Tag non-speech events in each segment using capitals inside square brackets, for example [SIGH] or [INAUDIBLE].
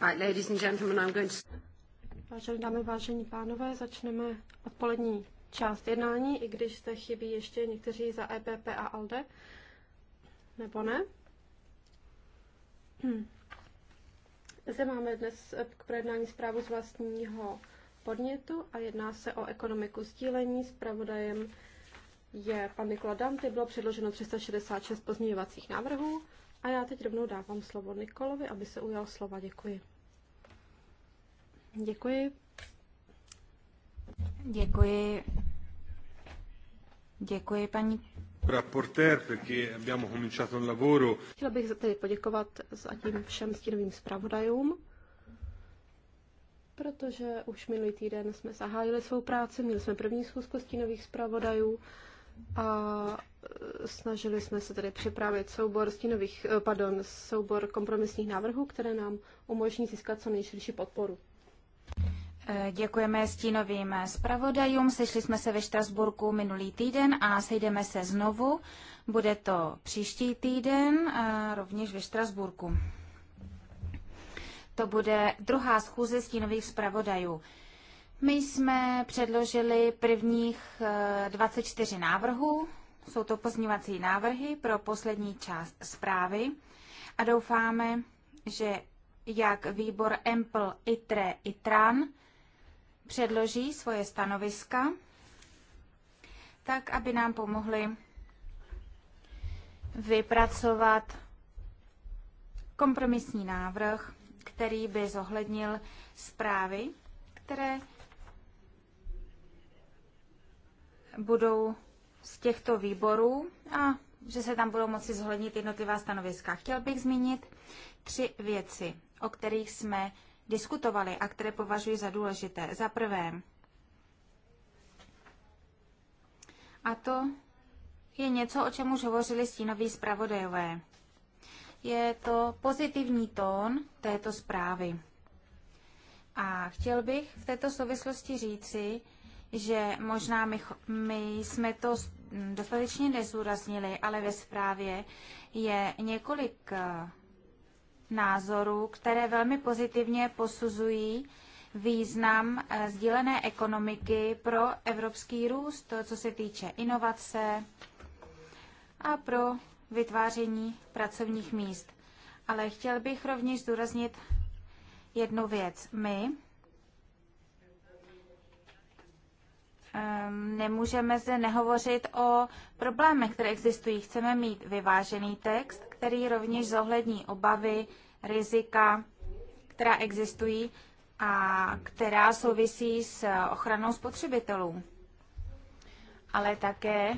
Vážené dámy, vážení pánové, začneme odpolední část jednání, i když zde chybí ještě někteří za EPP a ALDE, nebo ne? [CLEARS THROAT] Zde máme dnes k projednání zprávu z vlastního podnětu a jedná se o ekonomiku sdílení. Spravodajem je pan Nikola Danty, bylo předloženo 366 pozměňovacích návrhů a já teď rovnou dávám slovo Nikolovi, aby se ujal slova. Děkuji. Děkuji. Děkuji. Děkuji, paní. Rapporter, perché abbiamo cominciato il lavoro. Chtěla bych tedy poděkovat zatím všem stínovým zpravodajům, protože už minulý týden jsme zahájili svou práci, měli jsme první schůzku stínových zpravodajů a e, snažili jsme se tedy připravit soubor stínových, e, pardon, soubor kompromisních návrhů, které nám umožní získat co nejširší podporu. Děkujeme stínovým zpravodajům. Sešli jsme se ve Štrasburku minulý týden a sejdeme se znovu. Bude to příští týden a rovněž ve Štrasburku. To bude druhá schůze stínových zpravodajů. My jsme předložili prvních 24 e, návrhů. Jsou to pozměňovací návrhy pro poslední část zprávy a doufáme, že jak výbor EMPL, ITRE, ITRAN, předloží svoje stanoviska, tak aby nám pomohli vypracovat kompromisní návrh, který by zohlednil zprávy, které budou z těchto výborů a že se tam budou moci zohlednit jednotlivá stanoviska. Chtěl bych zmínit tři věci, o kterých jsme diskutovali a které považuji za důležité. Za prvé, a to je něco, o čem už hovořili stínoví zpravodajové. Je to pozitivní tón této zprávy. A chtěl bych v této souvislosti říci, že možná my, my jsme to dostatečně nezúraznili, ale ve zprávě je několik eh, názorů, které velmi pozitivně posuzují význam eh, sdílené ekonomiky pro evropský růst, co se týče inovace a pro vytváření pracovních míst. Ale chtěl bych rovněž zdůraznit jednu věc. My Ehm, nemůžeme zde nehovořit o problémech, které existují. Chceme mít vyvážený text, který rovněž zohlední obavy, rizika, která existují a která souvisí s ochranou spotřebitelů. Ale také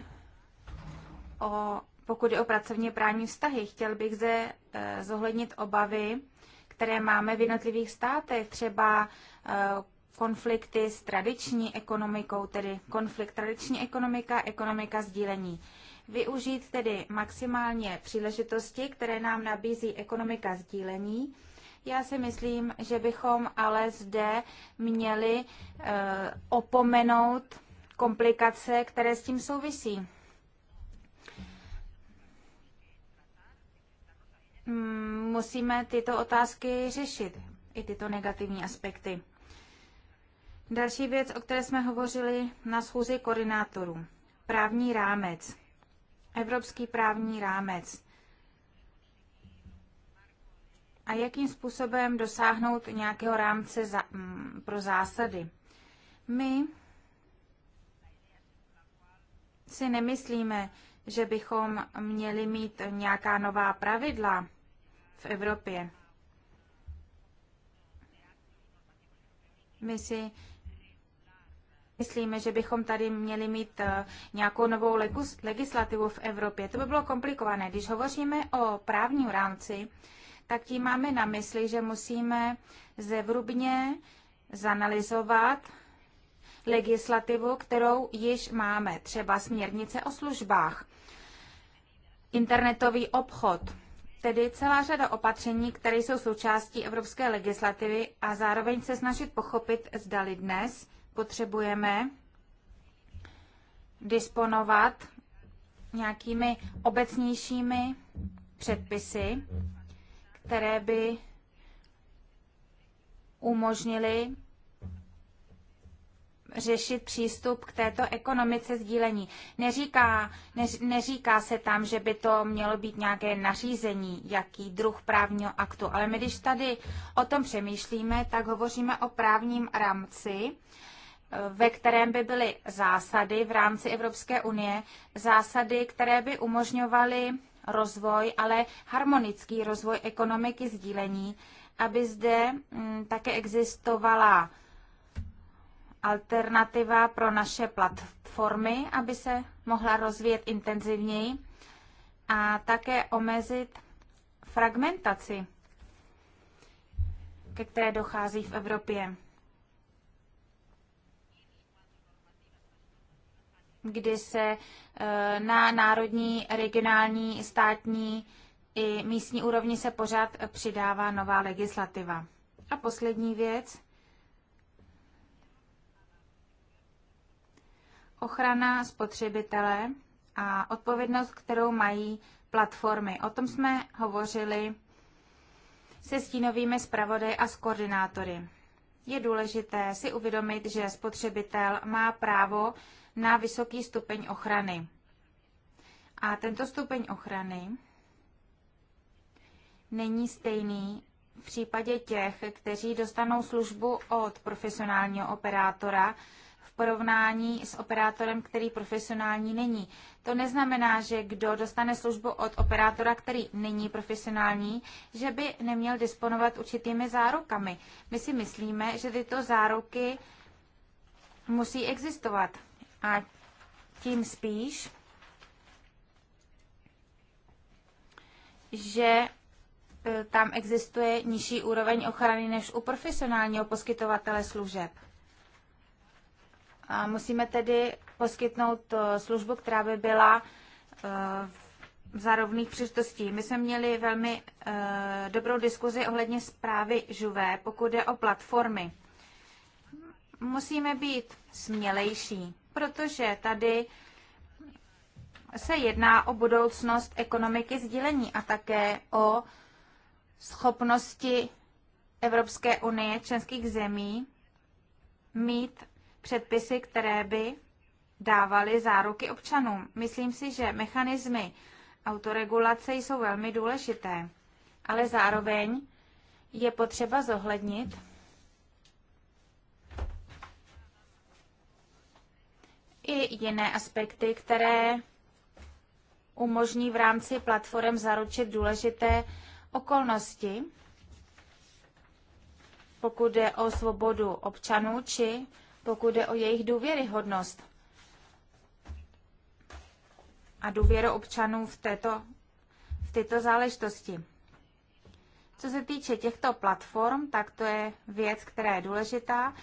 o, pokud je o pracovně právní vztahy, chtěl bych zde eh, zohlednit obavy, které máme v jednotlivých státech, třeba eh, konflikty s tradiční ekonomikou, tedy konflikt tradiční ekonomika, ekonomika sdílení. Využít tedy maximálně příležitosti, které nám nabízí ekonomika sdílení. Já si myslím, že bychom ale zde měli e, opomenout komplikace, které s tím souvisí. Hmm, musíme tyto otázky řešit, i tyto negativní aspekty. Další věc, o které jsme hovořili na schůzi koordinátorů. Právní rámec. Evropský právní rámec. A jakým způsobem dosáhnout nějakého rámce za, m, mm, pro zásady? My si nemyslíme, že bychom měli mít nějaká nová pravidla v Evropě. My si myslíme, že bychom tady měli mít eh, nějakou novou legislativu v Evropě. To by bylo komplikované. Když hovoříme o právním rámci, tak tím máme na mysli, že musíme zevrubně zanalizovat legislativu, kterou již máme, třeba směrnice o službách, internetový obchod, tedy celá řada opatření, které jsou součástí evropské legislativy a zároveň se snažit pochopit, zdali dnes potřebujeme disponovat nějakými obecnějšími předpisy, které by umožnily řešit přístup k této ekonomice sdílení. Neříká, neř, neříká se tam, že by to mělo být nějaké nařízení, jaký druh právního aktu, ale my když tady o tom přemýšlíme, tak hovoříme o právním rámci, ve kterém by byly zásady v rámci Evropské unie, zásady, které by umožňovaly rozvoj, ale harmonický rozvoj ekonomiky sdílení, aby zde mm, také existovala alternativa pro naše platformy, aby se mohla rozvíjet intenzivněji a také omezit fragmentaci, ke které dochází v Evropě. kdy se e, na národní, regionální, státní i místní úrovni se pořád přidává nová legislativa. A poslední věc. Ochrana spotřebitele a odpovědnost, kterou mají platformy. O tom jsme hovořili se stínovými zpravody a s koordinátory je důležité si uvědomit, že spotřebitel má právo na vysoký stupeň ochrany. A tento stupeň ochrany není stejný v případě těch, kteří dostanou službu od profesionálního operátora, porovnání s operátorem, který profesionální není. To neznamená, že kdo dostane službu od operátora, který není profesionální, že by neměl disponovat určitými zárukami. My si myslíme, že tyto záruky musí existovat. A tím spíš, že e, tam existuje nižší úroveň ochrany než u profesionálního poskytovatele služeb. Musíme tedy poskytnout eh, službu, která by byla eh, za rovných příležitostí. My jsme měli velmi eh, dobrou diskuzi ohledně zprávy žuvé, pokud jde o platformy. Musíme být smělejší, protože tady se jedná o budoucnost ekonomiky sdílení a také o schopnosti Evropské unie, členských zemí mít předpisy, které by dávaly záruky občanům. Myslím si, že mechanismy autoregulace jsou velmi důležité, ale zároveň je potřeba zohlednit, i jiné aspekty, které umožní v rámci platform zaručit důležité okolnosti, pokud jde o svobodu občanů či pokud jde o jejich důvěryhodnost a důvěru občanů v, této, v tyto záležitosti. Co se týče těchto platform, tak to je věc, která je důležitá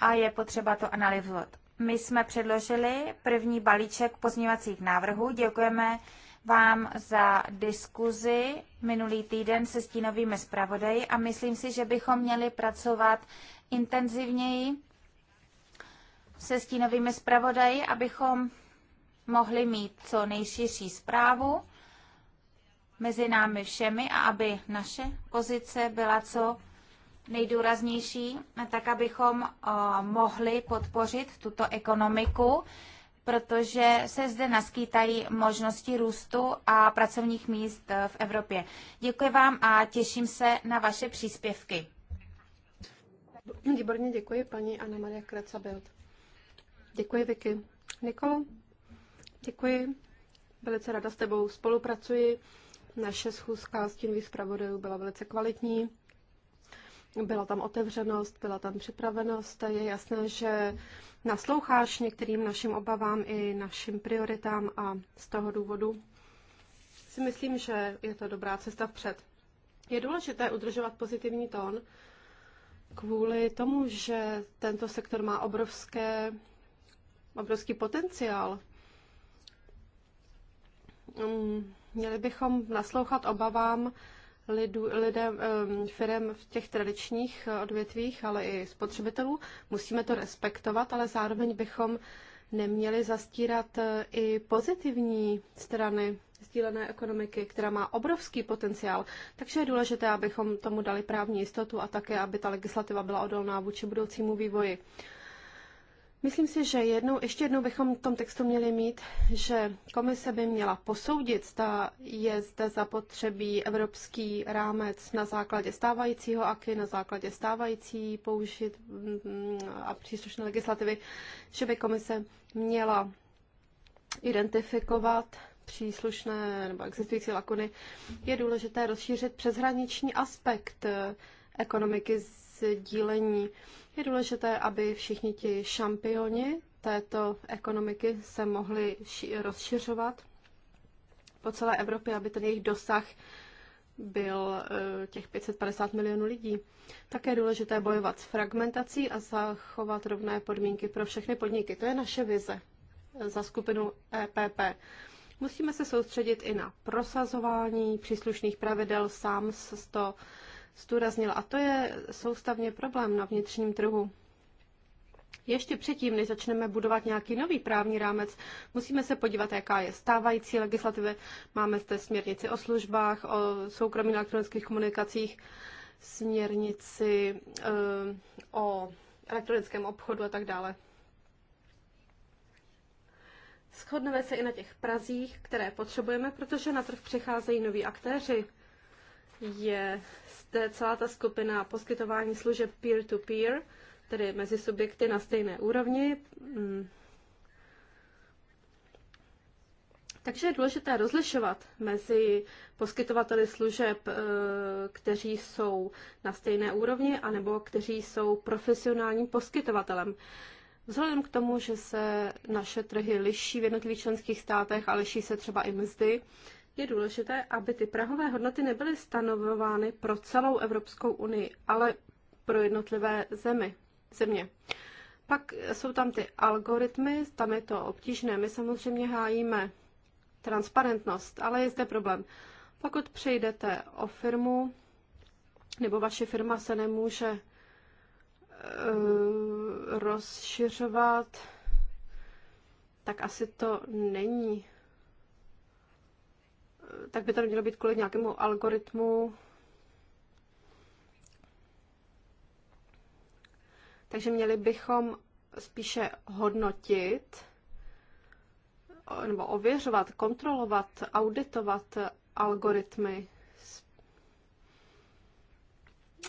a je potřeba to analyzovat. My jsme předložili první balíček pozměňovacích návrhů. Děkujeme vám za diskuzi minulý týden se stínovými zpravodaji a myslím si, že bychom měli pracovat intenzivněji se stínovými zpravodaji, abychom mohli mít co nejširší zprávu mezi námi všemi a aby naše pozice byla co nejdůraznější, tak abychom eh, mohli podpořit tuto ekonomiku, protože se zde naskýtají možnosti růstu a pracovních míst eh, v Evropě. Děkuji vám a těším se na vaše příspěvky. Výborně děkuji paní Anna Maria Krecabild. Děkuji, Vicky. Nikol, děkuji. Velice ráda s tebou spolupracuji. Naše schůzka s tím zpravodajů byla velice kvalitní. Byla tam otevřenost, byla tam připravenost. Je jasné, že nasloucháš některým našim obavám i našim prioritám a z toho důvodu si myslím, že je to dobrá cesta vpřed. Je důležité udržovat pozitivní tón, kvůli tomu, že tento sektor má obrovské, obrovský potenciál, um, měli bychom naslouchat obavám lidu, lidem, um, firem v těch tradičních uh, odvětvích, ale i spotřebitelů. Musíme to respektovat, ale zároveň bychom neměli zastírat uh, i pozitivní strany sdílené ekonomiky, která má obrovský potenciál. Takže je důležité, abychom tomu dali právní jistotu a také, aby ta legislativa byla odolná vůči budoucímu vývoji. Myslím si, že jednou, ještě jednou bychom v tom textu měli mít, že komise by měla posoudit, zda je zde zapotřebí evropský rámec na základě stávajícího AKY, na základě stávající použit mm, a příslušné legislativy, že by komise měla identifikovat příslušné nebo existující lakuny, je důležité rozšířit přeshraniční aspekt eh, ekonomiky sdílení. Je důležité, aby všichni ti šampioni této ekonomiky se mohli rozšiřovat po celé Evropě, aby ten jejich dosah byl eh, těch 550 milionů lidí. Také je důležité bojovat s fragmentací a zachovat rovné podmínky pro všechny podniky. To je naše vize za skupinu EPP. Musíme se soustředit i na prosazování příslušných pravidel, sám se to zdůraznil. A to je soustavně problém na vnitřním trhu. Ještě předtím, než začneme budovat nějaký nový právní rámec, musíme se podívat, jaká je stávající legislativa. Máme zde směrnici o službách, o soukromých elektronických komunikacích, směrnici e, o elektronickém obchodu a tak dále. Shodneme se i na těch prazích, které potřebujeme, protože na trh přicházejí noví aktéři. Je zde celá ta skupina poskytování služeb peer-to-peer, -peer, tedy mezi subjekty na stejné úrovni. Hmm. Takže je důležité rozlišovat mezi poskytovateli služeb, eh, kteří jsou na stejné úrovni, anebo kteří jsou profesionálním poskytovatelem. Vzhledem k tomu, že se naše trhy liší v jednotlivých členských státech a liší se třeba i mzdy, je důležité, aby ty prahové hodnoty nebyly stanovovány pro celou Evropskou unii, ale pro jednotlivé zemi, země. Pak jsou tam ty algoritmy, tam je to obtížné. My samozřejmě hájíme transparentnost, ale je zde problém. Pokud přejdete o firmu, nebo vaše firma se nemůže Eh, rozšiřovat, tak asi to není. Tak by to mělo být kvůli nějakému algoritmu. Takže měli bychom spíše hodnotit nebo ověřovat, kontrolovat, auditovat algoritmy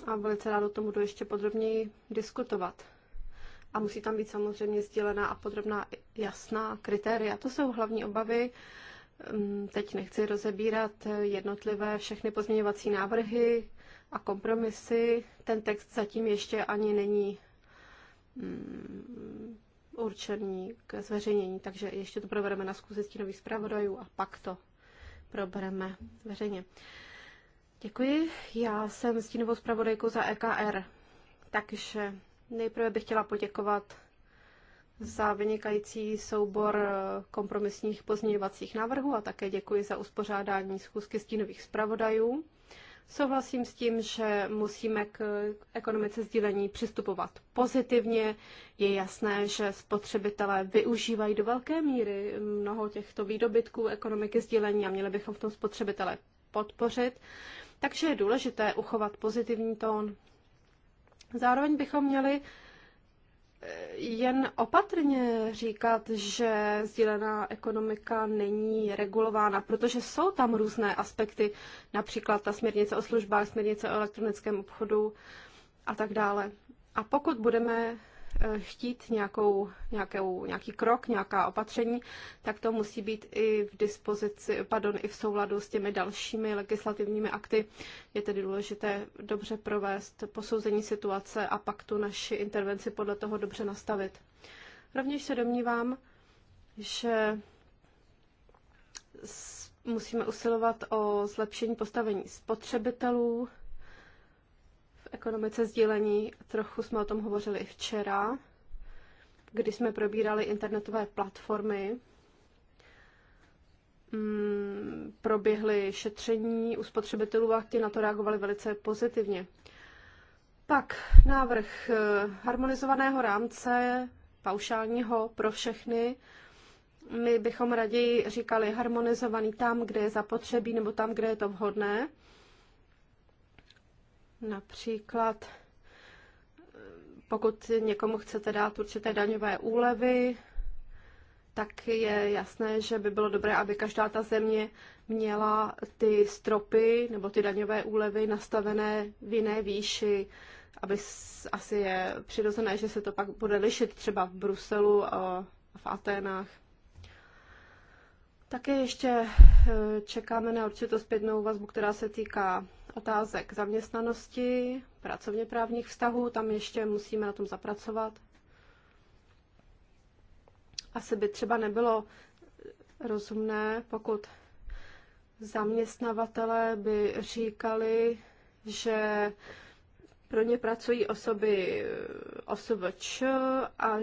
a velice rád o tom budu ještě podrobněji diskutovat. A musí tam být samozřejmě sdělená a podrobná jasná kritéria. To jsou hlavní obavy. Mm, teď nechci rozebírat jednotlivé všechny pozměňovací návrhy a kompromisy. Ten text zatím ještě ani není mm, určený k zveřejnění, takže ještě to probereme na zkuze stínových zpravodajů a pak to probereme veřejně. Děkuji. Já jsem stínovou zpravodajkou za EKR, takže nejprve bych chtěla poděkovat za vynikající soubor eh, kompromisních pozměňovacích návrhů a také děkuji za uspořádání schůzky stínových zpravodajů. Souhlasím s tím, že musíme k ekonomice sdílení přistupovat pozitivně. Je jasné, že spotřebitelé využívají do velké míry mnoho těchto výdobytků ekonomiky sdílení a měli bychom v tom spotřebitele podpořit. Takže je důležité uchovat pozitivní tón. Zároveň bychom měli eh, jen opatrně říkat, že sdílená ekonomika není regulována, protože jsou tam různé aspekty, například ta směrnice o službách, směrnice o elektronickém obchodu a tak dále. A pokud budeme Eh, chtít nějakou, nějakou, nějaký krok, nějaká opatření, tak to musí být i v dispozici, pardon, i v souladu s těmi dalšími legislativními akty. Je tedy důležité dobře provést posouzení situace a pak tu naši intervenci podle toho dobře nastavit. Rovněž se domnívám, že musíme usilovat o zlepšení postavení spotřebitelů, ekonomice sdílení. Trochu jsme o tom hovořili i včera, kdy jsme probírali internetové platformy. Mm, proběhly šetření u spotřebitelů a ti na to reagovali velice pozitivně. Pak návrh eh, harmonizovaného rámce paušálního pro všechny. My bychom raději říkali harmonizovaný tam, kde je zapotřebí nebo tam, kde je to vhodné. Například pokud někomu chcete dát určité daňové úlevy, tak je jasné, že by bylo dobré, aby každá ta země měla ty stropy nebo ty daňové úlevy nastavené v jiné výši, aby asi je přirozené, že se to pak bude lišit třeba v Bruselu a v Aténách. Také ještě eh, čekáme na určitou zpětnou vazbu, která se týká otázek zaměstnanosti, pracovně právních vztahů, tam ještě musíme na tom zapracovat. Asi by třeba nebylo rozumné, pokud zaměstnavatele by říkali, že pro ně pracují osoby OSVČ a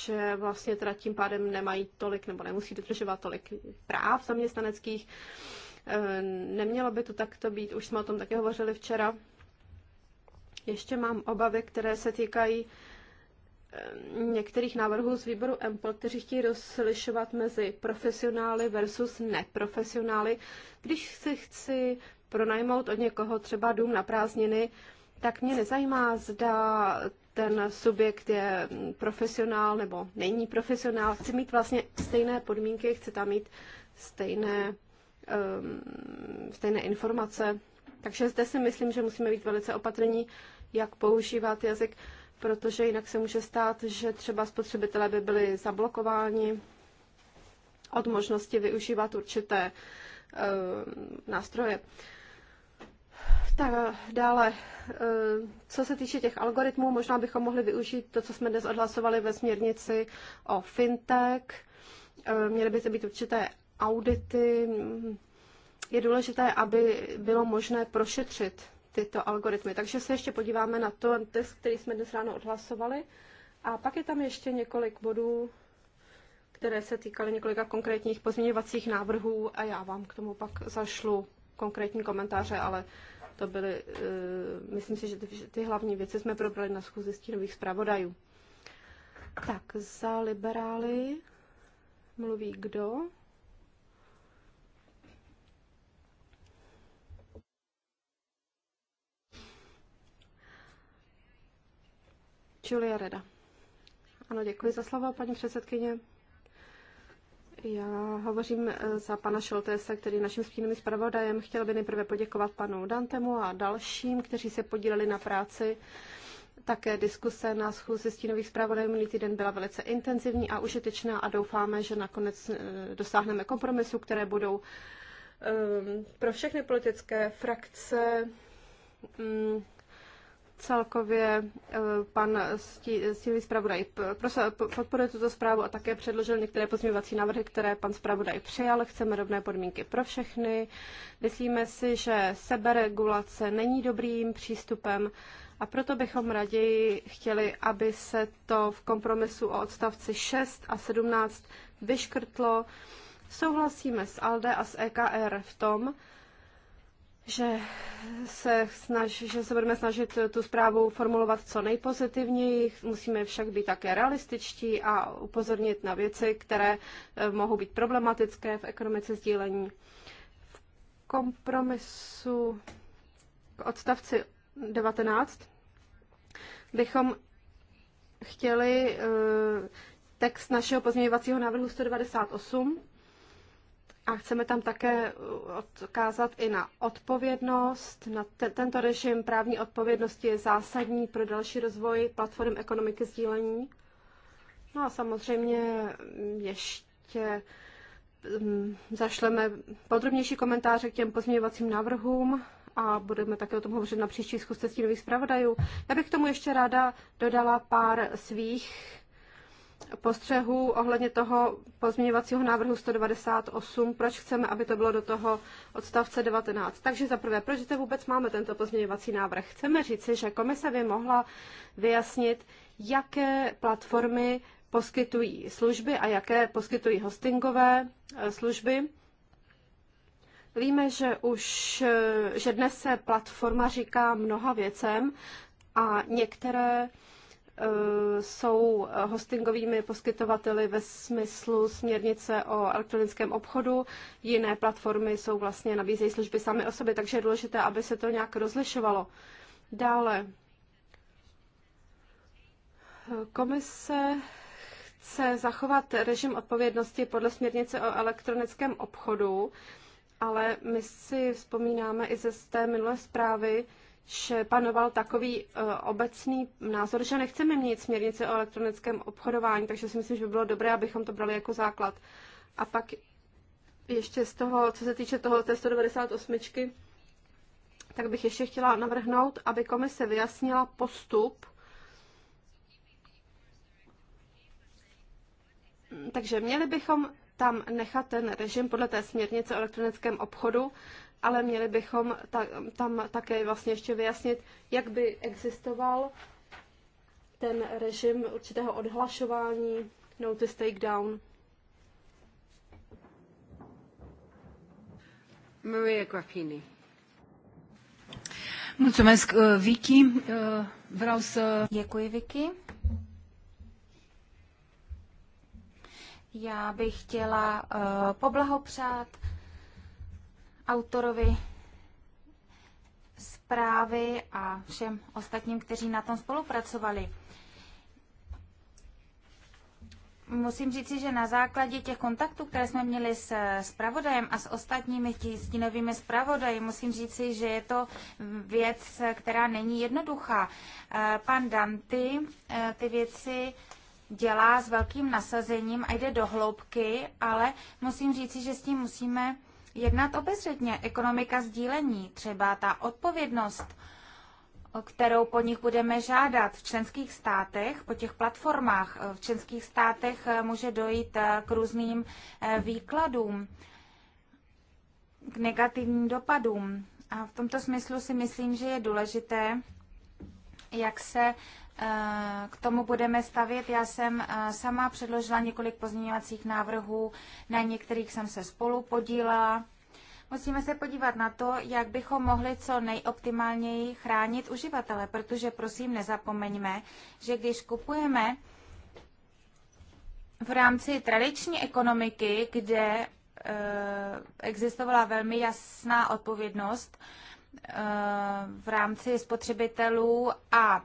že vlastně teda tím pádem nemají tolik nebo nemusí dodržovat tolik práv zaměstnaneckých. Eh, nemělo by to takto být, už jsme o tom také hovořili včera. Ještě mám obavy, které se týkají eh, některých návrhů z výboru EMPL, kteří chtějí rozlišovat mezi profesionály versus neprofesionály. Když si chci pronajmout od někoho třeba dům na prázdniny, tak mě nezajímá, zda ten subjekt je profesionál nebo není profesionál. Chci mít vlastně stejné podmínky, chci tam mít stejné Ehm, stejné informace. Takže zde si myslím, že musíme být velice opatrní, jak používat jazyk, protože jinak se může stát, že třeba spotřebitelé by byli zablokováni od možnosti využívat určité ehm, nástroje. Tak dále, ehm, co se týče těch algoritmů, možná bychom mohli využít to, co jsme dnes odhlasovali ve směrnici o fintech. Měly by to být určité audity, je důležité, aby bylo možné prošetřit tyto algoritmy. Takže se ještě podíváme na to test, který jsme dnes ráno odhlasovali. A pak je tam ještě několik bodů, které se týkaly několika konkrétních pozměňovacích návrhů a já vám k tomu pak zašlu konkrétní komentáře, ale to byly, uh, myslím si, že ty, že ty hlavní věci jsme probrali na schůzi stínových zpravodajů. Tak, za liberály mluví kdo? Julia Reda. Ano, děkuji za slovo, paní předsedkyně. Já hovořím eh, za pana Šoltése, který je naším stínovým zpravodajem. Chtěl by nejprve poděkovat panu Dantemu a dalším, kteří se podíleli na práci. Také diskuse na schůzi stínových zpravodajů minulý týden byla velice intenzivní a užitečná a doufáme, že nakonec eh, dosáhneme kompromisu, které budou eh, pro všechny politické frakce mm, celkově eh, pan stínový zpravodaj podporuje tuto zprávu a také předložil některé pozměňovací návrhy, které pan zpravodaj přijal. Chceme rovné podmínky pro všechny. Myslíme si, že seberegulace není dobrým přístupem a proto bychom raději chtěli, aby se to v kompromisu o odstavci 6 a 17 vyškrtlo. Souhlasíme s ALDE a s EKR v tom, že se, snaž, že se budeme snažit tu zprávu formulovat co nejpozitivněji, musíme však být také realističtí a upozornit na věci, které eh, mohou být problematické v ekonomice sdílení. V kompromisu k odstavci 19 bychom chtěli eh, text našeho pozměňovacího návrhu 198 a chceme tam také uh, odkázat i na odpovědnost. Na te, tento režim právní odpovědnosti je zásadní pro další rozvoj platform ekonomiky sdílení. No a samozřejmě ještě mm, zašleme podrobnější komentáře k těm pozměňovacím návrhům a budeme také o tom hovořit na příští schůzce stínových zpravodajů. Já bych k tomu ještě ráda dodala pár svých postřehů ohledně toho pozměňovacího návrhu 198, proč chceme, aby to bylo do toho odstavce 19. Takže za prvé, proč zde vůbec máme tento pozměňovací návrh? Chceme říci, že komise by mohla vyjasnit, jaké platformy poskytují služby a jaké poskytují hostingové eh, služby. Víme, že už eh, že dnes se platforma říká mnoha věcem a některé Eh, jsou eh, hostingovými poskytovateli ve smyslu směrnice o elektronickém obchodu. Jiné platformy jsou vlastně nabízejí služby sami o sobě, takže je důležité, aby se to nějak rozlišovalo. Dále. Eh, komise chce zachovat režim odpovědnosti podle směrnice o elektronickém obchodu, ale my si vzpomínáme i ze té minulé zprávy, že panoval takový e, obecný názor, že nechceme měnit směrnici o elektronickém obchodování, takže si myslím, že by bylo dobré, abychom to brali jako základ. A pak ještě z toho, co se týče toho té 198, tak bych ještě chtěla navrhnout, aby komise vyjasnila postup. Takže měli bychom tam nechat ten režim podle té směrnice o elektronickém obchodu, ale měli bychom ta, tam také vlastně ještě vyjasnit, jak by existoval ten režim určitého odhlašování, notice takedown. Maria Grappini. Mulțumesc, uh, Vicky. Uh, vreau să... Děkuji, Vicky. Já bych chtěla uh, poblahopřát autorovi zprávy a všem ostatním, kteří na tom spolupracovali. Musím říci, že na základě těch kontaktů, které jsme měli s zpravodajem a s ostatními stínovými zpravodaji, musím říci, že je to věc, která není jednoduchá. Eh, pan Danty eh, ty věci dělá s velkým nasazením a jde do hloubky, ale musím říci, že s tím musíme jednat obezřetně. Ekonomika sdílení, třeba ta odpovědnost, kterou po nich budeme žádat v členských státech, po těch platformách v členských státech eh, může dojít eh, k různým eh, výkladům, k negativním dopadům. A v tomto smyslu si myslím, že je důležité, jak se Eh, k tomu budeme stavět. Já jsem eh, sama předložila několik pozměňovacích návrhů, na některých jsem se spolu podílela. Musíme se podívat na to, jak bychom mohli co nejoptimálněji chránit uživatele, protože prosím nezapomeňme, že když kupujeme v rámci tradiční ekonomiky, kde eh, existovala velmi jasná odpovědnost v rámci spotřebitelů a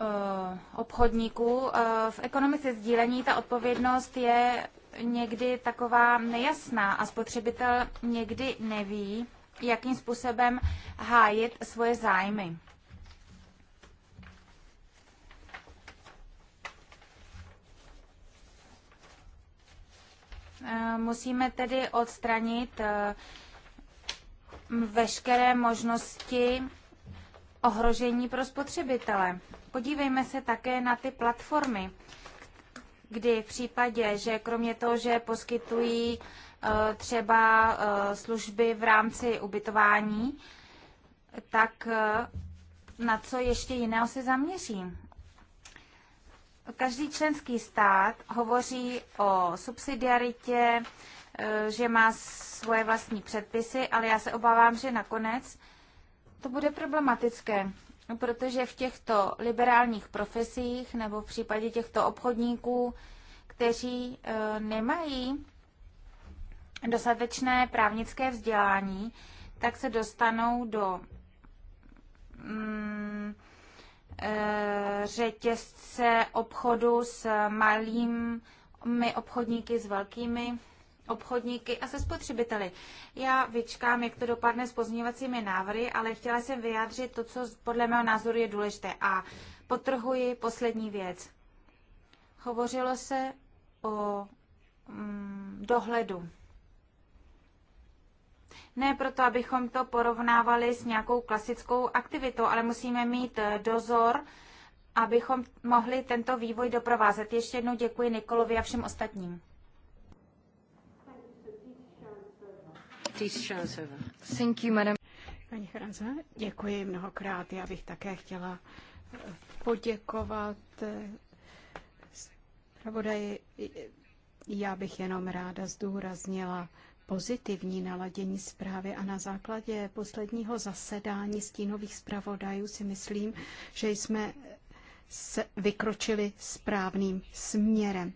Eh, obchodníků. Eh, v ekonomice sdílení ta odpovědnost je někdy taková nejasná a spotřebitel někdy neví, jakým způsobem hájit svoje zájmy. Eh, musíme tedy odstranit veškeré možnosti ohrožení pro spotřebitele. Podívejme se také na ty platformy, kdy v případě, že kromě toho, že poskytují eh, třeba eh, služby v rámci ubytování, tak eh, na co ještě jiného se zaměřím? Každý členský stát hovoří o subsidiaritě, že má svoje vlastní předpisy, ale já se obávám, že nakonec to bude problematické, No, protože v těchto liberálních profesích nebo v případě těchto obchodníků, kteří e, nemají dostatečné právnické vzdělání, tak se dostanou do mm, e, řetězce obchodu s malými obchodníky, s velkými obchodníky a se spotřebiteli. Já vyčkám, jak to dopadne s pozměňovacími návrhy, ale chtěla jsem vyjádřit to, co podle mého názoru je důležité. A potrhuji poslední věc. Hovořilo se o mm, dohledu. Ne proto, abychom to porovnávali s nějakou klasickou aktivitou, ale musíme mít eh, dozor, abychom mohli tento vývoj doprovázet. Ještě jednou děkuji Nikolovi a všem ostatním. Paní Hranza, děkuji mnohokrát. Já bych také chtěla poděkovat eh, zpravodaji. Já bych jenom ráda zdůraznila pozitivní naladění zprávy a na základě posledního zasedání stínových zpravodajů si myslím, že jsme se vykročili správným směrem.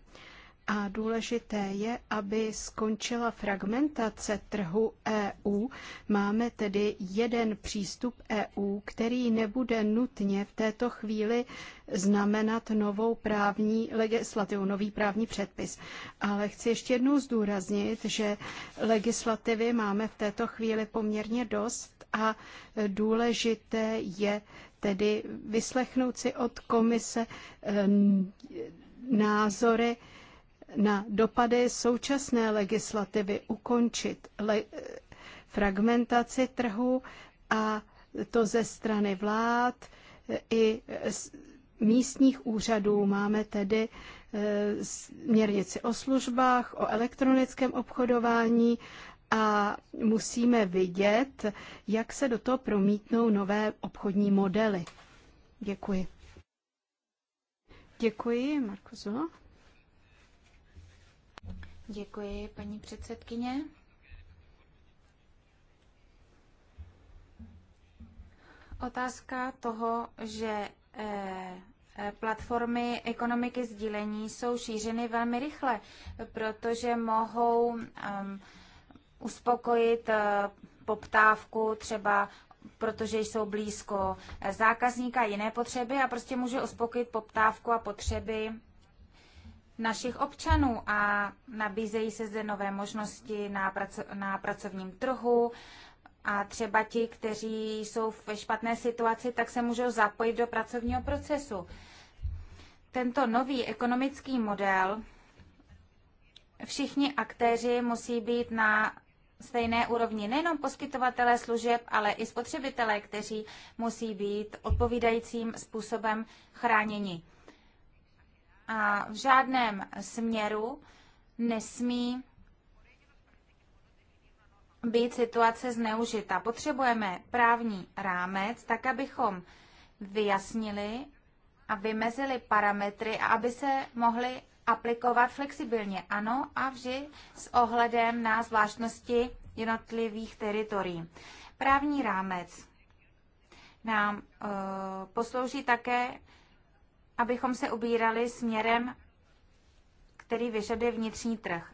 A důležité je, aby skončila fragmentace trhu EU. Máme tedy jeden přístup EU, který nebude nutně v této chvíli znamenat novou právní legislativu, nový právní předpis. Ale chci ještě jednou zdůraznit, že legislativy máme v této chvíli poměrně dost a důležité je tedy vyslechnout si od komise eh, názory, na dopady současné legislativy, ukončit le- eh, fragmentaci trhu a to ze strany vlád eh, i místních úřadů. Máme tedy eh, směrnici o službách, o elektronickém obchodování a musíme vidět, jak se do toho promítnou nové obchodní modely. Děkuji. Děkuji, Marko Děkuji, paní předsedkyně. Otázka toho, že eh, platformy ekonomiky sdílení jsou šířeny velmi rychle, protože mohou ehm, uspokojit eh, poptávku třeba protože jsou blízko eh, zákazníka jiné potřeby a prostě může uspokojit poptávku a potřeby našich občanů a nabízejí se zde nové možnosti na, praco- na pracovním trhu a třeba ti, kteří jsou ve špatné situaci, tak se můžou zapojit do pracovního procesu. Tento nový ekonomický model, všichni aktéři musí být na stejné úrovni, nejenom poskytovatelé služeb, ale i spotřebitelé, kteří musí být odpovídajícím způsobem chráněni a v žádném směru nesmí být situace zneužita. Potřebujeme právní rámec, tak abychom vyjasnili a vymezili parametry aby se mohly aplikovat flexibilně, ano, a vždy s ohledem na zvláštnosti jednotlivých teritorií. Právní rámec nám e, poslouží také abychom se ubírali směrem, který vyžaduje vnitřní trh.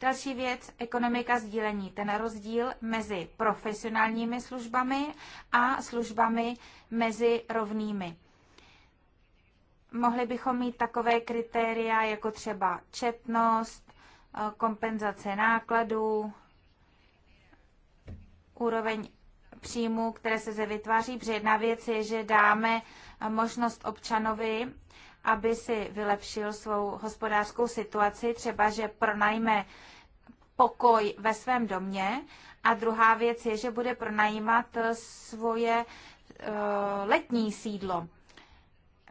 Další věc, ekonomika sdílení, ten rozdíl mezi profesionálními službami a službami mezi rovnými. Mohli bychom mít takové kritéria jako třeba četnost, eh, kompenzace nákladů, úroveň příjmů, které se zde vytváří, protože jedna věc je, že dáme eh, možnost občanovi, aby si vylepšil svou hospodářskou situaci, třeba že pronajme pokoj ve svém domě. A druhá věc je, že bude pronajímat eh, svoje eh, letní sídlo.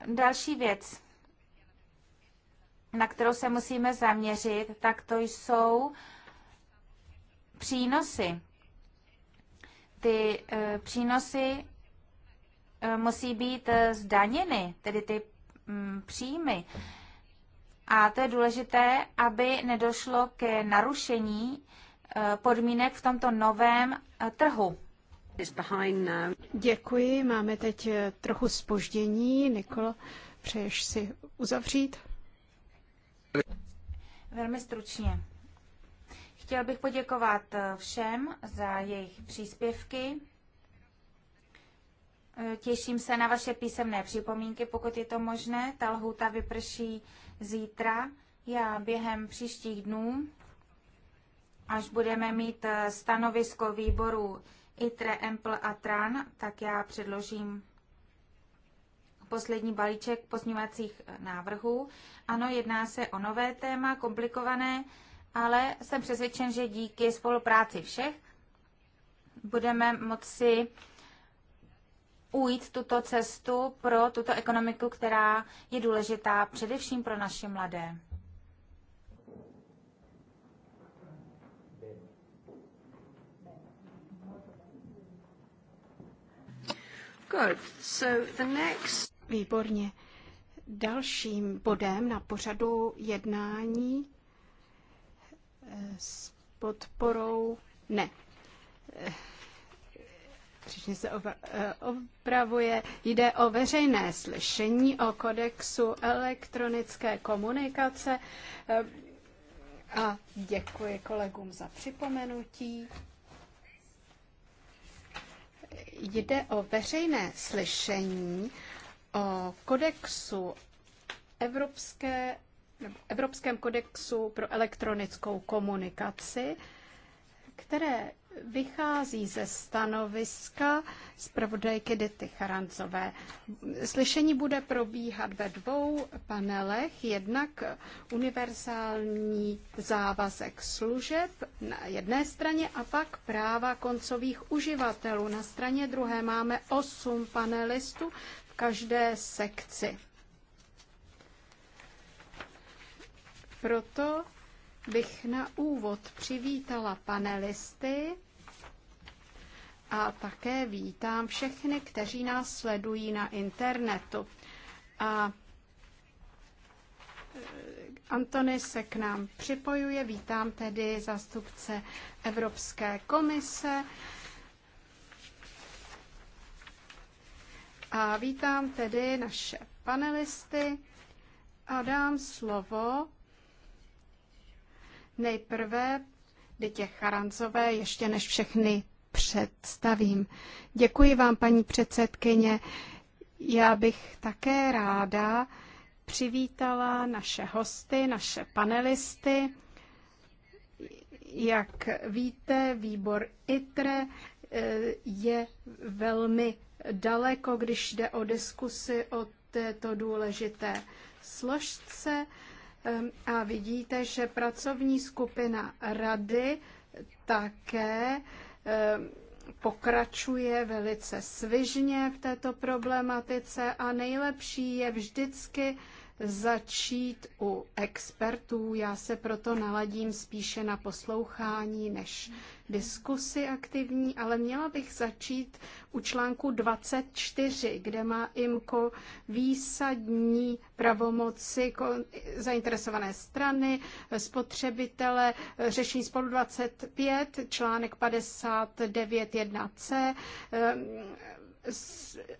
Další věc, na kterou se musíme zaměřit, tak to jsou přínosy. Ty eh, přínosy musí být zdaněny, tedy ty Mm, příjmy. A to je důležité, aby nedošlo ke narušení eh, podmínek v tomto novém eh, trhu. Děkuji, máme teď eh, trochu spoždění. Nikolo, přeješ si uzavřít? Velmi stručně. Chtěl bych poděkovat všem za jejich příspěvky Eh, těším se na vaše písemné připomínky, pokud je to možné. Ta lhůta vyprší zítra. Já během příštích dnů, až budeme mít eh, stanovisko výboru ITRE, EMPL a TRAN, tak já předložím poslední balíček pozměňovacích eh, návrhů. Ano, jedná se o nové téma, komplikované, ale jsem přesvědčen, že díky spolupráci všech budeme moci ujít tuto cestu pro tuto ekonomiku, která je důležitá především pro naše mladé. Výborně. Dalším bodem na pořadu jednání eh, s podporou ne eh, příště se eh, opravuje. Jde o veřejné slyšení o kodexu elektronické komunikace. Eh, a děkuji kolegům za připomenutí. Jde o veřejné slyšení o kodexu Evropské, nebo Evropském kodexu pro elektronickou komunikaci, které vychází ze stanoviska zpravodajky Dity Charancové. Slyšení bude probíhat ve dvou panelech, jednak univerzální závazek služeb na jedné straně a pak práva koncových uživatelů. Na straně druhé máme osm panelistů v každé sekci. Proto bych na úvod přivítala panelisty a také vítám všechny, kteří nás sledují na internetu. A eh, Antony se k nám připojuje. Vítám tedy zástupce Evropské komise. A vítám tedy naše panelisty a dám slovo Nejprve Dytě Charanzové, ještě než všechny představím. Děkuji vám, paní předsedkyně. Já bych také ráda přivítala naše hosty, naše panelisty. Jak víte, výbor ITRE eh, je velmi daleko, když jde o diskusy o této důležité složce. A vidíte, že pracovní skupina rady také pokračuje velice svižně v této problematice a nejlepší je vždycky začít u expertů. Já se proto naladím spíše na poslouchání než diskusy aktivní, ale měla bych začít u článku 24, kde má IMKO výsadní pravomoci zainteresované strany, spotřebitele, řešení spolu 25, článek 59.1c,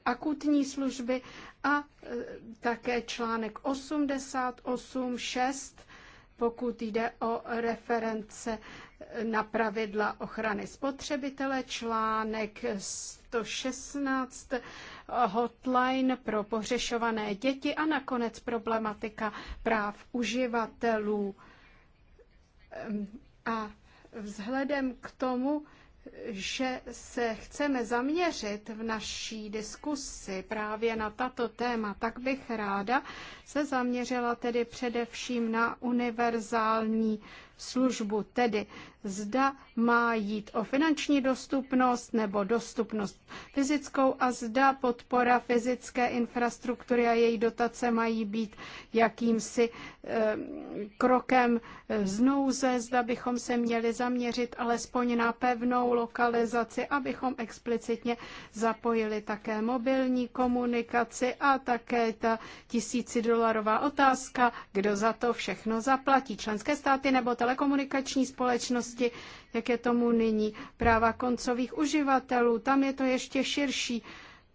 akutní služby a e, také článek 88.6, pokud jde o reference e, na pravidla ochrany spotřebitele, článek 116 hotline pro pohřešované děti a nakonec problematika práv uživatelů. A vzhledem k tomu, že se chceme zaměřit v naší diskusi právě na tato téma, tak bych ráda se zaměřila tedy především na univerzální službu, tedy zda má jít o finanční dostupnost nebo dostupnost fyzickou a zda podpora fyzické infrastruktury a její dotace mají být jakýmsi eh, krokem eh, z nouze, zda bychom se měli zaměřit alespoň na pevnou lokalizaci, abychom explicitně zapojili také mobilní komunikaci a také ta tisícidolarová otázka, kdo za to všechno zaplatí, členské státy nebo telekomunikace telekomunikační společnosti, jak je tomu nyní, práva koncových uživatelů, tam je to ještě širší.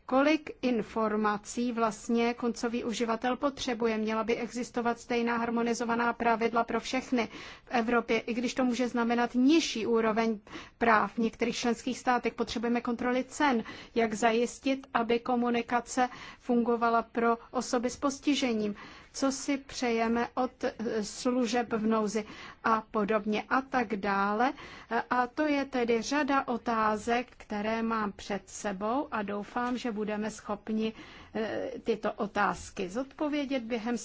Kolik informací vlastně koncový uživatel potřebuje? Měla by existovat stejná harmonizovaná pravidla pro všechny v Evropě, i když to může znamenat nižší úroveň práv v některých členských státech. Potřebujeme kontroly cen, jak zajistit, aby komunikace fungovala pro osoby s postižením co si přejeme od eh, služeb v nouzi a podobně a tak dále. Eh, a to je tedy řada otázek, které mám před sebou a doufám, že budeme schopni eh, tyto otázky zodpovědět během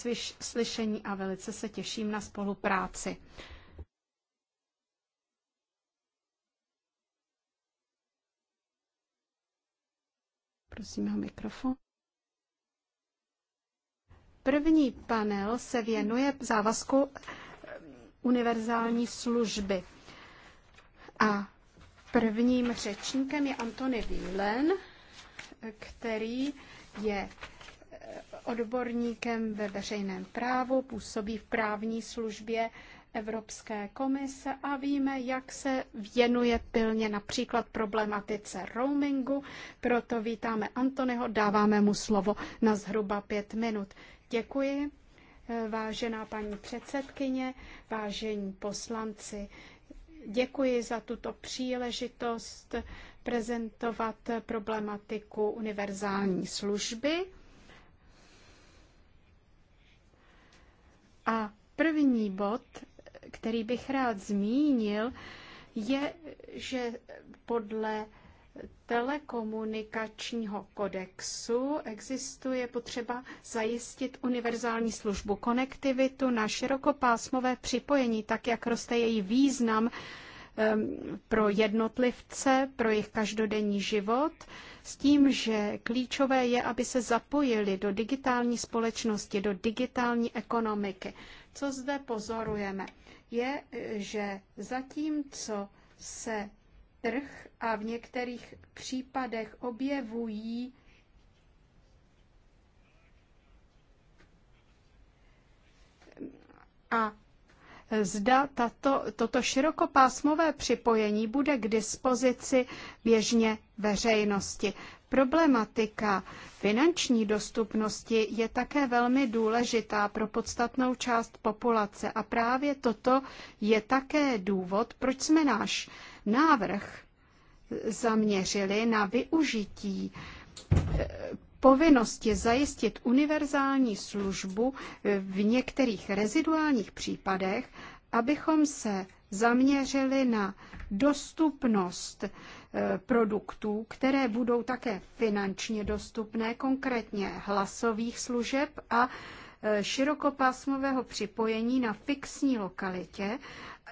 slyšení a velice se těším na spolupráci. Prosím o mikrofon. První panel se věnuje závazku univerzální služby. A prvním řečníkem je Antony Vílen, který je eh, odborníkem ve veřejném právu, působí v právní službě Evropské komise a víme, jak se věnuje pilně například problematice roamingu, proto vítáme Antonyho, dáváme mu slovo na zhruba pět minut. Děkuji, eh, vážená paní předsedkyně, vážení poslanci. Děkuji za tuto příležitost prezentovat problematiku univerzální služby. A první bod, který bych rád zmínil, je, že podle telekomunikačního kodexu existuje potřeba zajistit univerzální službu, konektivitu na širokopásmové připojení, tak jak roste její význam pro jednotlivce, pro jejich každodenní život, s tím, že klíčové je, aby se zapojili do digitální společnosti, do digitální ekonomiky. Co zde pozorujeme, je, že zatímco se trh a v některých případech objevují a zda tato, toto širokopásmové připojení bude k dispozici běžně veřejnosti. Problematika finanční dostupnosti je také velmi důležitá pro podstatnou část populace a právě toto je také důvod, proč jsme náš návrh zaměřili na využití eh, povinnosti zajistit univerzální službu eh, v některých reziduálních případech, abychom se zaměřili na dostupnost eh, produktů, které budou také finančně dostupné, konkrétně hlasových služeb a širokopásmového připojení na fixní lokalitě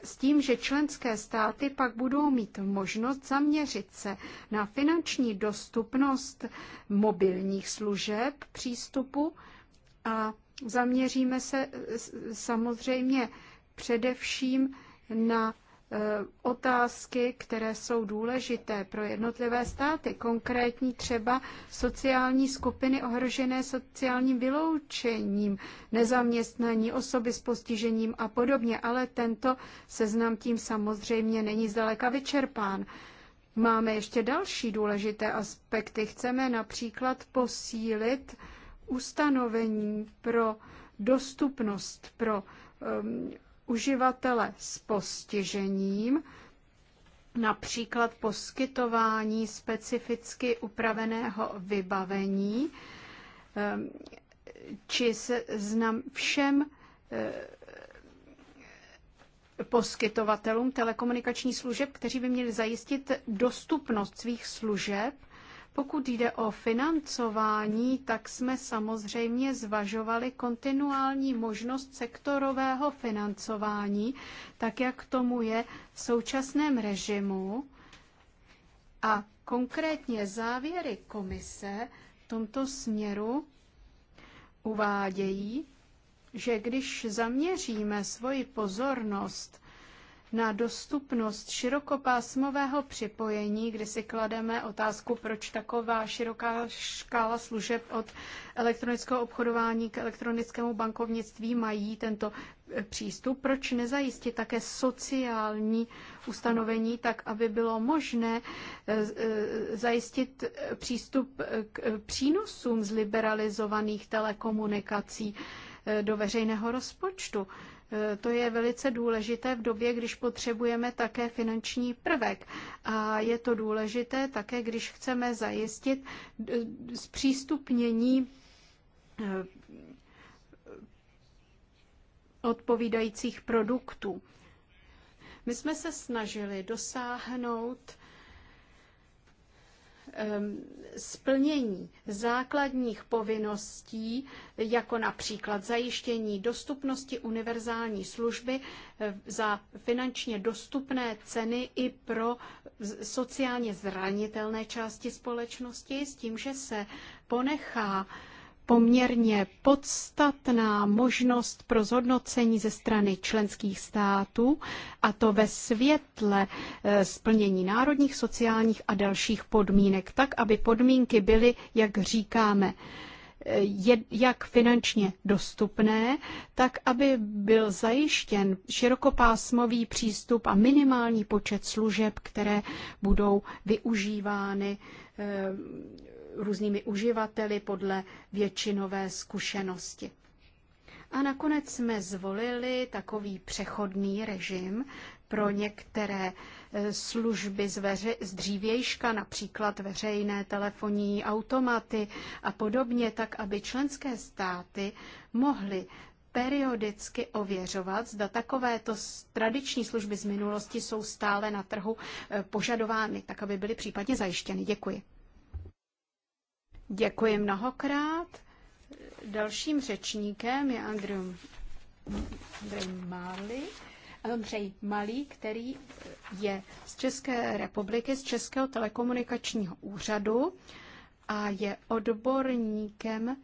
s tím, že členské státy pak budou mít možnost zaměřit se na finanční dostupnost mobilních služeb přístupu a zaměříme se samozřejmě především na Eh, otázky, které jsou důležité pro jednotlivé státy, konkrétní třeba sociální skupiny ohrožené sociálním vyloučením, nezaměstnaní, osoby s postižením a podobně, ale tento seznam tím samozřejmě není zdaleka vyčerpán. Máme ještě další důležité aspekty. Chceme například posílit ustanovení pro dostupnost pro um, uživatele s postižením, například poskytování specificky upraveného vybavení, ehm, či se znam všem eh, poskytovatelům telekomunikačních služeb, kteří by měli zajistit dostupnost svých služeb pokud jde o financování, tak jsme samozřejmě zvažovali kontinuální možnost sektorového financování, tak jak tomu je v současném režimu. A konkrétně závěry komise v tomto směru uvádějí, že když zaměříme svoji pozornost na dostupnost širokopásmového připojení, kdy si klademe otázku, proč taková široká škála služeb od elektronického obchodování k elektronickému bankovnictví mají tento e, přístup, proč nezajistit také sociální ustanovení, tak aby bylo možné e, e, zajistit přístup k přínosům z liberalizovaných telekomunikací do veřejného rozpočtu. To je velice důležité v době, když potřebujeme také finanční prvek. A je to důležité také, když chceme zajistit eh, zpřístupnění eh, odpovídajících produktů. My jsme se snažili dosáhnout splnění základních povinností, jako například zajištění dostupnosti univerzální služby eh, za finančně dostupné ceny i pro sociálně zranitelné části společnosti, s tím, že se ponechá poměrně podstatná možnost pro zhodnocení ze strany členských států, a to ve světle e, splnění národních, sociálních a dalších podmínek, tak aby podmínky byly, jak říkáme, e, jak finančně dostupné, tak aby byl zajištěn širokopásmový přístup a minimální počet služeb, které budou využívány e, různými uživateli podle většinové zkušenosti. A nakonec jsme zvolili takový přechodný režim pro některé e, služby z, veře, z dřívějška, například veřejné telefonní automaty a podobně, tak aby členské státy mohly periodicky ověřovat, zda takovéto tradiční služby z minulosti jsou stále na trhu e, požadovány, tak aby byly případně zajištěny. Děkuji. Děkuji mnohokrát. Dalším řečníkem je Andrew, Andrej Marley, Andrej Malý, který je z České republiky, z Českého telekomunikačního úřadu a je odborníkem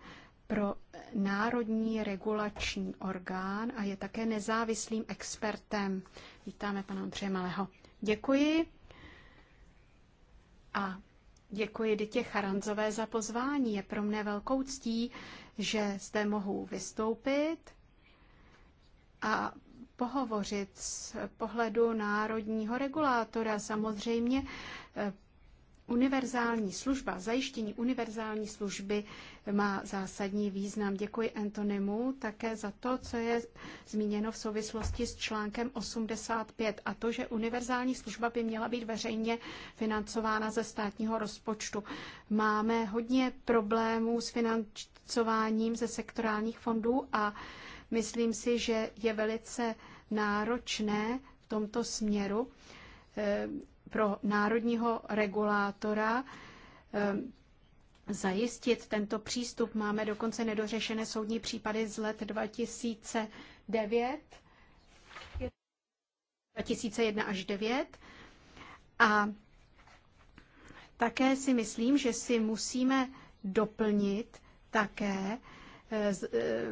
pro Národní regulační orgán a je také nezávislým expertem. Vítáme pana Andřeje Malého. Děkuji. A Děkuji Ditě Charanzové za pozvání. Je pro mne velkou ctí, že zde mohu vystoupit a pohovořit z pohledu národního regulátora. Samozřejmě eh, univerzální služba, zajištění univerzální služby má zásadní význam. Děkuji Antonimu také za to, co je zmíněno v souvislosti s článkem 85 a to, že univerzální služba by měla být veřejně financována ze státního rozpočtu. Máme hodně problémů s financováním ze sektorálních fondů a myslím si, že je velice náročné v tomto směru eh, pro národního regulátora ehm, zajistit tento přístup. Máme dokonce nedořešené soudní případy z let 2009, 2001 až 9. A také si myslím, že si musíme doplnit také eh, eh,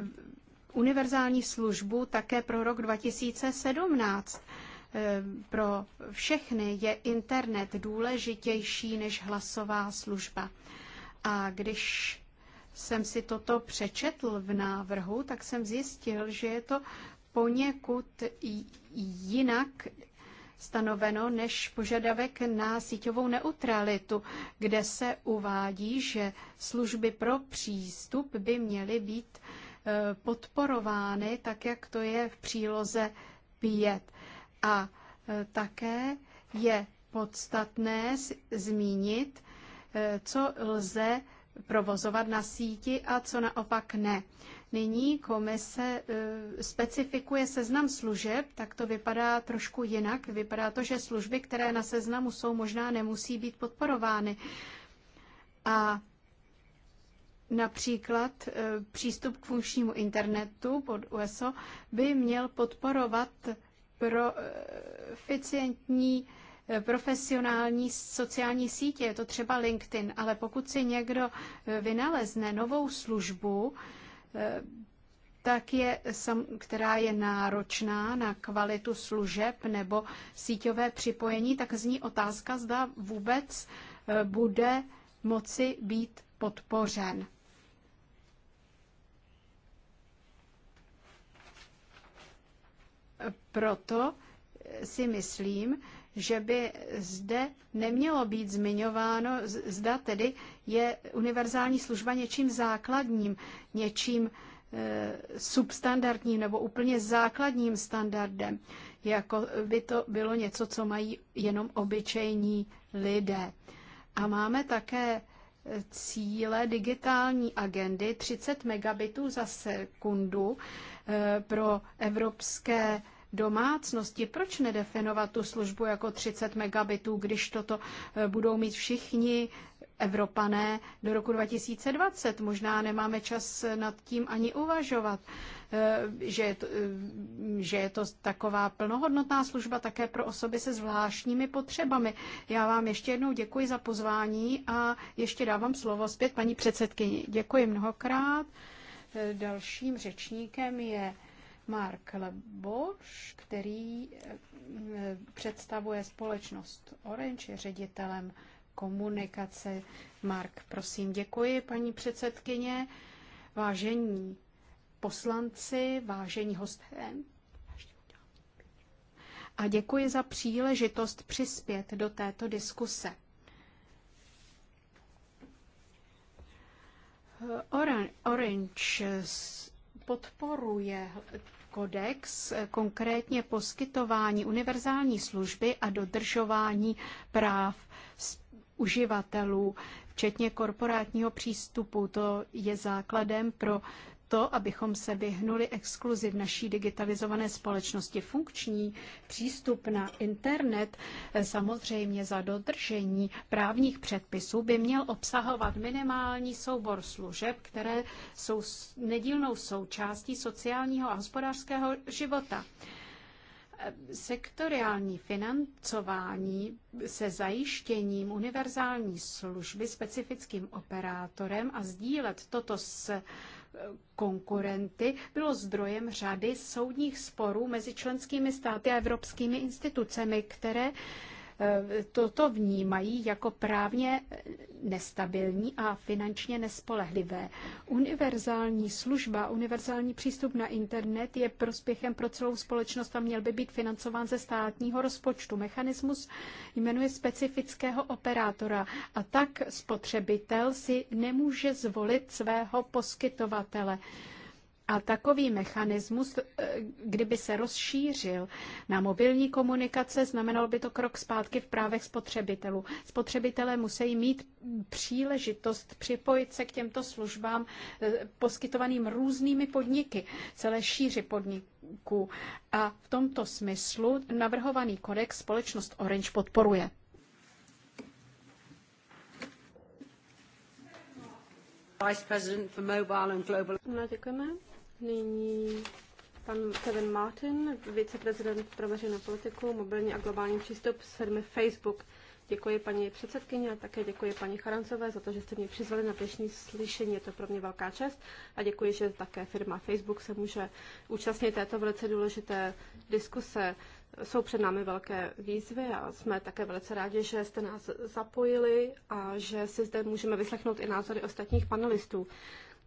univerzální službu také pro rok 2017 Ehm, pro všechny je internet důležitější než hlasová služba. A když jsem si toto přečetl v návrhu, tak jsem zjistil, že je to poněkud jinak stanoveno než požadavek na síťovou neutralitu, kde se uvádí, že služby pro přístup by měly být eh, podporovány, tak jak to je v příloze 5. A e, také je podstatné zmínit, e, co lze provozovat na síti a co naopak ne. Nyní komise e, specifikuje seznam služeb, tak to vypadá trošku jinak. Vypadá to, že služby, které na seznamu jsou, možná nemusí být podporovány. A Například přístup k funkčnímu internetu pod USO by měl podporovat proficientní eh, profesionální sociální sítě, je to třeba LinkedIn, ale pokud si někdo eh, vynalezne novou službu, eh, tak je, která je náročná na kvalitu služeb nebo síťové připojení, tak zní otázka, zda vůbec bude moci být podpořen. Proto si myslím, že by zde nemělo být zmiňováno, zda tedy je univerzální služba něčím základním, něčím eh, substandardním nebo úplně základním standardem, jako by to bylo něco, co mají jenom obyčejní lidé. A máme také eh, cíle digitální agendy 30 megabitů za sekundu eh, pro evropské domácnosti. Proč nedefinovat tu službu jako 30 megabitů, když toto eh, budou mít všichni Evropané do roku 2020? Možná nemáme čas nad tím ani uvažovat, eh, že je to, eh, že je to taková plnohodnotná služba také pro osoby se zvláštními potřebami. Já vám ještě jednou děkuji za pozvání a ještě dávám slovo zpět paní předsedkyni. Děkuji mnohokrát. Dalším řečníkem je Mark Leboš, který eh, představuje společnost Orange, je ředitelem komunikace. Mark, prosím, děkuji, paní předsedkyně. Vážení poslanci, vážení hosté, a děkuji za příležitost přispět do této diskuse. Eh, Orange podporuje kodex, konkrétně poskytování univerzální služby a dodržování práv uživatelů, včetně korporátního přístupu. To je základem pro to, abychom se vyhnuli exkluzi v naší digitalizované společnosti. Funkční přístup na internet eh, samozřejmě za dodržení právních předpisů by měl obsahovat minimální soubor služeb, které jsou nedílnou součástí sociálního a hospodářského života eh, sektoriální financování se zajištěním univerzální služby specifickým operátorem a sdílet toto s konkurenty bylo zdrojem řady soudních sporů mezi členskými státy a evropskými institucemi, které Eh, toto vnímají jako právně nestabilní a finančně nespolehlivé. Univerzální služba, univerzální přístup na internet je prospěchem pro celou společnost a měl by být financován ze státního rozpočtu. Mechanismus jmenuje specifického operátora a tak spotřebitel si nemůže zvolit svého poskytovatele. A takový mechanismus, eh, kdyby se rozšířil na mobilní komunikace, znamenal by to krok zpátky v právech spotřebitelů. Spotřebitelé musí mít příležitost připojit se k těmto službám eh, poskytovaným různými podniky, celé šíři podniků. A v tomto smyslu navrhovaný kodex společnost Orange podporuje. Vice President for Mobile and Global. No, děkujeme Nyní pan Kevin Martin, viceprezident pro veřejnou politiku, mobilní a globální přístup z firmy Facebook. Děkuji paní předsedkyni a také děkuji paní Charancové za to, že jste mě přizvali na dnešní slyšení. Je to pro mě velká čest a děkuji, že také firma Facebook se může účastnit této velice důležité diskuse. Jsou před námi velké výzvy a jsme také velice rádi, že jste nás zapojili a že si zde můžeme vyslechnout i názory ostatních panelistů.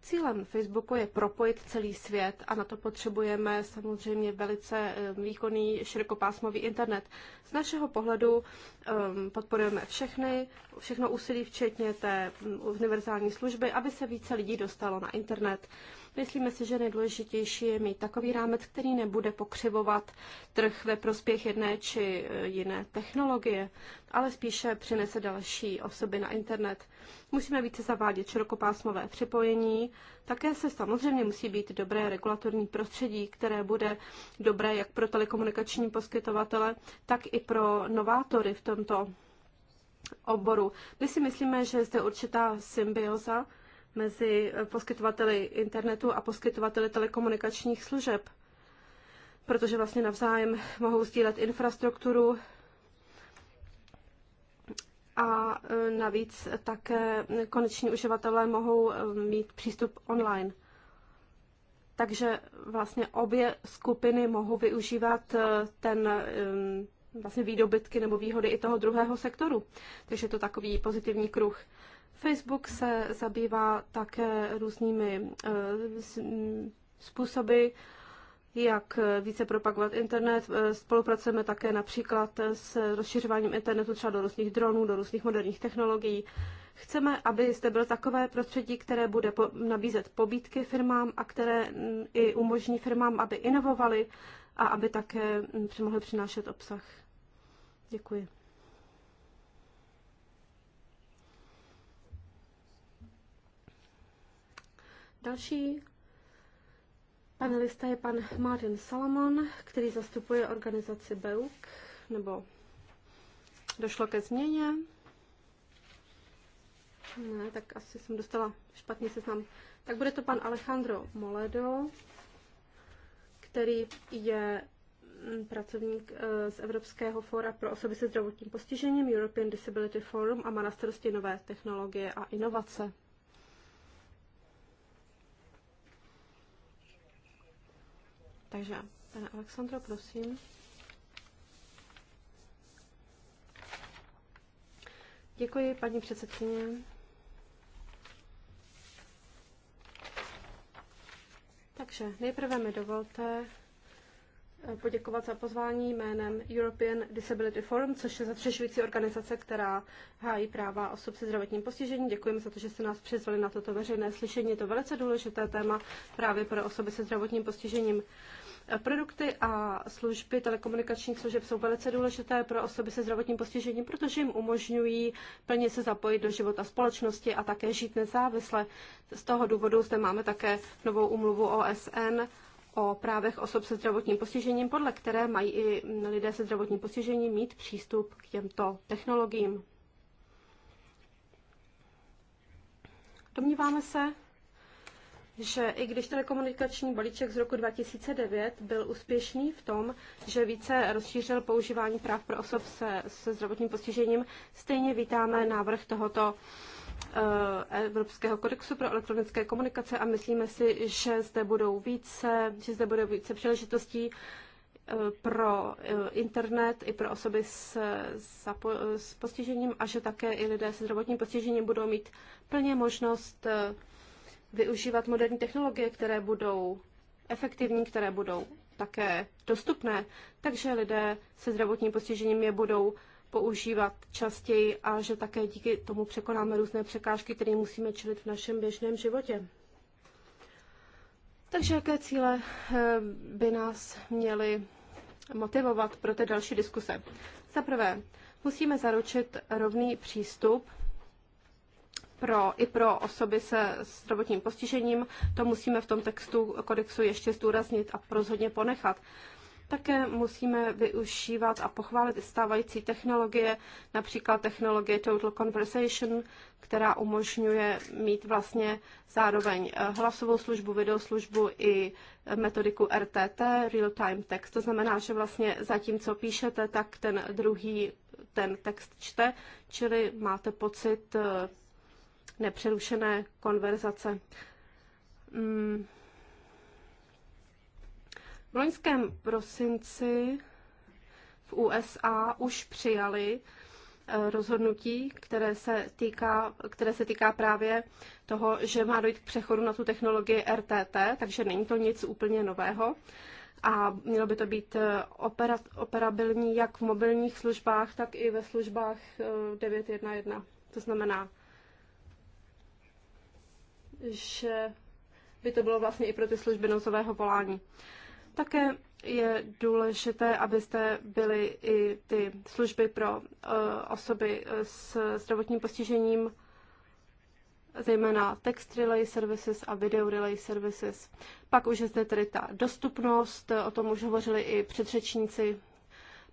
Cílem Facebooku je propojit celý svět a na to potřebujeme samozřejmě velice eh, výkonný širokopásmový internet. Z našeho pohledu ehm, podporujeme všechny, všechno úsilí, včetně té mm, univerzální služby, aby se více lidí dostalo na internet. Myslíme si, že nejdůležitější je mít takový rámec, který nebude pokřivovat trh ve prospěch jedné či eh, jiné technologie, ale spíše přinese další osoby na internet. Musíme více zavádět širokopásmové připojení. Také se samozřejmě musí být dobré regulatorní prostředí, které bude dobré jak pro telekomunikační poskytovatele, tak i pro novátory v tomto oboru. My si myslíme, že je zde určitá symbioza mezi poskytovateli internetu a poskytovateli telekomunikačních služeb, protože vlastně navzájem mohou sdílet infrastrukturu a e, navíc také koneční uživatelé mohou e, mít přístup online. Takže vlastně obě skupiny mohou využívat e, ten vlastně výdobytky nebo výhody i toho druhého sektoru. Takže je to takový pozitivní kruh. Facebook se zabývá také různými eh, způsoby, jak eh, více propagovat internet. Eh, spolupracujeme také například s rozšiřováním internetu třeba do různých dronů, do různých moderních technologií. Chceme, aby zde bylo takové prostředí, které bude po- nabízet pobídky firmám a které mm, i umožní firmám, aby inovovaly a aby také mm, mohly přinášet obsah. Děkuji. Další panelista je pan Martin Salomon, který zastupuje organizaci BEUK, nebo došlo ke změně. Ne, tak asi jsem dostala špatný seznam. Tak bude to pan Alejandro Moledo, který je mm, pracovník eh, z Evropského fóra pro osoby se zdravotním postižením European Disability Forum a má na starosti nové technologie a inovace. Takže, pane Alexandro, prosím. Děkuji, paní předsedkyně. Takže nejprve mi dovolte eh, poděkovat za pozvání jménem European Disability Forum, což je zatřešující organizace, která hájí práva osob se zdravotním postižením. Děkujeme za to, že jste nás přizvali na toto veřejné slyšení. Je to velice důležité téma právě pro osoby se zdravotním postižením. Produkty a služby telekomunikačních služeb jsou velice důležité pro osoby se zdravotním postižením, protože jim umožňují plně se zapojit do života společnosti a také žít nezávisle. Z toho důvodu zde máme také novou umluvu OSN o právech osob se zdravotním postižením, podle které mají i lidé se zdravotním postižením mít přístup k těmto technologiím. Domníváme se, že i když telekomunikační balíček z roku 2009 byl úspěšný v tom, že více rozšířil používání práv pro osob se, se zdravotním postižením, stejně vítáme návrh tohoto eh, Evropského kodexu pro elektronické komunikace a myslíme si, že zde budou více, že zde bude více příležitostí eh, pro eh, internet i pro osoby s, s postižením a že také i lidé se zdravotním postižením budou mít plně možnost využívat moderní technologie, které budou efektivní, které budou také dostupné, takže lidé se zdravotním postižením je budou používat častěji a že také díky tomu překonáme různé překážky, které musíme čelit v našem běžném životě. Takže jaké cíle eh, by nás měly motivovat pro ty další diskuse? Za prvé, musíme zaručit rovný přístup pro, i pro osoby se zdravotním postižením. To musíme v tom textu kodexu ještě zdůraznit a rozhodně ponechat. Také musíme využívat a pochválit stávající technologie, například technologie Total Conversation, která umožňuje mít vlastně zároveň eh, hlasovou službu, videoslužbu i eh, metodiku RTT, Real Time Text. To znamená, že vlastně zatímco píšete, tak ten druhý ten text čte, čili máte pocit eh, nepřerušené konverzace. Mm. V loňském prosinci v USA už přijali eh, rozhodnutí, které se, týká, které se týká právě toho, že má dojít k přechodu na tu technologii RTT, takže není to nic úplně nového. A mělo by to být eh, operabilní jak v mobilních službách, tak i ve službách 911. Eh, to znamená že by to bylo vlastně i pro ty služby nouzového volání. Také je důležité, abyste byli i ty služby pro uh, osoby s zdravotním postižením, zejména text relay services a video relay services. Pak už je zde tedy ta dostupnost, o tom už hovořili i předřečníci.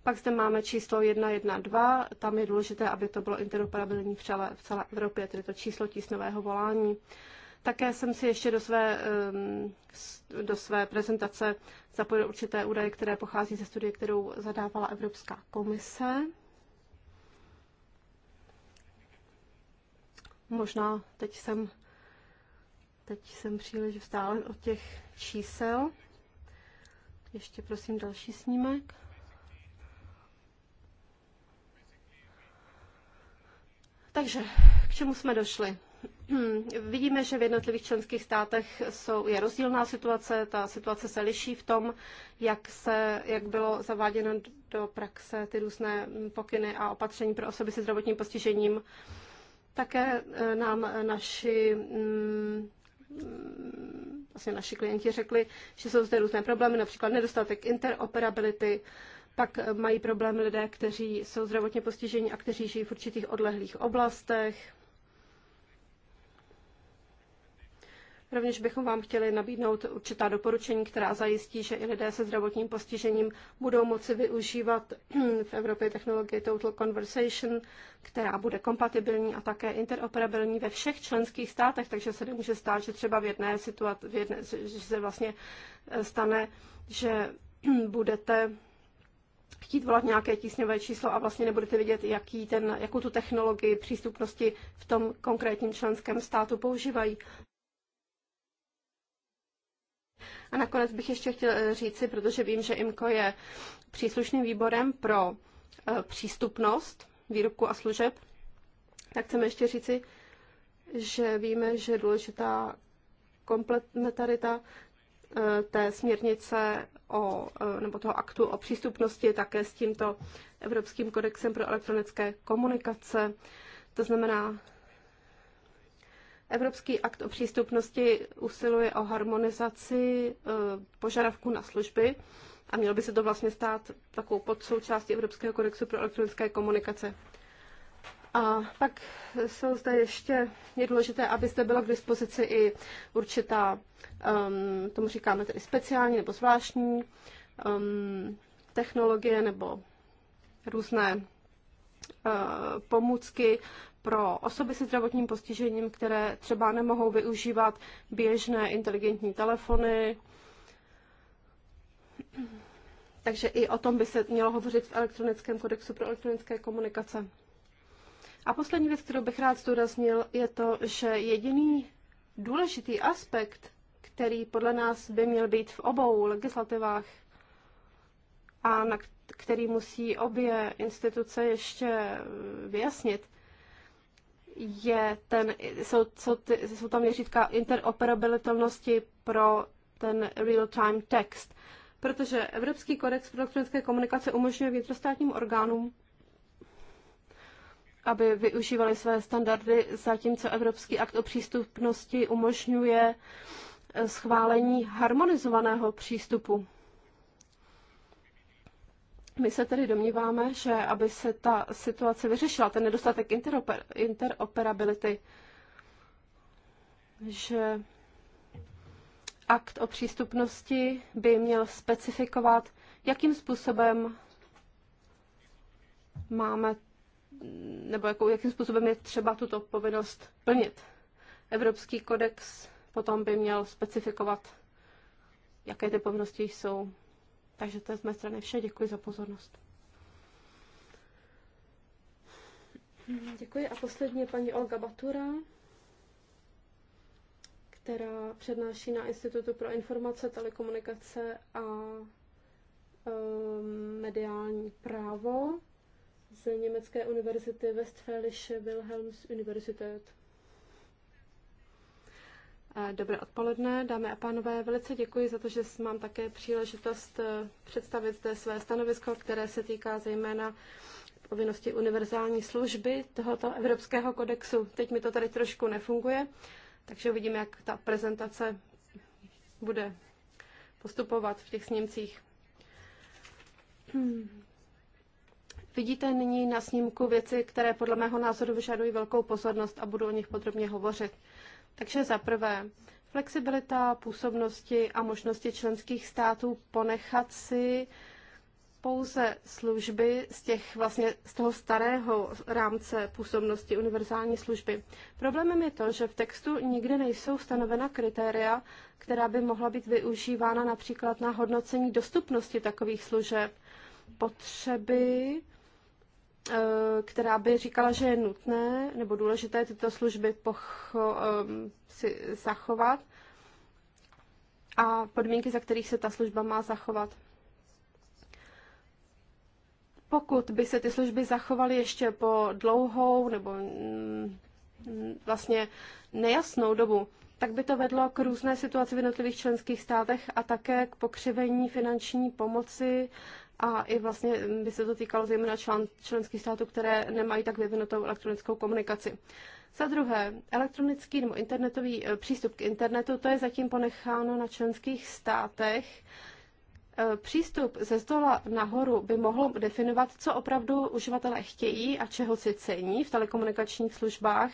Pak zde máme číslo 112, tam je důležité, aby to bylo interoperabilní v celé, v celé Evropě, tedy to číslo tísnového volání. Uh, také jsem si ještě do své, ehm, do své prezentace zapojil určité údaje, které pochází ze studie, kterou zadávala Evropská komise. Možná teď jsem, teď jsem příliš vzdálen od těch čísel. Ještě prosím další snímek. Takže, k čemu jsme došli? Hmm, vidíme, že v jednotlivých členských státech jsou, je rozdílná situace, ta situace se liší v tom, jak, se, jak bylo zaváděno do praxe ty různé pokyny a opatření pro osoby se zdravotním postižením. Také eh, nám naši hmm, hmm, vlastně naši klienti řekli, že jsou zde různé problémy, například nedostatek interoperability, pak eh, mají problém lidé, kteří jsou zdravotně postiženi a kteří žijí v určitých odlehlých oblastech, Rovněž bychom vám chtěli nabídnout určitá doporučení, která zajistí, že i lidé se zdravotním postižením budou moci využívat v Evropě technologie Total Conversation, která bude kompatibilní a také interoperabilní ve všech členských státech, takže se nemůže stát, že třeba v jedné situaci, že se vlastně eh, stane, že [CLEARS THROAT] budete chtít volat nějaké tísňové číslo a vlastně nebudete vidět, jaký ten, jakou tu technologii přístupnosti v tom konkrétním členském státu používají. A nakonec bych ještě chtěl eh, říci, protože vím, že IMCO je příslušným výborem pro eh, přístupnost výrobku a služeb, tak chceme ještě říci, že víme, že je důležitá komplementarita eh, té směrnice o, nebo toho aktu o přístupnosti také s tímto Evropským kodexem pro elektronické komunikace. To znamená, Evropský akt o přístupnosti usiluje o harmonizaci eh, požadavků na služby a mělo by se to vlastně stát takovou podsoučástí Evropského kodexu pro elektronické komunikace. A pak jsou zde ještě, je důležité, aby zde byla k dispozici i určitá, um, tomu říkáme tedy speciální nebo zvláštní um, technologie nebo různé uh, pomůcky pro osoby se zdravotním postižením, které třeba nemohou využívat běžné inteligentní telefony. Takže i o tom by se mělo hovořit v elektronickém kodexu pro elektronické komunikace. A poslední věc, kterou bych rád zdůraznil, je to, že jediný důležitý aspekt, který podle nás by měl být v obou legislativách a na který musí obě instituce ještě vyjasnit, je ten, jsou, jsou, ty, jsou tam měřítka interoperabilitelnosti pro ten real-time text, protože Evropský kodex pro elektronické komunikace umožňuje vnitrostátním orgánům aby využívali své standardy, zatímco Evropský akt o přístupnosti umožňuje schválení harmonizovaného přístupu. My se tedy domníváme, že aby se ta situace vyřešila, ten nedostatek interoper, interoperability, že akt o přístupnosti by měl specifikovat, jakým způsobem máme, nebo jakou, jakým způsobem je třeba tuto povinnost plnit. Evropský kodex potom by měl specifikovat, jaké ty povinnosti jsou takže to je z mé strany vše. Děkuji za pozornost. Děkuji. A poslední je paní Olga Batura, která přednáší na Institutu pro informace, telekomunikace a ehm, mediální právo z Německé univerzity Westfälische Wilhelms Universität. Eh, dobré odpoledne, dámy a pánové. Velice děkuji za to, že mám také příležitost eh, představit zde své stanovisko, které se týká zejména povinnosti univerzální služby tohoto Evropského kodexu. Teď mi to tady trošku nefunguje, takže uvidím, jak ta prezentace bude postupovat v těch snímcích. Hmm. Vidíte nyní na snímku věci, které podle mého názoru vyžadují velkou pozornost a budu o nich podrobně hovořit. Takže za prvé, flexibilita působnosti a možnosti členských států ponechat si pouze služby z, těch, vlastně, z toho starého rámce působnosti univerzální služby. Problémem je to, že v textu nikdy nejsou stanovena kritéria, která by mohla být využívána například na hodnocení dostupnosti takových služeb, potřeby Eh, která by říkala, že je nutné nebo důležité tyto služby pocho, si zachovat a podmínky, za kterých se ta služba má zachovat. Pokud by se ty služby zachovaly ještě po dlouhou nebo mm, vlastně nejasnou dobu, tak by to vedlo k různé situaci v jednotlivých členských státech a také k pokřivení finanční pomoci a i vlastně mm, by se to týkalo zejména člen, členských států, které nemají tak vyvinutou elektronickou komunikaci. Za druhé, elektronický nebo internetový e, přístup k internetu, to je zatím ponecháno na členských státech. E, přístup ze zdola nahoru by mohl definovat, co opravdu uživatelé chtějí a čeho si cení v telekomunikačních službách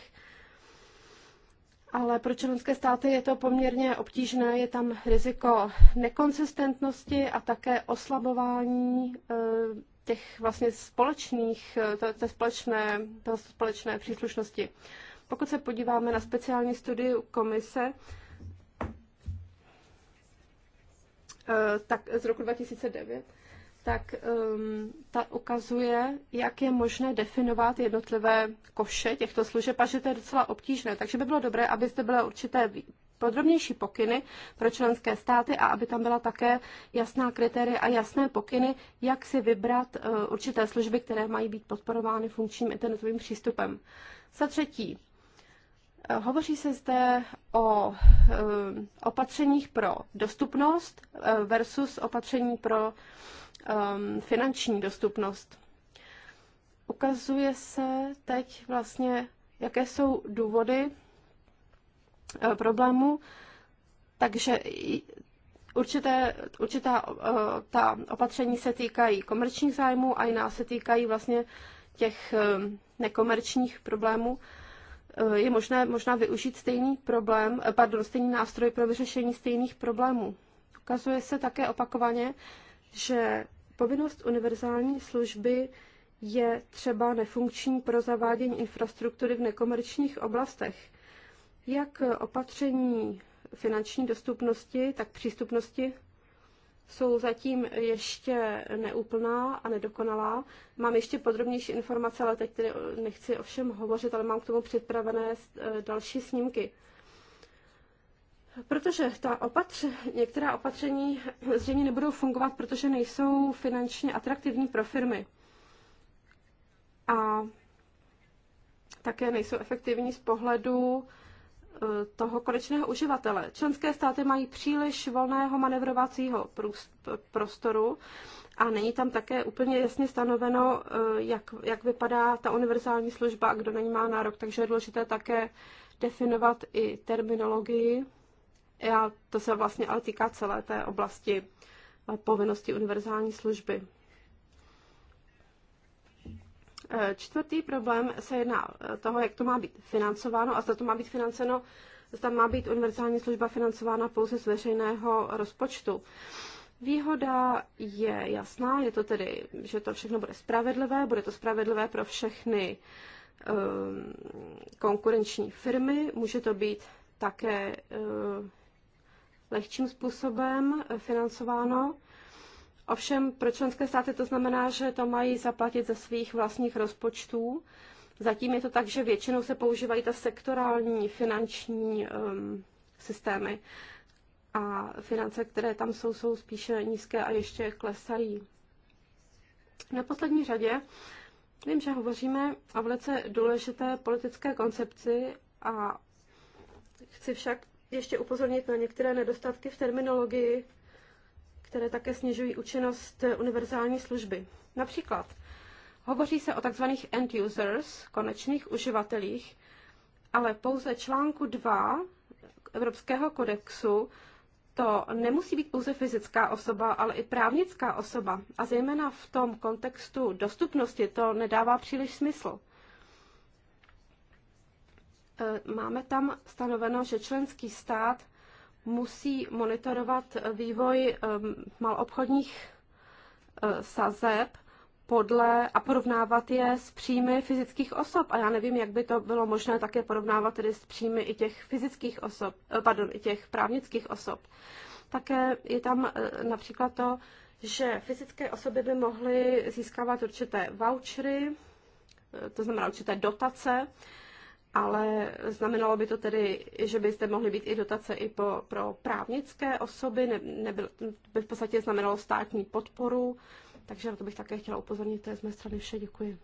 ale pro členské státy je to poměrně obtížné. Je tam riziko nekonsistentnosti a také oslabování eh, těch vlastně společných, eh, té společné, té společné příslušnosti. Pokud se podíváme na speciální studii komise, eh, tak z roku 2009, tak um, ta ukazuje, jak je možné definovat jednotlivé koše těchto služeb a že to je docela obtížné. Takže by bylo dobré, abyste byly určité podrobnější pokyny pro členské státy a aby tam byla také jasná kritéria a jasné pokyny, jak si vybrat uh, určité služby, které mají být podporovány funkčním internetovým přístupem. Za třetí, eh, Hovoří se zde o eh, opatřeních pro dostupnost eh, versus opatření pro um, finanční dostupnost. Ukazuje se teď vlastně, jaké jsou důvody uh, problému, takže určité, určitá uh, ta opatření se týkají komerčních zájmů a jiná se týkají vlastně těch uh, nekomerčních problémů je možné možná využít stejný problém, pardon, stejný nástroj pro vyřešení stejných problémů. Ukazuje se také opakovaně, že povinnost univerzální služby je třeba nefunkční pro zavádění infrastruktury v nekomerčních oblastech. Jak opatření finanční dostupnosti, tak přístupnosti jsou zatím ještě neúplná a nedokonalá. Mám ještě podrobnější informace, ale teď tedy nechci ovšem hovořit, ale mám k tomu připravené eh, další snímky. Protože ta opatře, některá opatření zřejmě nebudou fungovat, protože nejsou finančně atraktivní pro firmy. A také nejsou efektivní z pohledu eh, toho konečného uživatele. Členské státy mají příliš volného manevrovacího prostoru a není tam také úplně jasně stanoveno, eh, jak, jak vypadá ta univerzální služba a kdo na ní má nárok, takže je důležité také definovat i terminologii já, to se vlastně ale týká celé té oblasti eh, povinnosti univerzální služby. Eh, čtvrtý problém se jedná eh, toho, jak to má být financováno a zda to má být financeno, zda má být univerzální služba financována pouze z veřejného rozpočtu. Výhoda je jasná, je to tedy, že to všechno bude spravedlivé, bude to spravedlivé pro všechny um, konkurenční firmy, může to být také lehčím způsobem eh, financováno. Ovšem pro členské státy to znamená, že to mají zaplatit ze svých vlastních rozpočtů. Zatím je to tak, že většinou se používají ta sektorální finanční um, systémy a finance, které tam jsou, jsou spíše nízké a ještě klesají. Na poslední řadě vím, že hovoříme o velice důležité politické koncepci a chci však ještě upozornit na některé nedostatky v terminologii, které také snižují účinnost univerzální služby. Například hovoří se o tzv. end users, konečných uživatelích, ale pouze článku 2 Evropského kodexu to nemusí být pouze fyzická osoba, ale i právnická osoba. A zejména v tom kontextu dostupnosti to nedává příliš smysl. Eh, máme tam stanoveno, že členský stát musí monitorovat vývoj ehm, malobchodních eh, sazeb podle a porovnávat je s příjmy fyzických osob. A já nevím, jak by to bylo možné také porovnávat tedy s příjmy i těch fyzických osob, eh, pardon, i těch právnických osob. Také je tam například to, že fyzické osoby by mohly získávat určité vouchery, to znamená určité dotace, ale znamenalo by to tedy, že byste mohly být i dotace i po, pro právnické osoby, ne, nebyl, by v podstatě znamenalo státní podporu, takže na to bych také chtěla upozornit, to je z mé strany vše, děkuji.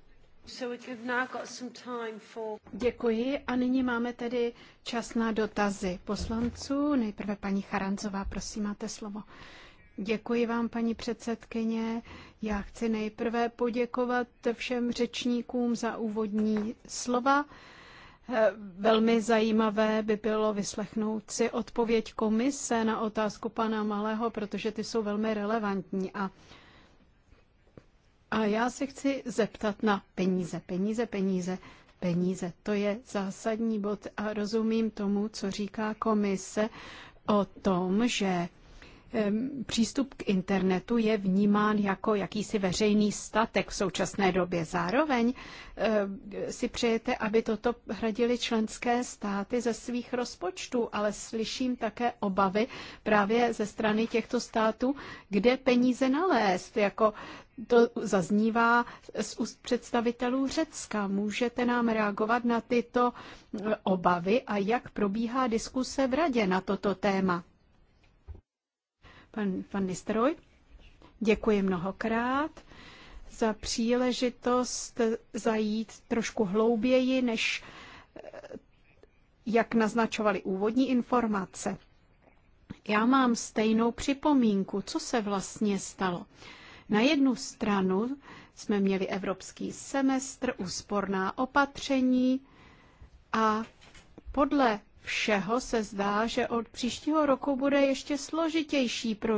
Děkuji a nyní máme tedy čas na dotazy poslanců. Nejprve paní Charanzová, prosím, máte slovo. Děkuji vám, paní předsedkyně. Já chci nejprve poděkovat všem řečníkům za úvodní slova. Velmi zajímavé by bylo vyslechnout si odpověď komise na otázku pana Malého, protože ty jsou velmi relevantní. A, a já se chci zeptat na peníze, peníze, peníze, peníze. To je zásadní bod a rozumím tomu, co říká komise o tom, že přístup k internetu je vnímán jako jakýsi veřejný statek v současné době. Zároveň si přejete, aby toto hradili členské státy ze svých rozpočtů, ale slyším také obavy právě ze strany těchto států, kde peníze nalézt, jako to zaznívá z úst představitelů Řecka. Můžete nám reagovat na tyto obavy a jak probíhá diskuse v radě na toto téma? Pan, pan Nisteroj, děkuji mnohokrát za příležitost zajít trošku hlouběji, než eh, jak naznačovaly úvodní informace. Já mám stejnou připomínku, co se vlastně stalo. Na jednu stranu jsme měli evropský semestr, úsporná opatření a podle všeho se zdá, že od příštího roku bude ještě složitější pro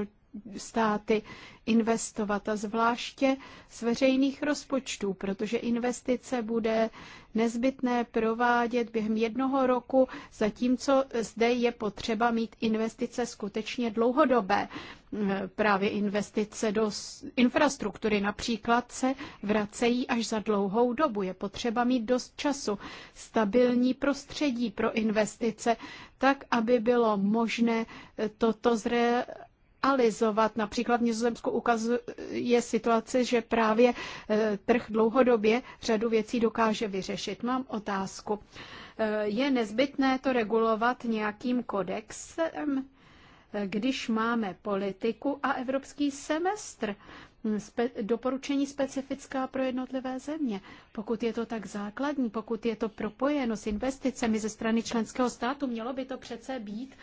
státy investovat a zvláště z veřejných rozpočtů, protože investice bude nezbytné provádět během jednoho roku, zatímco zde je potřeba mít investice skutečně dlouhodobé. Právě investice do infrastruktury například se vracejí až za dlouhou dobu. Je potřeba mít dost času, stabilní prostředí pro investice, tak, aby bylo možné toto zrealizovat realizovat. Například v Nizozemsku ukazuje situace, že právě e, trh dlouhodobě řadu věcí dokáže vyřešit. Mám otázku. E, je nezbytné to regulovat nějakým kodexem, e, když máme politiku a evropský semestr? Hm, spe- doporučení specifická pro jednotlivé země. Pokud je to tak základní, pokud je to propojeno s investicemi ze strany členského státu, mělo by to přece být uh,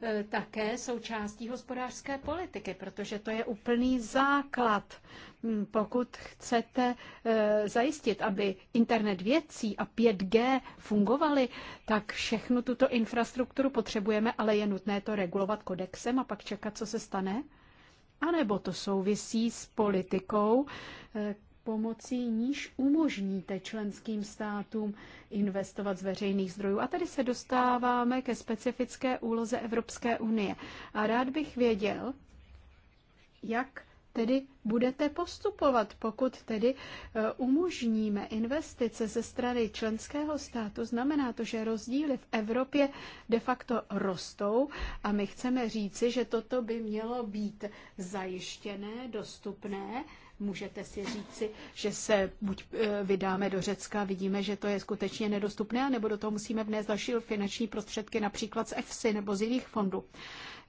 E, také součástí hospodářské politiky, protože to je úplný základ. Hm, pokud chcete e, zajistit, aby internet věcí a 5G fungovaly, tak všechnu tuto infrastrukturu potřebujeme, ale je nutné to regulovat kodexem a pak čekat, co se stane? A nebo to souvisí s politikou, e, pomocí níž umožníte členským státům investovat z veřejných zdrojů. A tady se dostáváme ke specifické úloze Evropské unie. A rád bych věděl, jak tedy budete postupovat, pokud tedy e, umožníme investice ze strany členského státu. Znamená to, že rozdíly v Evropě de facto rostou a my chceme říci, že toto by mělo být zajištěné, dostupné Můžete si říci, že se buď e, vydáme do Řecka, vidíme, že to je skutečně nedostupné, nebo do toho musíme vnést další finanční prostředky, například z EFSI nebo z jiných fondů.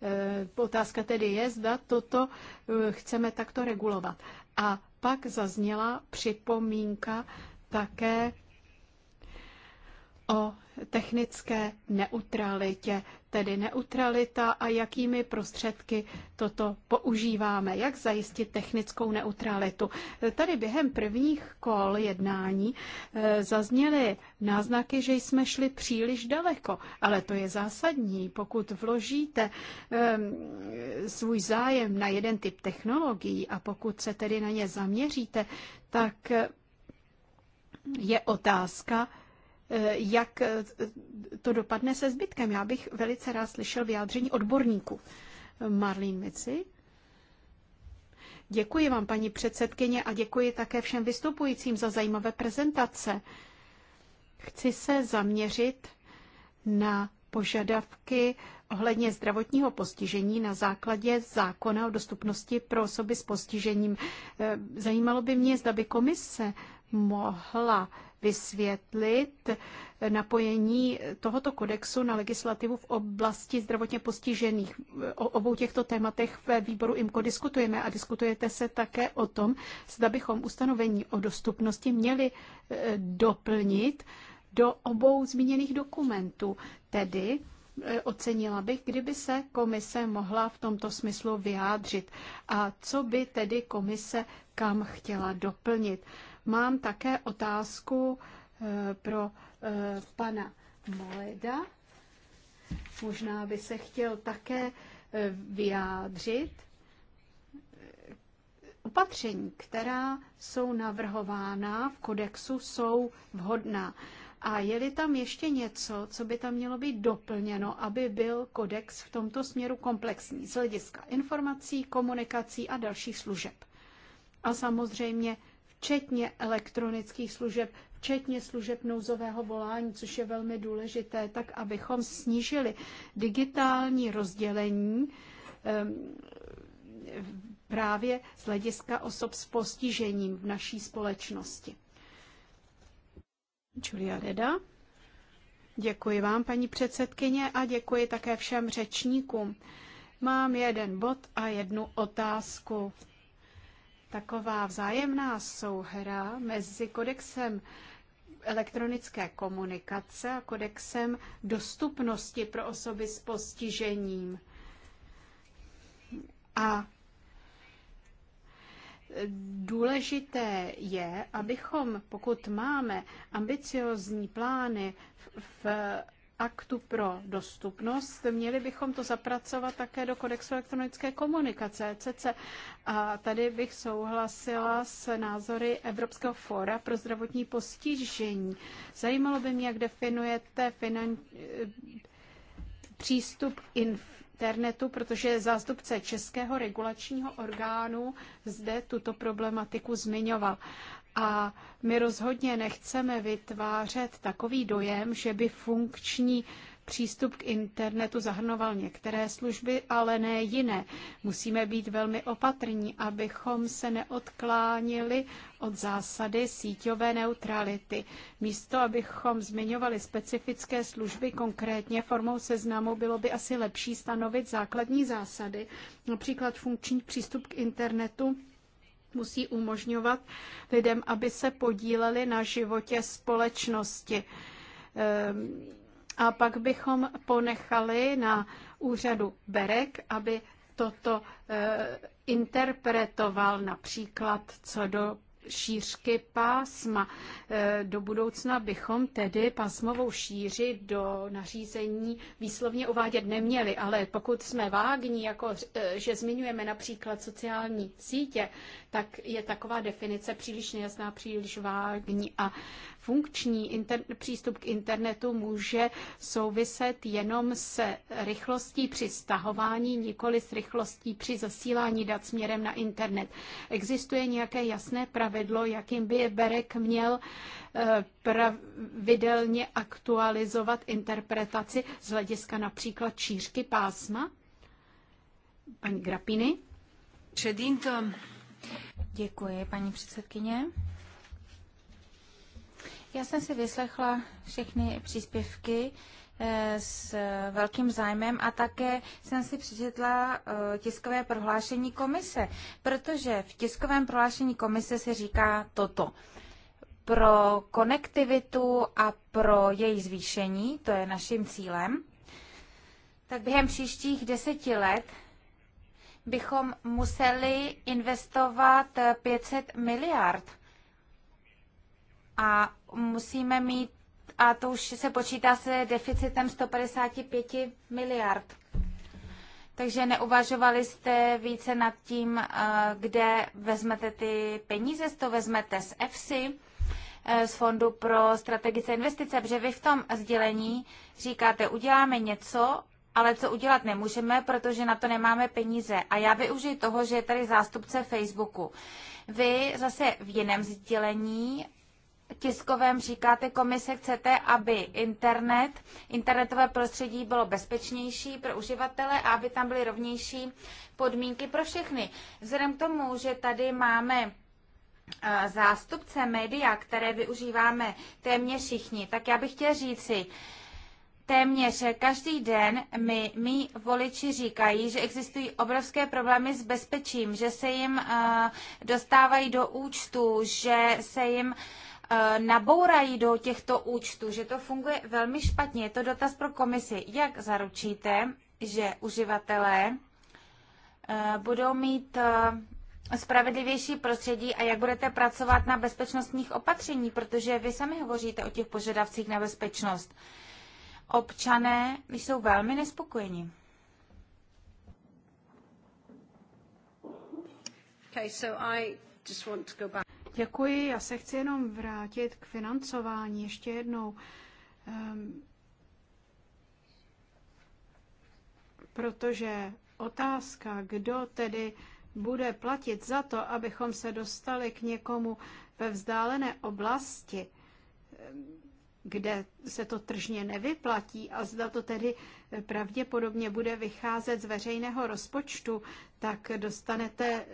E, otázka tedy je, zda toto e, chceme takto regulovat. A pak zazněla připomínka také o technické neutralitě, tedy neutralita a jakými prostředky toto používáme, jak zajistit technickou neutralitu. Tady během prvních kol jednání e, zazněly náznaky, že jsme šli příliš daleko, ale to je zásadní. Pokud vložíte e, svůj zájem na jeden typ technologií a pokud se tedy na ně zaměříte, tak je otázka, Eh, jak eh, to dopadne se zbytkem. Já bych velice rád slyšel vyjádření odborníků. Marlene Mici. Děkuji vám, paní předsedkyně, a děkuji také všem vystupujícím za zajímavé prezentace. Chci se zaměřit na požadavky ohledně zdravotního postižení na základě zákona o dostupnosti pro osoby s postižením. Eh, zajímalo by mě, zda by komise mohla vysvětlit napojení tohoto kodexu na legislativu v oblasti zdravotně postižených. O obou těchto tématech ve výboru IMCO diskutujeme a diskutujete se také o tom, zda bychom ustanovení o dostupnosti měli e, doplnit do obou zmíněných dokumentů, tedy e, ocenila bych, kdyby se komise mohla v tomto smyslu vyjádřit. A co by tedy komise kam chtěla doplnit? Mám také otázku eh, pro eh, pana Moleda. Možná by se chtěl také eh, vyjádřit opatření, která jsou navrhována v kodexu, jsou vhodná. A je-li tam ještě něco, co by tam mělo být doplněno, aby byl kodex v tomto směru komplexní z hlediska informací, komunikací a dalších služeb. A samozřejmě včetně elektronických služeb, včetně služeb nouzového volání, což je velmi důležité, tak abychom snížili digitální rozdělení ehm, právě z hlediska osob s postižením v naší společnosti. Julia Reda. Děkuji vám, paní předsedkyně, a děkuji také všem řečníkům. Mám jeden bod a jednu otázku taková vzájemná souhra mezi kodexem elektronické komunikace a kodexem dostupnosti pro osoby s postižením. A důležité je, abychom, pokud máme ambiciozní plány v aktu pro dostupnost, měli bychom to zapracovat také do kodexu elektronické komunikace, CC. A tady bych souhlasila s názory Evropského fóra pro zdravotní postižení. Zajímalo by mě, jak definujete finan... přístup k internetu, protože zástupce Českého regulačního orgánu zde tuto problematiku zmiňoval. A my rozhodně nechceme vytvářet takový dojem, že by funkční přístup k internetu zahrnoval některé služby, ale ne jiné. Musíme být velmi opatrní, abychom se neodklánili od zásady síťové neutrality. Místo, abychom zmiňovali specifické služby konkrétně formou seznamu, bylo by asi lepší stanovit základní zásady, například funkční přístup k internetu musí umožňovat lidem, aby se podíleli na životě společnosti. Ehm, a pak bychom ponechali na úřadu Berek, aby toto eh, interpretoval například co do šířky pásma. E, do budoucna bychom tedy pásmovou šíři do nařízení výslovně uvádět neměli, ale pokud jsme vágní, jako e, že zmiňujeme například sociální sítě, tak je taková definice příliš nejasná, příliš vágní a funkční inter- přístup k internetu může souviset jenom s rychlostí při stahování, nikoli s rychlostí při zasílání dat směrem na internet. Existuje nějaké jasné pravidlo, jakým by je Berek měl eh, pravidelně aktualizovat interpretaci z hlediska například šířky pásma? Paní Grapiny? Děkuji, paní předsedkyně. Já jsem si vyslechla všechny příspěvky eh, s velkým zájmem a také jsem si přečetla eh, tiskové prohlášení komise, protože v tiskovém prohlášení komise se říká toto. Pro konektivitu a pro její zvýšení, to je naším cílem, tak během příštích deseti let bychom museli investovat 500 eh, miliard a musíme mít, a to už se počítá se deficitem 155 miliard. Takže neuvažovali jste více nad tím, eh, kde vezmete ty peníze, to vezmete z EFSI, eh, z Fondu pro strategické investice, protože vy v tom sdělení říkáte, uděláme něco, ale co udělat nemůžeme, protože na to nemáme peníze. A já využiji toho, že je tady zástupce Facebooku. Vy zase v jiném sdělení tiskovém říkáte komise, chcete, aby internet, internetové prostředí bylo bezpečnější pro uživatele a aby tam byly rovnější podmínky pro všechny. Vzhledem k tomu, že tady máme zástupce média, které využíváme téměř všichni, tak já bych říct, říci, Téměř každý den mi mý voliči říkají, že existují obrovské problémy s bezpečím, že se jim uh, dostávají do účtu, že se jim uh, Eh, nabourají do těchto účtů, že to funguje velmi špatně. Je to dotaz pro komisi. Jak zaručíte, že uživatelé eh, budou mít eh, spravedlivější prostředí a jak budete pracovat na bezpečnostních opatření, protože vy sami hovoříte o těch požadavcích na bezpečnost. Občané jsou velmi nespokojeni. Okay, so I just want to go back. Děkuji. Já se chci jenom vrátit k financování ještě jednou. Um, protože otázka, kdo tedy bude platit za to, abychom se dostali k někomu ve vzdálené oblasti, ehm, kde se to tržně nevyplatí a zda to tedy pravděpodobně bude vycházet z veřejného rozpočtu, tak dostanete eh,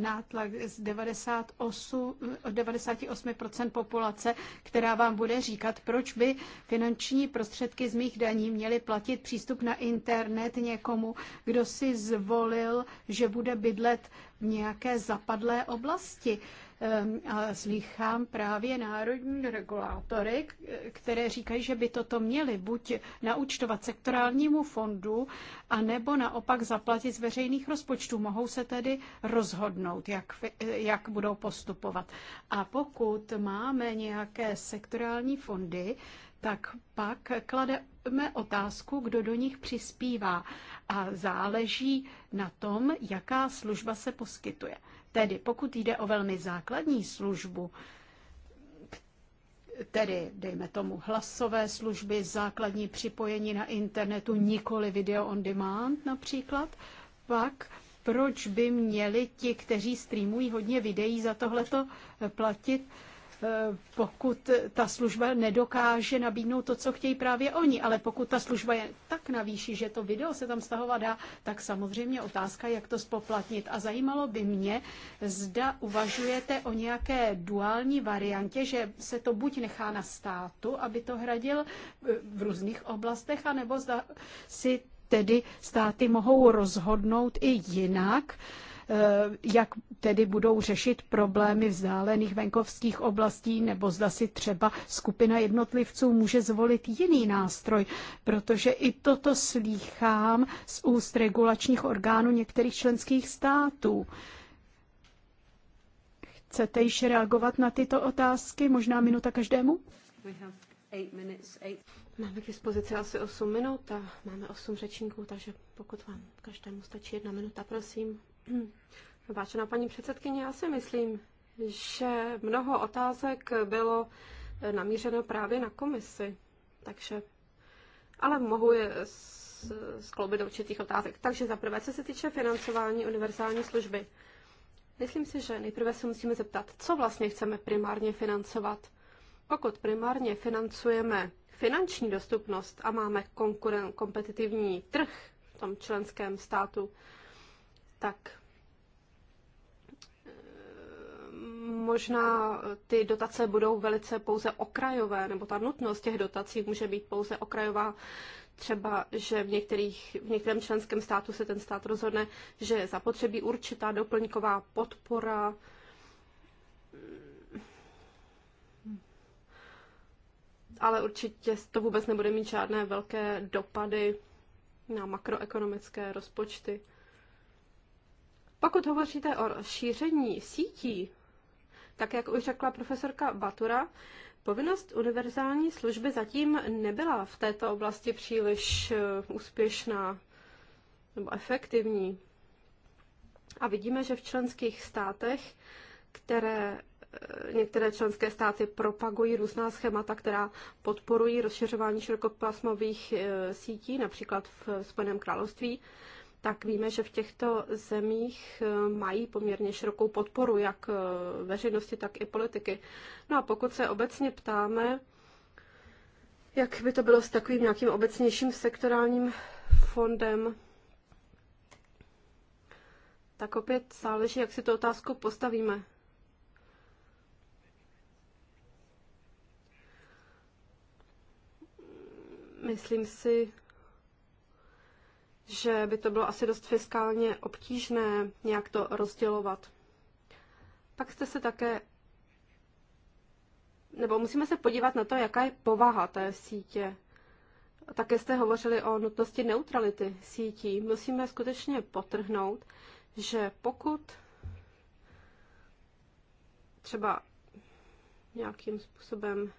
nátlak z 98, 98% populace, která vám bude říkat, proč by finanční prostředky z mých daní měly platit přístup na internet někomu, kdo si zvolil, že bude bydlet v nějaké zapadlé oblasti. Ehm, a slychám právě národní regulátory, které říkají, že by toto měli buď naučtovat sektorálnímu fondu, anebo naopak zaplatit z veřejných rozpočtů. Mohou se tedy rozhodnout, jak, jak budou postupovat. A pokud máme nějaké sektorální fondy, tak pak klademe otázku, kdo do nich přispívá. A záleží na tom, jaká služba se poskytuje. Tedy pokud jde o velmi základní službu, tedy dejme tomu hlasové služby, základní připojení na internetu, nikoli video on demand například, pak proč by měli ti, kteří streamují hodně videí, za tohleto eh, platit? Eh, pokud ta služba nedokáže nabídnout to, co chtějí právě oni. Ale pokud ta služba je tak navýší, že to video se tam stahovat dá, tak samozřejmě otázka, jak to spoplatnit. A zajímalo by mě, zda uvažujete o nějaké duální variantě, že se to buď nechá na státu, aby to hradil eh, v různých oblastech, anebo zda si tedy státy mohou rozhodnout i jinak, Eh, jak tedy budou řešit problémy vzdálených venkovských oblastí, nebo zda si třeba skupina jednotlivců může zvolit jiný nástroj, protože i toto slýchám z úst regulačních orgánů některých členských států. Chcete již reagovat na tyto otázky? Možná minuta každému? Máme k dispozici asi 8 minut a máme 8 řečníků, takže pokud vám každému stačí jedna minuta, prosím. Vážená paní předsedkyně, já si myslím, že mnoho otázek bylo namířeno právě na komisi, takže ale mohu je skloubit do určitých otázek. Takže za prvé, co se týče financování univerzální služby. Myslím si, že nejprve se musíme zeptat, co vlastně chceme primárně financovat. Pokud primárně financujeme finanční dostupnost a máme konkuren, kompetitivní trh v tom členském státu, tak možná ty dotace budou velice pouze okrajové, nebo ta nutnost těch dotací může být pouze okrajová. Třeba, že v, některých, v některém členském státu se ten stát rozhodne, že zapotřebí určitá doplňková podpora. Ale určitě to vůbec nebude mít žádné velké dopady na makroekonomické rozpočty. Pokud hovoříte o šíření sítí, tak jak už řekla profesorka Batura, povinnost univerzální služby zatím nebyla v této oblasti příliš eh, úspěšná nebo efektivní. A vidíme, že v členských státech, které eh, některé členské státy propagují různá schémata, která podporují rozšiřování širokopásmových eh, sítí, například v Spojeném království, tak víme, že v těchto zemích eh, mají poměrně širokou podporu jak eh, veřejnosti, tak i politiky. No a pokud se obecně ptáme, jak by to bylo s takovým nějakým obecnějším sektorálním fondem, tak opět záleží, jak si tu otázku postavíme. Myslím si, že by to bylo asi dost fiskálně obtížné nějak to rozdělovat. Pak jste se také nebo musíme se podívat na to, jaká je povaha té sítě. Také jste hovořili o nutnosti neutrality sítí. Musíme skutečně potrhnout, že pokud třeba nějakým způsobem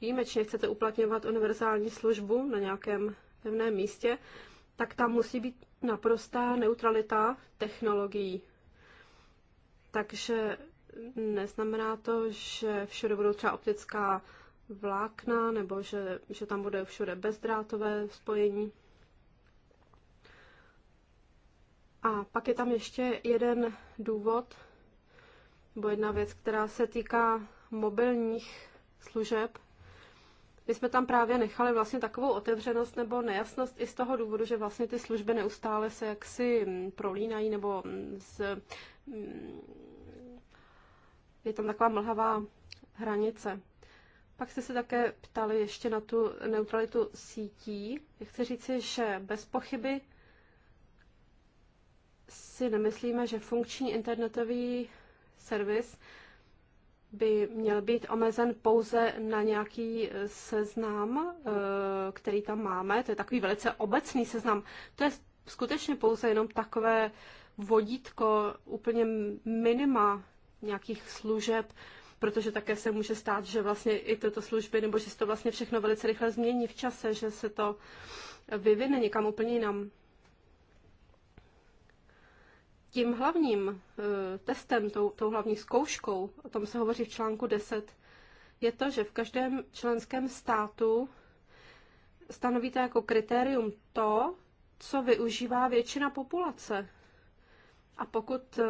výjimečně chcete uplatňovat univerzální službu na nějakém pevném místě, tak tam musí být naprostá neutralita technologií. Takže neznamená to, že všude budou třeba optická vlákna, nebo že, že tam bude všude bezdrátové spojení. A pak je tam ještě jeden důvod, nebo jedna věc, která se týká mobilních služeb. My jsme tam právě nechali vlastně takovou otevřenost nebo nejasnost i z toho důvodu, že vlastně ty služby neustále se jaksi mm, prolínají nebo mm, z, mm, je tam taková mlhavá hranice. Pak jste se také ptali ještě na tu neutralitu sítí. Já chci říci, že bez pochyby si nemyslíme, že funkční internetový servis by měl být omezen pouze na nějaký eh, seznam, eh, který tam máme. To je takový velice obecný seznam. To je skutečně pouze jenom takové vodítko úplně minima nějakých služeb, protože také se může stát, že vlastně i tyto služby, nebo že se to vlastně všechno velice rychle změní v čase, že se to vyvine někam úplně jinam tím hlavním eh, testem, tou, tou hlavní zkouškou, o tom se hovoří v článku 10, je to, že v každém členském státu stanovíte jako kritérium to, co využívá většina populace. A pokud eh,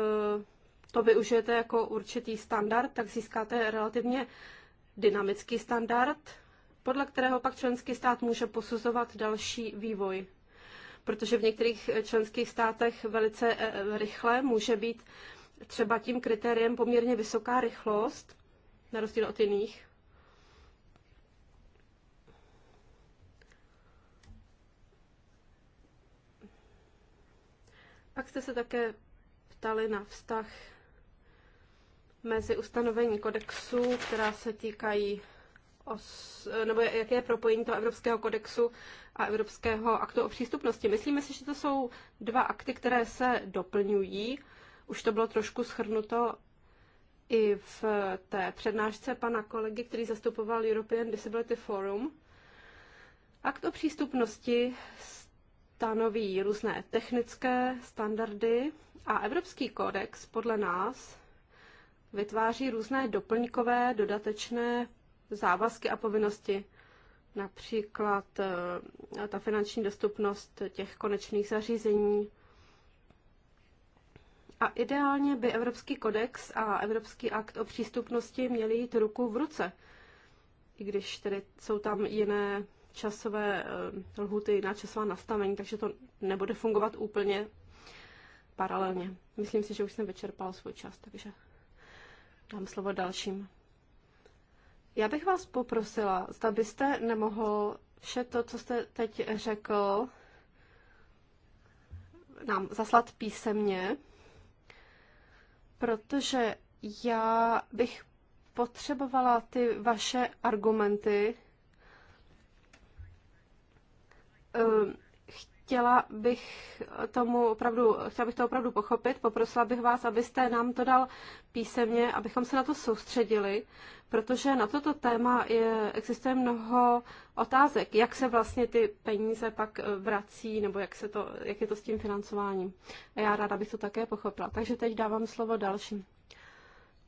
to využijete jako určitý standard, tak získáte relativně dynamický standard, podle kterého pak členský stát může posuzovat další vývoj protože v některých členských státech velice eh, rychle může být třeba tím kritériem poměrně vysoká rychlost, na rozdíl od jiných. Pak jste se také ptali na vztah mezi ustanovení kodexu, která se týkají os, nebo jaké je propojení toho Evropského kodexu a Evropského aktu o přístupnosti. Myslíme si, že to jsou dva akty, které se doplňují. Už to bylo trošku schrnuto i v té přednášce pana kolegy, který zastupoval European Disability Forum. Akt o přístupnosti stanoví různé technické standardy a Evropský kodex podle nás vytváří různé doplňkové dodatečné závazky a povinnosti, například eh, ta finanční dostupnost těch konečných zařízení. A ideálně by Evropský kodex a Evropský akt o přístupnosti měly jít ruku v ruce, i když tedy jsou tam jiné časové eh, lhuty, jiná časová nastavení, takže to nebude fungovat úplně paralelně. Myslím si, že už jsem vyčerpal svůj čas, takže dám slovo dalším. Já bych vás poprosila, zda byste nemohl vše to, co jste teď řekl, nám zaslat písemně, protože já bych potřebovala ty vaše argumenty. Um, chtěla bych tomu opravdu, chtěla bych to opravdu pochopit. Poprosila bych vás, abyste nám to dal písemně, abychom se na to soustředili, protože na toto téma je, existuje mnoho otázek, jak se vlastně ty peníze pak eh, vrací, nebo jak, se to, jak je to s tím financováním. A já ráda bych to také pochopila. Takže teď dávám slovo dalším.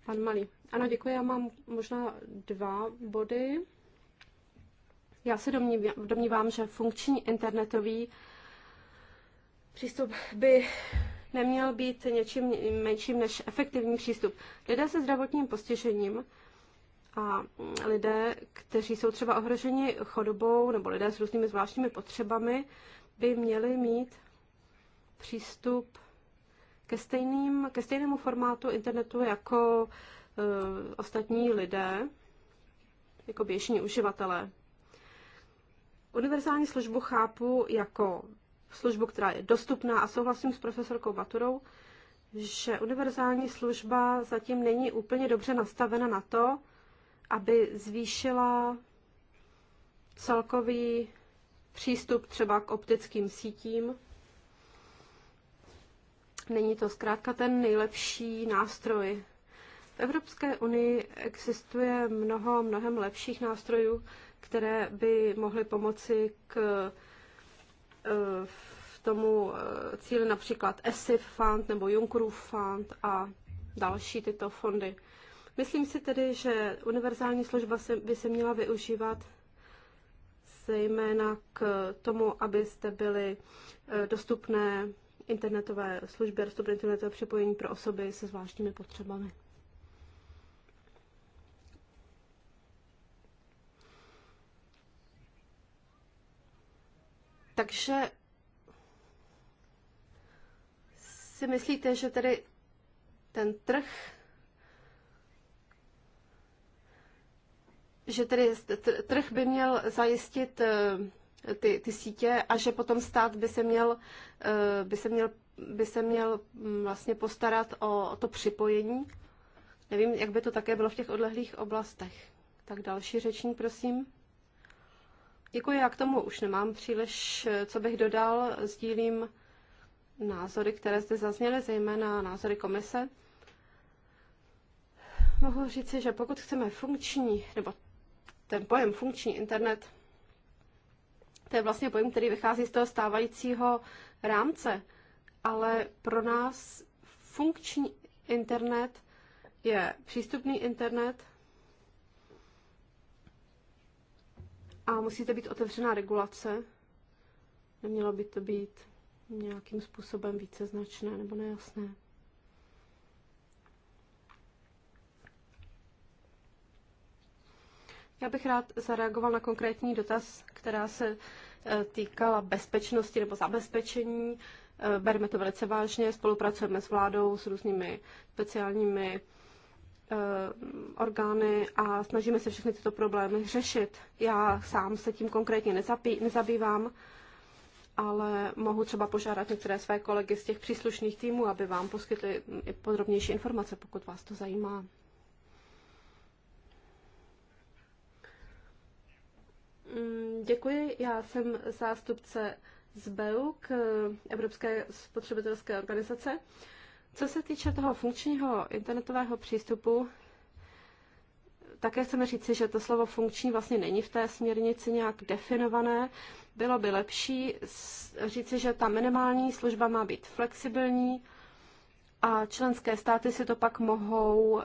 Pan Malý. Ano, děkuji, já mám možná dva body. Já se domnívám, domnívám že funkční internetový přístup by neměl být něčím menším než efektivní přístup. Lidé se zdravotním postižením a lidé, kteří jsou třeba ohroženi chodobou nebo lidé s různými zvláštními potřebami, by měli mít přístup ke, stejným, ke stejnému formátu internetu jako e, ostatní lidé, jako běžní uživatelé. Univerzální službu chápu jako službu, která je dostupná a souhlasím s profesorkou Baturou, že univerzální služba zatím není úplně dobře nastavena na to, aby zvýšila celkový přístup třeba k optickým sítím. Není to zkrátka ten nejlepší nástroj. V Evropské unii existuje mnoho, mnohem lepších nástrojů, které by mohly pomoci k Eh, v tomu eh, cíli například ESIF fund nebo Junckerův fund a další tyto fondy. Myslím si tedy, že univerzální služba by se měla využívat zejména k tomu, aby byli byly eh, dostupné internetové služby, dostupné internetové připojení pro osoby se zvláštními potřebami. Takže si myslíte, že tedy ten trh, že tedy trh by měl zajistit eh, ty, ty sítě a že potom stát by se měl, eh, by se měl, by se měl mm, vlastně postarat o, o to připojení? Nevím, jak by to také bylo v těch odlehlých oblastech. Tak další řečník, prosím. Děkuji, já k tomu už nemám příliš, co bych dodal. Sdílím názory, které zde zazněly, zejména názory komise. Mohu říci, že pokud chceme funkční, nebo ten pojem funkční internet, to je vlastně pojem, který vychází z toho stávajícího rámce, ale pro nás funkční internet je přístupný internet, a musíte být otevřená regulace. Nemělo by to být nějakým způsobem více značné nebo nejasné. Já bych rád zareagoval na konkrétní dotaz, která se e, týkala bezpečnosti nebo zabezpečení. E, Bereme to velice vážně, spolupracujeme s vládou, s různými speciálními Eh, orgány a snažíme se všechny tyto problémy řešit. Já sám se tím konkrétně nezapí, nezabývám, ale mohu třeba požádat některé své kolegy z těch příslušných týmů, aby vám poskytli podrobnější informace, pokud vás to zajímá. Mm, děkuji, já jsem zástupce z BEUK, eh, Evropské spotřebitelské organizace. Co se týče toho funkčního internetového přístupu, také chceme říci, že to slovo funkční vlastně není v té směrnici nějak definované. Bylo by lepší říci, že ta minimální služba má být flexibilní a členské státy si to pak mohou eh,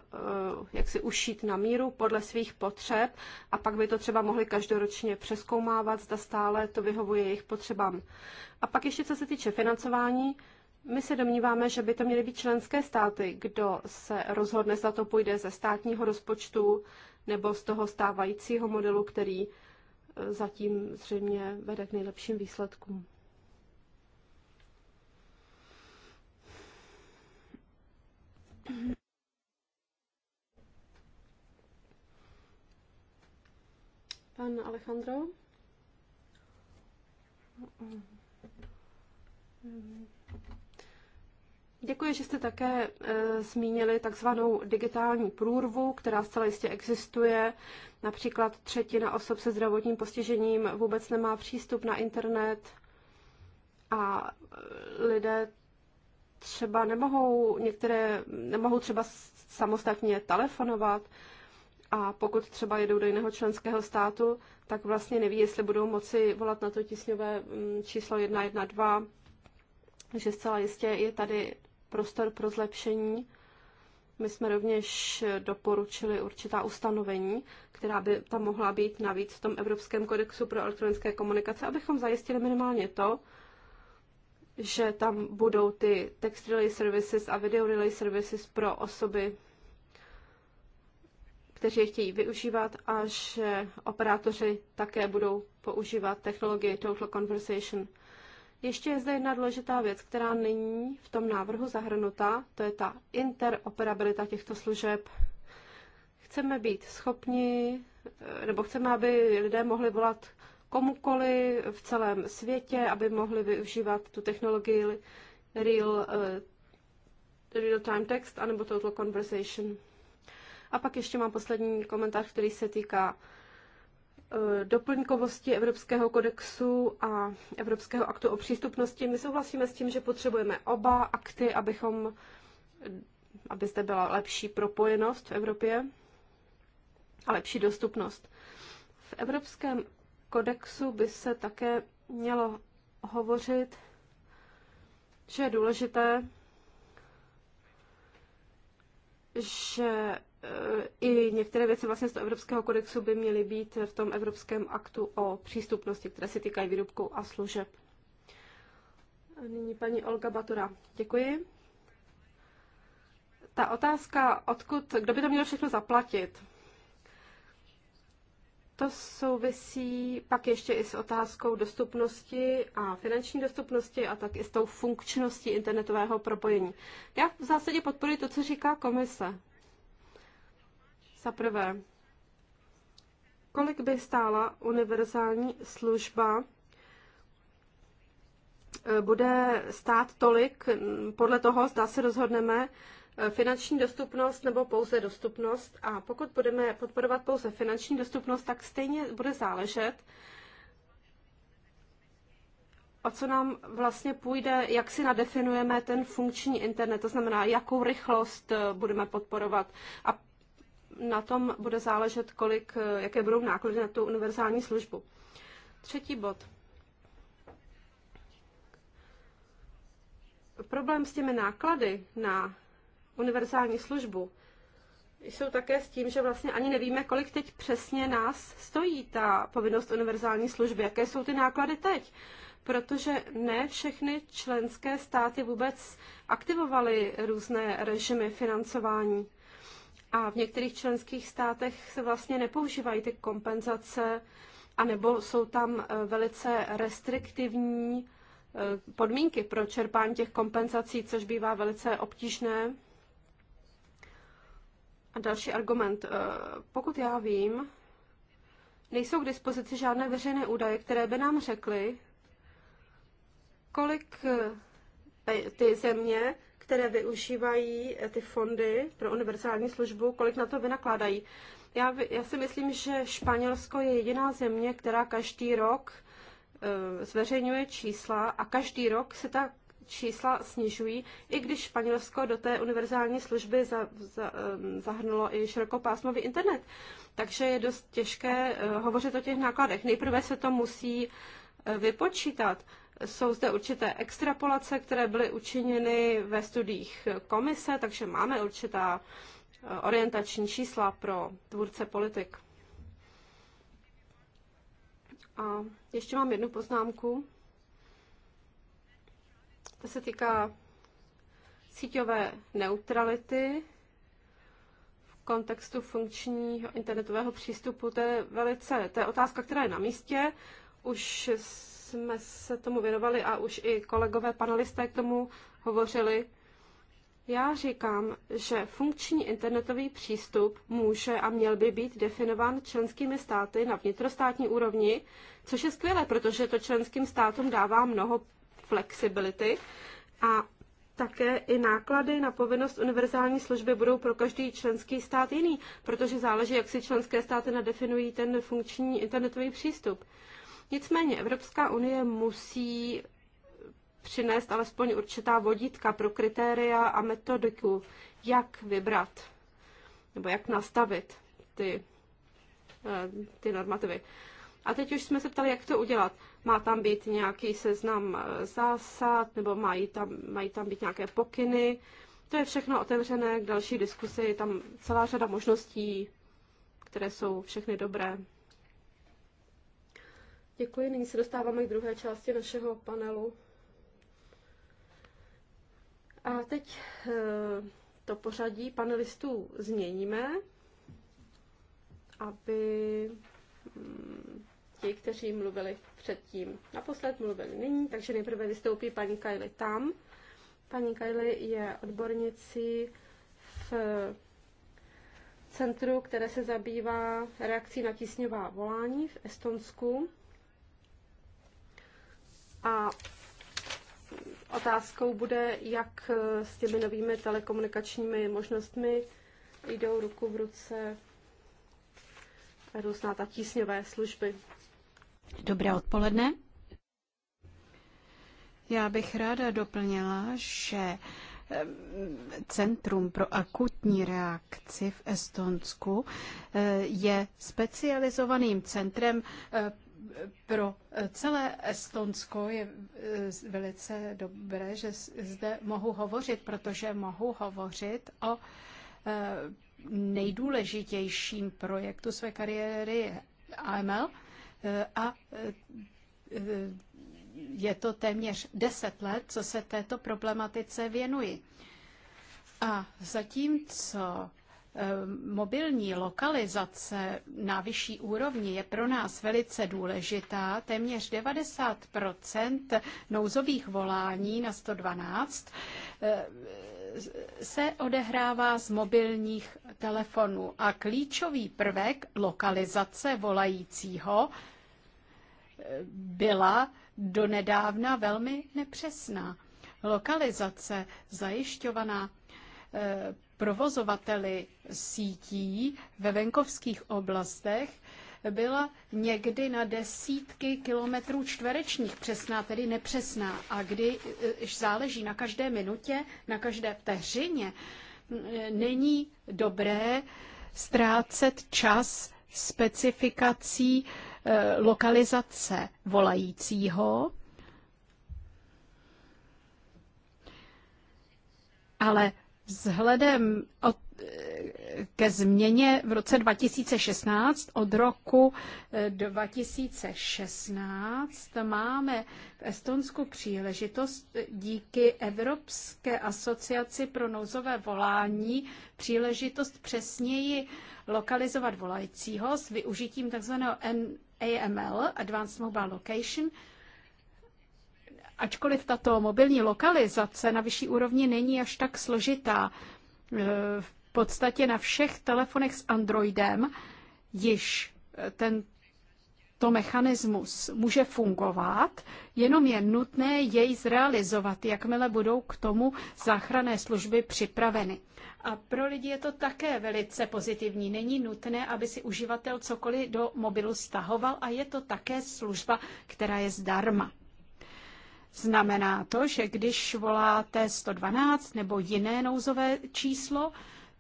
jak si ušít na míru podle svých potřeb a pak by to třeba mohli každoročně přeskoumávat, zda stále to vyhovuje jejich potřebám. A pak ještě co se týče financování, my se domníváme, že by to měly být členské státy, kdo se rozhodne, za to půjde ze státního rozpočtu nebo z toho stávajícího modelu, který eh, zatím zřejmě vede k nejlepším výsledkům. Pan Alejandro? Mm-hmm. Děkuji, že jste také e, zmínili takzvanou digitální průrvu, která zcela jistě existuje. Například třetina osob se zdravotním postižením vůbec nemá přístup na internet a e, lidé třeba nemohou, některé nemohou třeba samostatně telefonovat a pokud třeba jedou do jiného členského státu, tak vlastně neví, jestli budou moci volat na to tisňové mm, číslo 112, že zcela jistě je tady prostor pro zlepšení. My jsme rovněž doporučili určitá ustanovení, která by tam mohla být navíc v tom Evropském kodexu pro elektronické komunikace, abychom zajistili minimálně to, že tam budou ty text relay services a video relay services pro osoby, kteří je chtějí využívat a že operátoři také budou používat technologii Total Conversation. Ještě je zde jedna důležitá věc, která není v tom návrhu zahrnuta, to je ta interoperabilita těchto služeb. Chceme být schopni, eh, nebo chceme, aby lidé mohli volat komukoli v celém světě, aby mohli využívat tu technologii real, eh, real time text anebo total conversation. A pak ještě mám poslední komentář, který se týká Eh, doplňkovosti Evropského kodexu a Evropského aktu o přístupnosti. My souhlasíme s tím, že potřebujeme oba akty, abychom, aby zde byla lepší propojenost v Evropě a lepší dostupnost. V Evropském kodexu by se také mělo hovořit, že je důležité, že E, i některé věci vlastně z toho Evropského kodexu by měly být v tom Evropském aktu o přístupnosti, které se týkají výrobků a služeb. nyní paní Olga Batura. Děkuji. Ta otázka, odkud, kdo by to měl všechno zaplatit, to souvisí pak ještě i s otázkou dostupnosti a finanční dostupnosti a tak i s tou funkčností internetového propojení. Já v zásadě podporuji to, co říká komise. Za prvé, kolik by stála univerzální služba? Eh, bude stát tolik, mm, podle toho, zda se rozhodneme, eh, finanční dostupnost nebo pouze dostupnost. A pokud budeme podporovat pouze finanční dostupnost, tak stejně bude záležet, o co nám vlastně půjde, jak si nadefinujeme ten funkční internet, to znamená, jakou rychlost eh, budeme podporovat. A na tom bude záležet, kolik, jaké budou náklady na tu univerzální službu. Třetí bod. Problém s těmi náklady na univerzální službu jsou také s tím, že vlastně ani nevíme, kolik teď přesně nás stojí ta povinnost univerzální služby, jaké jsou ty náklady teď, protože ne všechny členské státy vůbec aktivovaly různé režimy financování. A v některých členských státech se vlastně nepoužívají ty kompenzace, anebo jsou tam eh, velice restriktivní eh, podmínky pro čerpání těch kompenzací, což bývá velice obtížné. A další argument. Eh, pokud já vím, nejsou k dispozici žádné veřejné údaje, které by nám řekly, kolik ty země které využívají eh, ty fondy pro univerzální službu, kolik na to vynakládají. Já, já si myslím, že Španělsko je jediná země, která každý rok eh, zveřejňuje čísla a každý rok se ta čísla snižují, i když Španělsko do té univerzální služby za, za, eh, zahrnulo i širokopásmový internet. Takže je dost těžké hovořit o těch nákladech. Nejprve se to musí vypočítat. Jsou zde určité extrapolace, které byly učiněny ve studiích komise, takže máme určitá eh, orientační čísla pro tvůrce politik. A ještě mám jednu poznámku. To se týká síťové neutrality v kontextu funkčního internetového přístupu. To je velice, to je otázka, která je na místě. Už jsme se tomu věnovali a už i kolegové panelisté k tomu hovořili. Já říkám, že funkční internetový přístup může a měl by být definován členskými státy na vnitrostátní úrovni, což je skvělé, protože to členským státům dává mnoho flexibility a také i náklady na povinnost univerzální služby budou pro každý členský stát jiný, protože záleží, jak si členské státy nadefinují ten funkční internetový přístup. Nicméně Evropská unie musí přinést alespoň určitá vodítka pro kritéria a metodiku, jak vybrat nebo jak nastavit ty, eh, ty normativy. A teď už jsme se ptali, jak to udělat. Má tam být nějaký seznam eh, zásad, nebo mají tam, mají tam být nějaké pokyny. To je všechno otevřené k další diskusi. Je tam celá řada možností, které jsou všechny dobré. Děkuji. Nyní se dostáváme k druhé části našeho panelu. A teď eh, to pořadí panelistů změníme, aby mm, ti, kteří mluvili předtím naposled, mluvili nyní, takže nejprve vystoupí paní Kajli tam. Paní Kajli je odbornicí v centru, které se zabývá reakcí na tísňová volání v Estonsku. A otázkou bude, jak eh, s těmi novými telekomunikačními možnostmi jdou ruku v ruce různá ta tísňové služby. Dobré odpoledne. Já bych ráda doplnila, že eh, Centrum pro akutní reakci v Estonsku eh, je specializovaným centrem pro celé Estonsko je eh, velice dobré, že zde mohu hovořit, protože mohu hovořit o eh, nejdůležitějším projektu své kariéry AML a eh, je to téměř deset let, co se této problematice věnuji. A zatímco Eh, mobilní lokalizace na vyšší úrovni je pro nás velice důležitá. Téměř 90 nouzových volání na 112 eh, se odehrává z mobilních telefonů a klíčový prvek lokalizace volajícího eh, byla donedávna velmi nepřesná. Lokalizace zajišťovaná provozovateli sítí ve venkovských oblastech byla někdy na desítky kilometrů čtverečních, přesná tedy nepřesná. A když eh, eh, záleží na každé minutě, na každé vteřině, eh, není dobré ztrácet čas specifikací lokalizace volajícího, ale Vzhledem od, ke změně v roce 2016, od roku 2016 eh, máme v Estonsku příležitost díky Evropské asociaci pro nouzové volání příležitost přesněji lokalizovat volajícího s využitím tzv. AML, Advanced Mobile Location, Ačkoliv tato mobilní lokalizace na vyšší úrovni není až tak složitá, e, v podstatě na všech telefonech s Androidem již e, ten to mechanismus může fungovat, jenom je nutné jej zrealizovat, jakmile budou k tomu záchranné služby připraveny. A pro lidi je to také velice pozitivní. Není nutné, aby si uživatel cokoliv do mobilu stahoval a je to také služba, která je zdarma. Znamená to, že když voláte 112 nebo jiné nouzové číslo,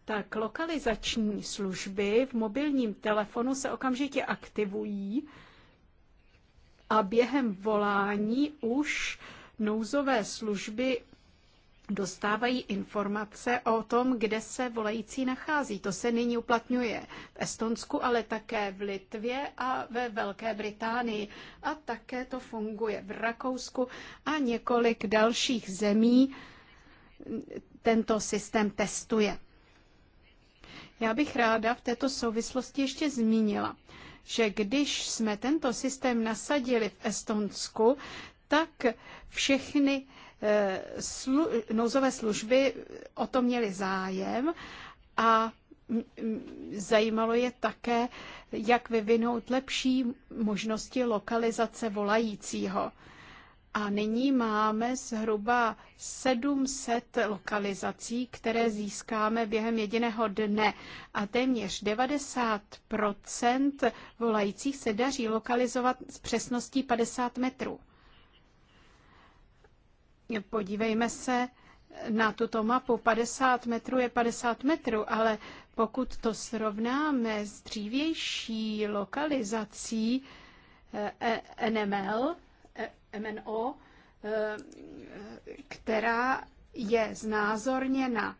tak lokalizační služby v mobilním telefonu se okamžitě aktivují a během volání už nouzové služby dostávají informace o tom, kde se volající nachází. To se nyní uplatňuje v Estonsku, ale také v Litvě a ve Velké Británii. A také to funguje v Rakousku a několik dalších zemí tento systém testuje. Já bych ráda v této souvislosti ještě zmínila, že když jsme tento systém nasadili v Estonsku, tak všechny Eh, slu, nouzové služby o to měly zájem a zajímalo je také, jak vyvinout lepší možnosti lokalizace volajícího. A nyní máme zhruba 700 lokalizací, které získáme během jediného dne. A téměř 90 volajících se daří lokalizovat s přesností 50 metrů. Podívejme se na tuto mapu. 50 metrů je 50 metrů, ale pokud to srovnáme s dřívější lokalizací eh, eh, NML, eh, MNO, která je znázorněna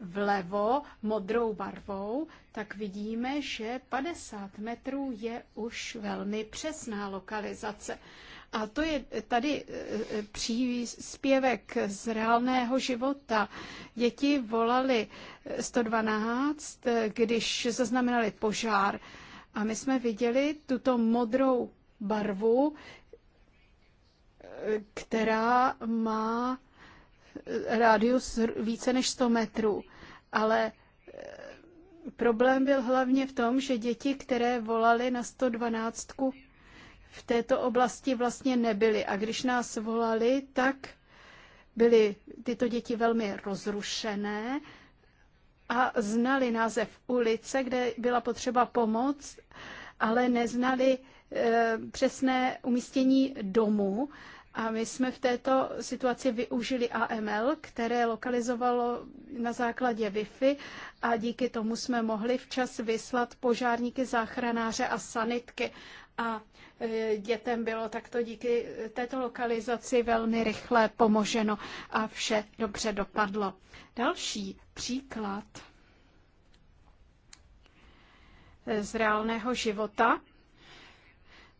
vlevo modrou barvou, tak vidíme, že 50 metrů je už velmi přesná lokalizace. A to je tady eh, eh, příspěvek z reálného života. Děti volali 112, eh, když zaznamenali požár. A my jsme viděli tuto modrou barvu, která má rádius více než 100 metrů. Ale problém byl hlavně v tom, že děti, které volaly na 112, v této oblasti vlastně nebyli. A když nás volali, tak byly tyto děti velmi rozrušené a znali název ulice, kde byla potřeba pomoc, ale neznali eh, přesné umístění domu a my jsme v této situaci využili AML, které lokalizovalo na základě Wi-Fi a díky tomu jsme mohli včas vyslat požárníky, záchranáře a sanitky. A e, dětem bylo takto díky této lokalizaci velmi rychle pomoženo a vše dobře dopadlo. Další příklad e, z reálného života.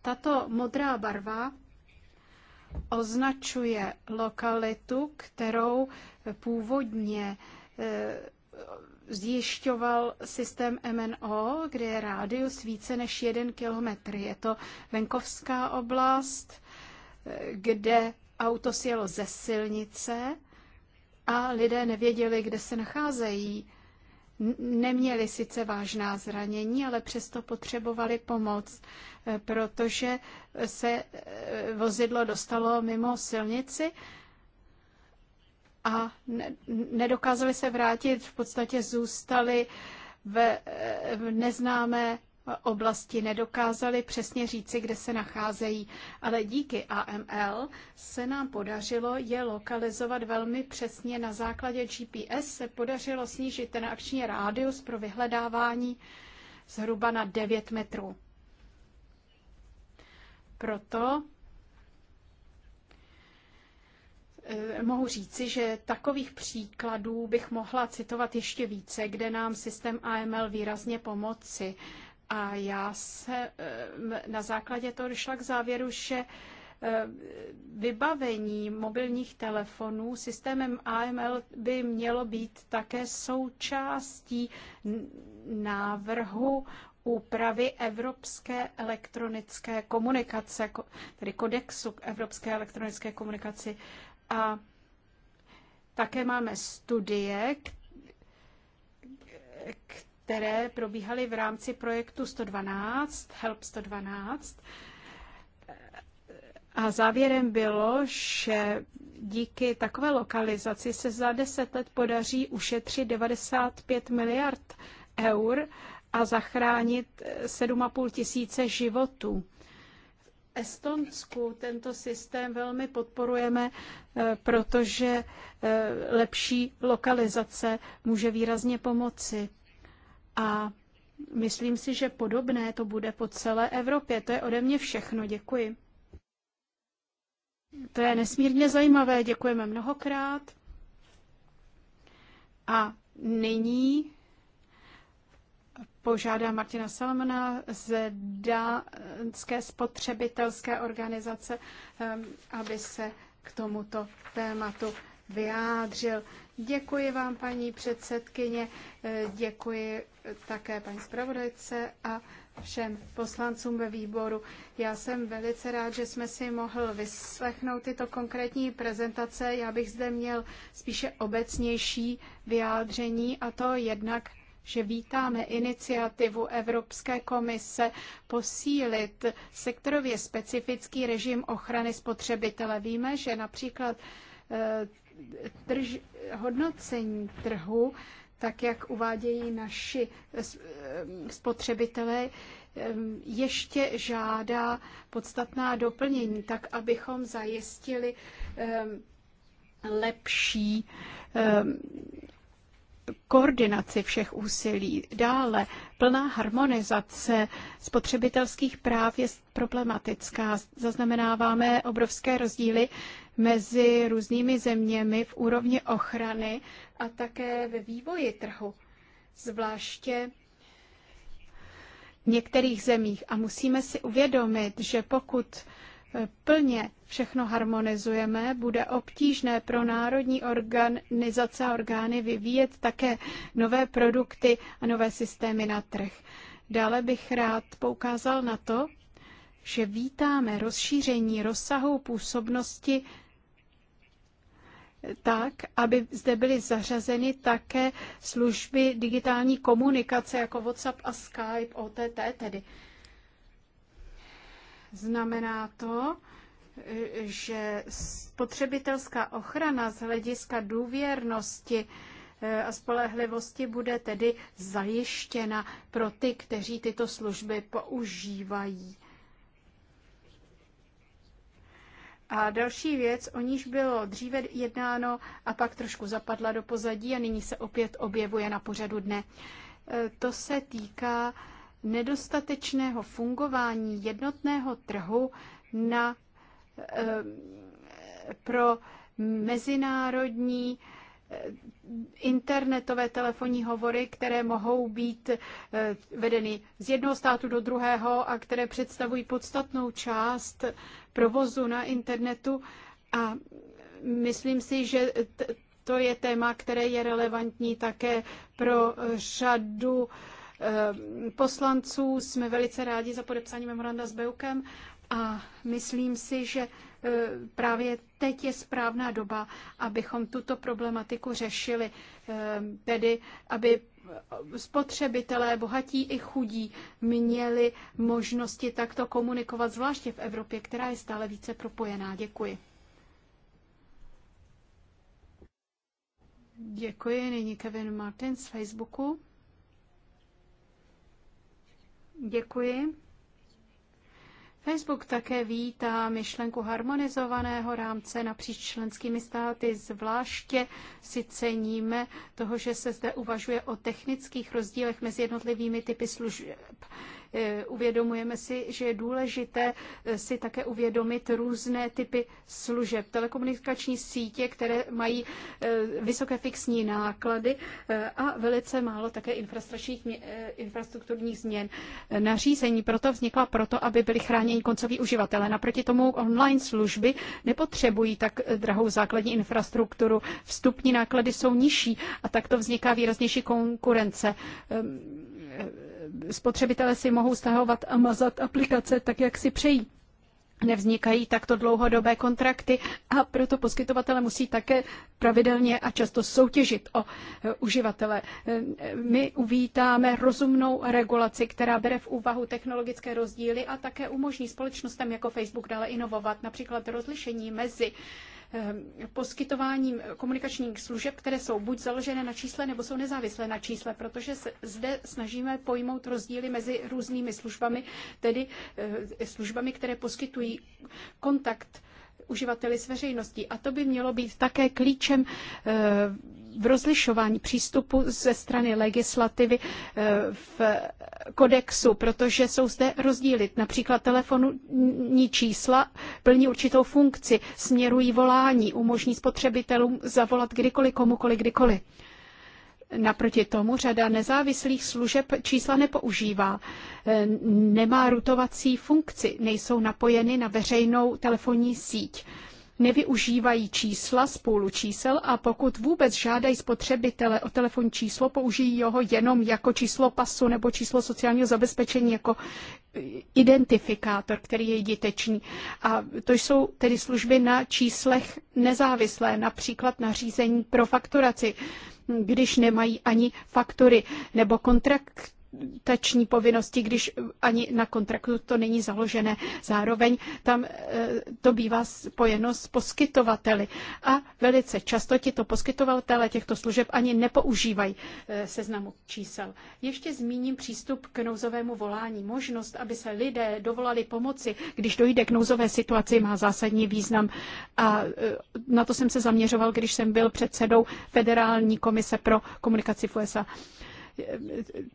Tato modrá barva označuje lokalitu, kterou původně eh, zjišťoval systém MNO, kde je rádius více než jeden kilometr. Je to venkovská oblast, eh, kde auto sjelo ze silnice a lidé nevěděli, kde se nacházejí neměli sice vážná zranění, ale přesto potřebovali pomoc, eh, protože se eh, vozidlo dostalo mimo silnici a nedokázali se vrátit, v podstatě zůstali v, eh, v neznámé oblasti nedokázali přesně říci, kde se nacházejí, ale díky AML se nám podařilo je lokalizovat velmi přesně na základě GPS. Se podařilo snížit ten akční rádius pro vyhledávání zhruba na 9 metrů. Proto eh, mohu říci, že takových příkladů bych mohla citovat ještě více, kde nám systém AML výrazně pomoci. A já jsem eh, na základě toho došla k závěru, že eh, vybavení mobilních telefonů systémem AML by mělo být také součástí návrhu úpravy Evropské elektronické komunikace, tedy kodexu Evropské elektronické komunikaci. A také máme studie, které probíhaly v rámci projektu 112, HELP 112. A závěrem bylo, že díky takové lokalizaci se za 10 let podaří ušetřit 95 miliard eur a zachránit 7,5 tisíce životů. V Estonsku tento systém velmi podporujeme, eh, protože eh, lepší lokalizace může výrazně pomoci. A myslím si, že podobné to bude po celé Evropě. To je ode mě všechno. Děkuji. To je nesmírně zajímavé. Děkujeme mnohokrát. A nyní požádám Martina Salmana z Dánské spotřebitelské organizace, ehm, aby se k tomuto tématu vyjádřil. Děkuji vám, paní předsedkyně, eh, děkuji také paní zpravodajce a všem poslancům ve výboru. Já jsem velice rád, že jsme si mohl vyslechnout tyto konkrétní prezentace. Já bych zde měl spíše obecnější vyjádření a to jednak že vítáme iniciativu Evropské komise posílit sektorově specifický režim ochrany spotřebitele. Víme, že například eh, drž, hodnocení trhu, tak jak uvádějí naši eh, eh, spotřebitelé, eh, ještě žádá podstatná doplnění, tak abychom zajistili lepší koordinaci všech úsilí. Dále plná harmonizace spotřebitelských práv je problematická. Zaznamenáváme obrovské rozdíly mezi různými zeměmi v úrovni ochrany a také ve vývoji trhu, zvláště v některých zemích. A musíme si uvědomit, že pokud plně všechno harmonizujeme, bude obtížné pro národní organizace a orgány vyvíjet také nové produkty a nové systémy na trh. Dále bych rád poukázal na to, že vítáme rozšíření rozsahu působnosti tak, aby zde byly zařazeny také služby digitální komunikace jako WhatsApp a Skype, OTT tedy. Znamená to, že spotřebitelská ochrana z hlediska důvěrnosti eh, a spolehlivosti bude tedy zajištěna pro ty, kteří tyto služby používají. A další věc, o níž bylo dříve jednáno a pak trošku zapadla do pozadí a nyní se opět objevuje na pořadu dne. Eh, to se týká nedostatečného fungování jednotného trhu na, eh, pro mezinárodní eh, internetové telefonní hovory, které mohou být eh, vedeny z jednoho státu do druhého a které představují podstatnou část provozu na internetu. A myslím si, že to je téma, které je relevantní také pro řadu Eh, poslanců. Jsme velice rádi za podepsání memoranda s Beukem a myslím si, že eh, právě teď je správná doba, abychom tuto problematiku řešili, eh, tedy aby spotřebitelé, bohatí i chudí, měli možnosti takto komunikovat, zvláště v Evropě, která je stále více propojená. Děkuji. Děkuji. Nyní Kevin Martin z Facebooku. Děkuji. Facebook také vítá myšlenku harmonizovaného rámce napříč členskými státy. Zvláště si ceníme toho, že se zde uvažuje o technických rozdílech mezi jednotlivými typy služeb Eh, uvědomujeme si, že je důležité eh, si také uvědomit různé typy služeb. Telekomunikační sítě, které mají eh, vysoké fixní náklady a velice málo také infrastrukturních změn. Nařízení proto vznikla proto, aby byly chráněni koncoví uživatelé. Naproti tomu online služby nepotřebují tak drahou základní infrastrukturu. Vstupní náklady jsou nižší a takto vzniká výraznější konkurence ehm, spotřebitelé si mohou stahovat a mazat aplikace tak, jak si přejí. Nevznikají takto dlouhodobé kontrakty a proto poskytovatele musí také pravidelně a často soutěžit o eh, uživatele. Eh, my uvítáme rozumnou regulaci, která bere v úvahu technologické rozdíly a také umožní společnostem jako Facebook dále inovovat, například rozlišení mezi Eh, poskytováním komunikačních služeb, které jsou buď založené na čísle, nebo jsou nezávislé na čísle, protože se zde snažíme pojmout rozdíly mezi různými službami, tedy eh, službami, které poskytují kontakt uživateli s veřejností. A to by mělo být také klíčem eh, v rozlišování přístupu ze strany legislativy eh, v kodexu, protože jsou zde rozdíly. Například telefonní čísla plní určitou funkci, směrují volání, umožní spotřebitelům zavolat kdykoliv, komukoliv, kdykoliv. Naproti tomu řada nezávislých služeb čísla nepoužívá, eh, nemá rutovací funkci, nejsou napojeny na veřejnou telefonní síť nevyužívají čísla spolučísel čísel a pokud vůbec žádají spotřebitele o telefonní číslo, použijí ho jenom jako číslo pasu nebo číslo sociálního zabezpečení jako e, identifikátor, který je jedinečný. A to jsou tedy služby na číslech nezávislé, například na řízení pro fakturaci když nemají ani faktory nebo kontrakt teční povinnosti, když ani na kontraktu to není založené. Zároveň tam eh, to bývá spojeno s poskytovateli a velice často tito poskytovatele těchto služeb ani nepoužívají eh, seznamu čísel. Ještě zmíním přístup k nouzovému volání. Možnost, aby se lidé dovolali pomoci, když dojde k nouzové situaci, má zásadní význam. A eh, na to jsem se zaměřoval, když jsem byl předsedou Federální komise pro komunikaci v USA.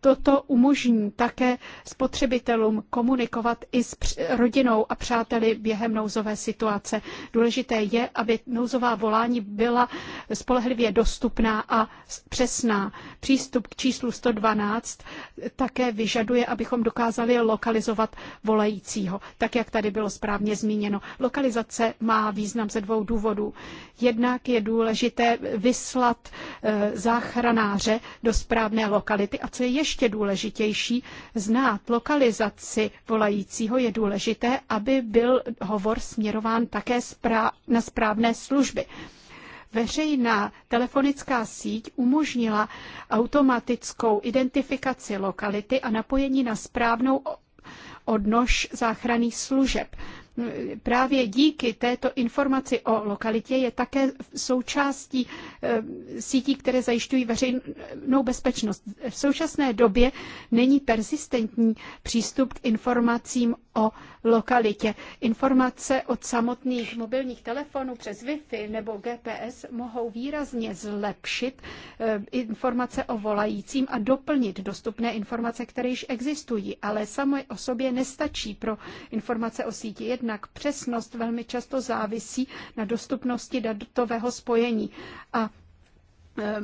Toto umožní také spotřebitelům komunikovat i s rodinou a přáteli během nouzové situace. Důležité je, aby nouzová volání byla spolehlivě dostupná a přesná. Přístup k číslu 112 také vyžaduje, abychom dokázali lokalizovat volajícího, tak jak tady bylo správně zmíněno. Lokalizace má význam ze dvou důvodů. Jednak je důležité vyslat eh, záchranáře do správné lokalizace lokality a co je ještě důležitější, znát lokalizaci volajícího je důležité, aby byl hovor směrován také na správné služby. Veřejná telefonická síť umožnila automatickou identifikaci lokality a napojení na správnou odnož záchranných služeb právě díky této informaci o lokalitě je také součástí eh, sítí, které zajišťují veřejnou bezpečnost. V současné době není persistentní přístup k informacím o lokalitě. Informace od samotných mobilních telefonů přes Wi-Fi nebo GPS mohou výrazně zlepšit eh, informace o volajícím a doplnit dostupné informace, které již existují, ale samo o sobě nestačí pro informace o síti. Jednak přesnost velmi často závisí na dostupnosti datového spojení a eh,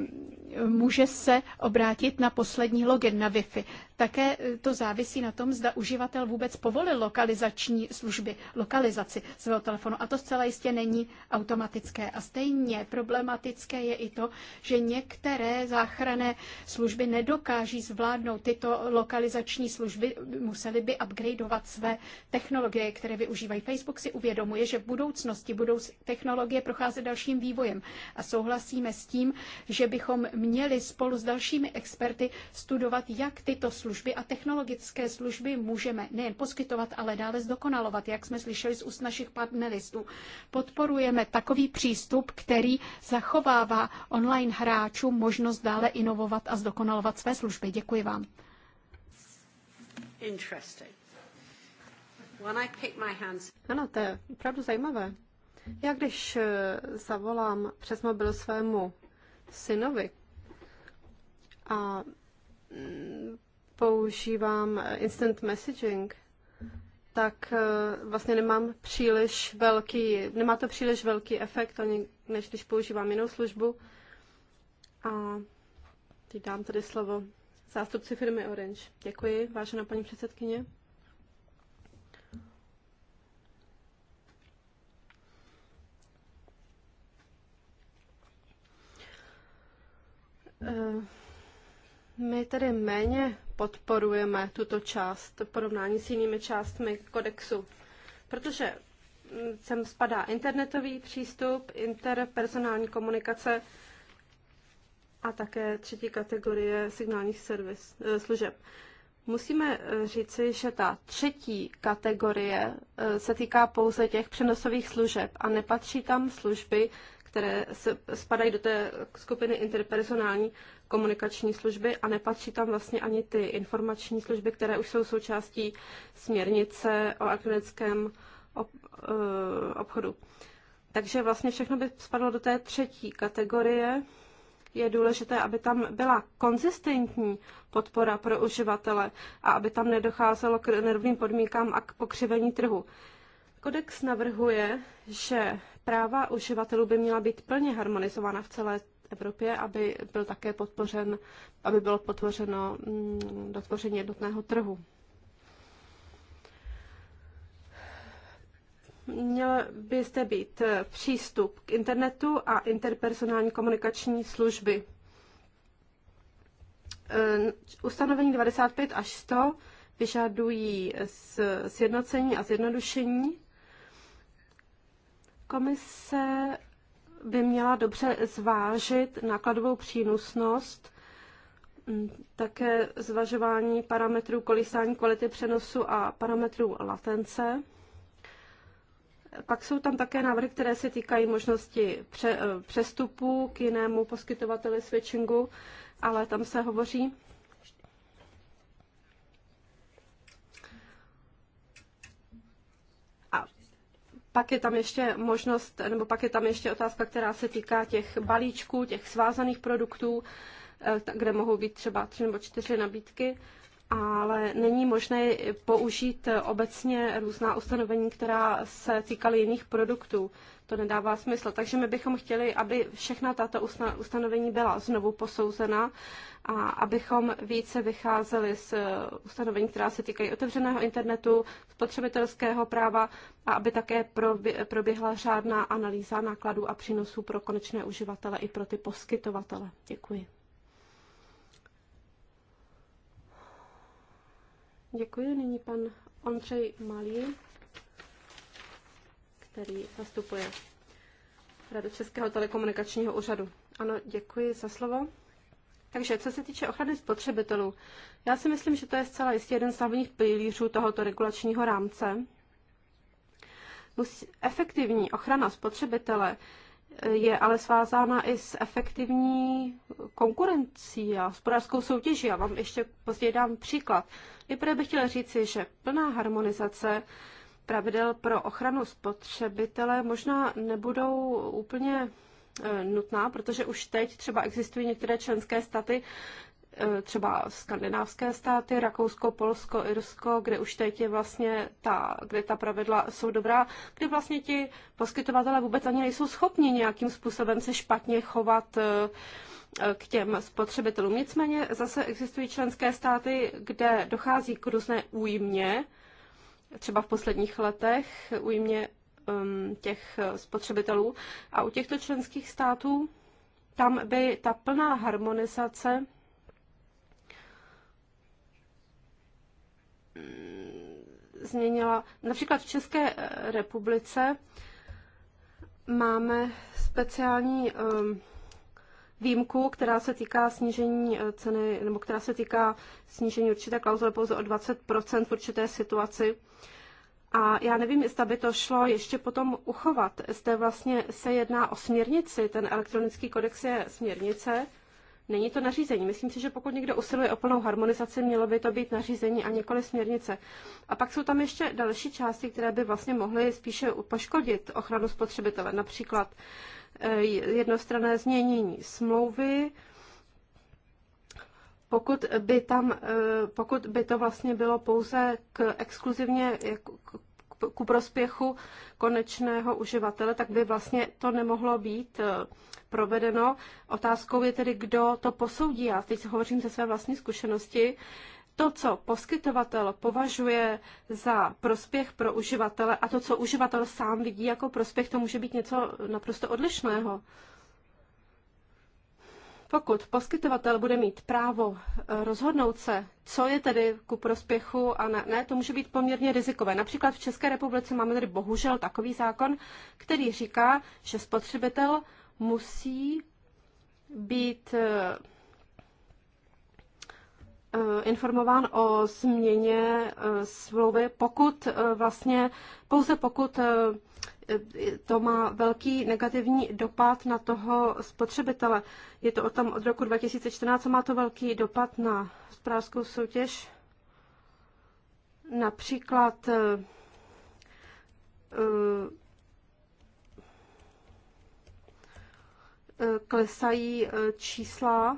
může se obrátit na poslední login na Wi-Fi. Také e, to závisí na tom, zda uživatel vůbec povolil lokalizační služby, lokalizaci svého telefonu. A to zcela jistě není automatické. A stejně problematické je i to, že některé záchranné služby nedokáží zvládnout tyto lokalizační služby, museli by upgradeovat své technologie, které využívají. Facebook si uvědomuje, že v budoucnosti budou technologie procházet dalším vývojem. A souhlasíme s tím, že bychom měli spolu s dalšími experty studovat, jak tyto služby a technologické služby můžeme nejen poskytovat, ale dále zdokonalovat, jak jsme slyšeli z úst našich panelistů. Podporujeme takový přístup, který zachovává online hráčům možnost dále inovovat a zdokonalovat své služby. Děkuji vám. Interesting. When I pick my hands... Ano, to je opravdu zajímavé. Já když eh, zavolám přes mobil svému synovi, a mm, používám instant messaging, tak e, vlastně nemám příliš velký, nemá to příliš velký efekt, ani než když používám jinou službu. A teď dám tady slovo zástupci firmy Orange. Děkuji, vážená paní předsedkyně. Uh, my tedy méně podporujeme tuto část v porovnání s jinými částmi kodexu, protože mm, sem spadá internetový přístup, interpersonální komunikace a také třetí kategorie signálních servis, eh, služeb. Musíme eh, říci, že ta třetí kategorie eh, se týká pouze těch přenosových služeb a nepatří tam služby, které spadají do té skupiny interpersonální, komunikační služby a nepatří tam vlastně ani ty informační služby, které už jsou součástí směrnice o elektronickém eh, obchodu. Takže vlastně všechno by spadlo do té třetí kategorie. Je důležité, aby tam byla konzistentní podpora pro uživatele a aby tam nedocházelo k nervným podmínkám a k pokřivení trhu. Kodex navrhuje, že práva uživatelů by měla být plně harmonizována v celé Evropě, aby byl také podpořen, aby bylo podpořeno mm, dotvoření jednotného trhu. Měl by zde být eh, přístup k internetu a interpersonální komunikační služby. Eh, ustanovení 95 až 100 vyžadují sjednocení a zjednodušení. Komise by měla dobře zvážit nákladovou přínosnost, mm, také zvažování parametrů kolísání kvality přenosu a parametrů latence. Pak jsou tam také návrhy, které se týkají možnosti pře, eh, přestupu k jinému poskytovateli switchingu, ale tam se hovoří Pak je tam ještě možnost, nebo pak je tam ještě otázka, která se týká těch balíčků, těch svázaných produktů, eh, kde mohou být třeba tři nebo čtyři nabídky ale není možné použít obecně různá ustanovení, která se týkaly jiných produktů. To nedává smysl. Takže my bychom chtěli, aby všechna tato ustanovení byla znovu posouzena a abychom více vycházeli z eh, ustanovení, která se týkají otevřeného internetu, spotřebitelského práva a aby také proběhla řádná analýza nákladů a přínosů pro konečné uživatele i pro ty poskytovatele. Děkuji. Děkuji. Nyní pan Ondřej Malý, který zastupuje Radu Českého telekomunikačního úřadu. Ano, děkuji za slovo. Takže co se týče ochrany spotřebitelů, já si myslím, že to je zcela jistě jeden z hlavních pilířů tohoto regulačního rámce. Musí, efektivní ochrana spotřebitele je ale svázána i s efektivní konkurencí a hospodářskou soutěží. Já vám ještě později dám příklad. Nejprve bych chtěla říci, že plná harmonizace pravidel pro ochranu spotřebitele možná nebudou úplně eh, nutná, protože už teď třeba existují některé členské staty, E, třeba skandinávské státy, Rakousko, Polsko, Irsko, kde už teď je vlastně ta, kde ta pravidla jsou dobrá, kde vlastně ti poskytovatelé vůbec ani nejsou schopni nějakým způsobem se špatně chovat e, e, k těm spotřebitelům. Nicméně zase existují členské státy, kde dochází k různé újmě, třeba v posledních letech, újmě těch spotřebitelů. A u těchto členských států tam by ta plná harmonizace změnila. Například v České eh, republice máme speciální ehm, výjimku, která se týká snížení eh, ceny, nebo která se týká snížení určité klauzule pouze o 20% v určité situaci. A já nevím, jestli by to šlo ještě potom uchovat. Zde vlastně se jedná o směrnici, ten elektronický kodex je směrnice, Není to nařízení. Myslím si, že pokud někdo usiluje o plnou harmonizaci, mělo by to být nařízení a nikoli směrnice. A pak jsou tam ještě další části, které by vlastně mohly spíše poškodit ochranu spotřebitele. Například eh, jednostrané změnění smlouvy, pokud by, tam, eh, pokud by to vlastně bylo pouze k exkluzivně ku prospěchu konečného uživatele, tak by vlastně to nemohlo být eh, provedeno. Otázkou je tedy, kdo to posoudí. Já teď hovořím ze své vlastní zkušenosti. To, co poskytovatel považuje za prospěch pro uživatele a to, co uživatel sám vidí jako prospěch, to může být něco naprosto odlišného. Pokud poskytovatel bude mít právo eh, rozhodnout se, co je tedy ku prospěchu a ne, ne, to může být poměrně rizikové. Například v České republice máme tedy bohužel takový zákon, který říká, že spotřebitel musí být eh, eh, informován o změně smlouvy, pokud vlastně, pouze pokud to má velký negativní dopad na toho spotřebitele. Je to tom od roku 2014 co má to velký dopad na správskou soutěž. Například eh, eh, klesají eh, čísla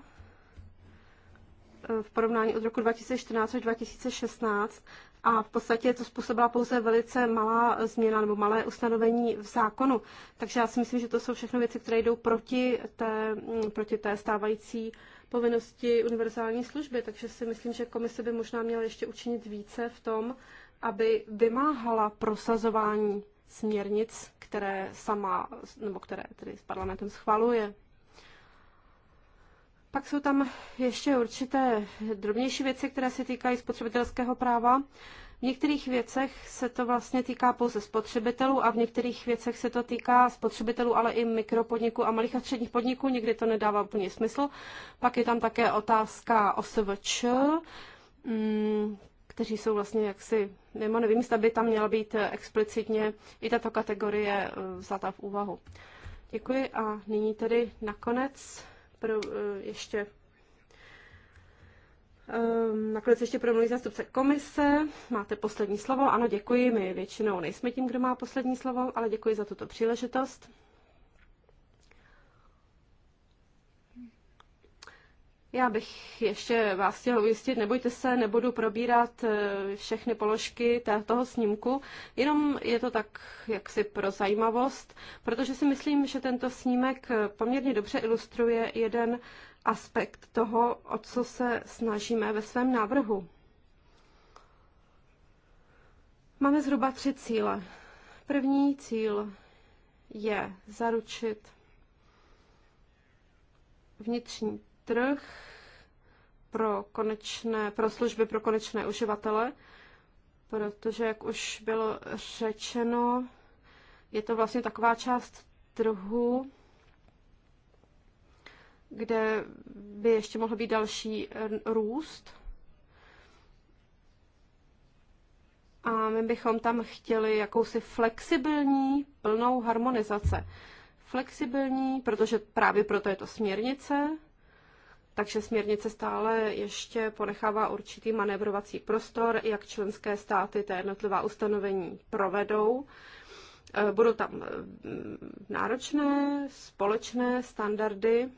v porovnání od roku 2014 až 2016 a v podstatě to způsobila pouze velice malá změna nebo malé ustanovení v zákonu. Takže já si myslím, že to jsou všechno věci, které jdou proti té, mm, proti té stávající povinnosti univerzální služby. Takže si myslím, že komise by možná měla ještě učinit více v tom, aby vymáhala prosazování směrnic, které sama, nebo které tedy s parlamentem schvaluje. Pak jsou tam ještě určité drobnější věci, které se týkají spotřebitelského práva. V některých věcech se to vlastně týká pouze spotřebitelů a v některých věcech se to týká spotřebitelů, ale i mikropodniků a malých a středních podniků. Někdy to nedává úplně smysl. Pak je tam také otázka OSVČ, mm, kteří jsou vlastně jaksi, nebo nevím, jestli by tam měla být explicitně i tato kategorie e, vzata v úvahu. Děkuji a nyní tedy nakonec pro, eh, ještě eh, Nakonec ještě promluví zástupce komise. Máte poslední slovo. Ano, děkuji. My většinou nejsme tím, kdo má poslední slovo, ale děkuji za tuto příležitost. Já bych ještě vás chtěl ujistit, nebojte se, nebudu probírat eh, všechny položky toho snímku, jenom je to tak jaksi pro zajímavost, protože si myslím, že tento snímek eh, poměrně dobře ilustruje jeden aspekt toho, o co se snažíme ve svém návrhu. Máme zhruba tři cíle. První cíl je zaručit vnitřní trh pro, konečné, pro služby pro konečné uživatele, protože, jak už bylo řečeno, je to vlastně taková část trhu, kde by ještě mohl být další eh, růst. A my bychom tam chtěli jakousi flexibilní plnou harmonizace. Flexibilní, protože právě proto je to směrnice, takže směrnice stále ještě ponechává určitý manévrovací prostor, jak členské státy té jednotlivá ustanovení provedou. E, budou tam e, náročné společné standardy,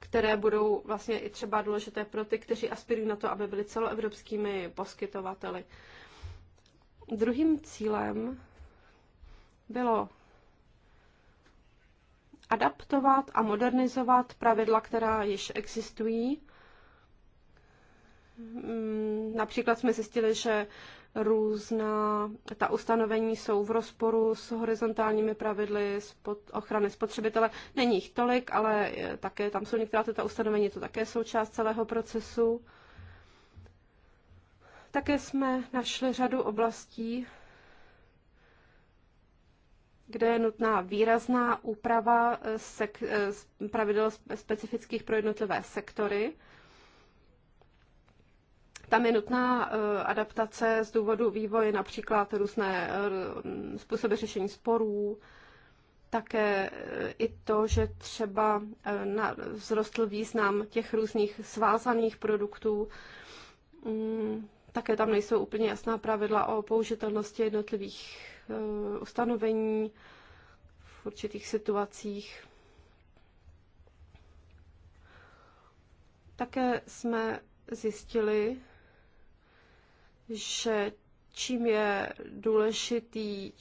které budou vlastně i třeba důležité pro ty, kteří aspirují na to, aby byli celoevropskými poskytovateli. Druhým cílem bylo adaptovat a modernizovat pravidla, která již existují. Mm, například jsme zjistili, že různá ta ustanovení jsou v rozporu s horizontálními pravidly spod, ochrany spotřebitele. Není jich tolik, ale také tam jsou některá ta ustanovení, to také součást celého procesu. Také jsme našli řadu oblastí, kde je nutná výrazná úprava eh, sek, eh, pravidel specifických pro jednotlivé sektory. Tam je nutná eh, adaptace z důvodu vývoje, například různé způsoby řešení sporů, také i to, že třeba vzrostl význam těch různých svázaných produktů. Mm, také tam nejsou úplně jasná pravidla o použitelnosti jednotlivých Eh, ustanovení v určitých situacích. Také jsme zjistili, že čím je důležitý,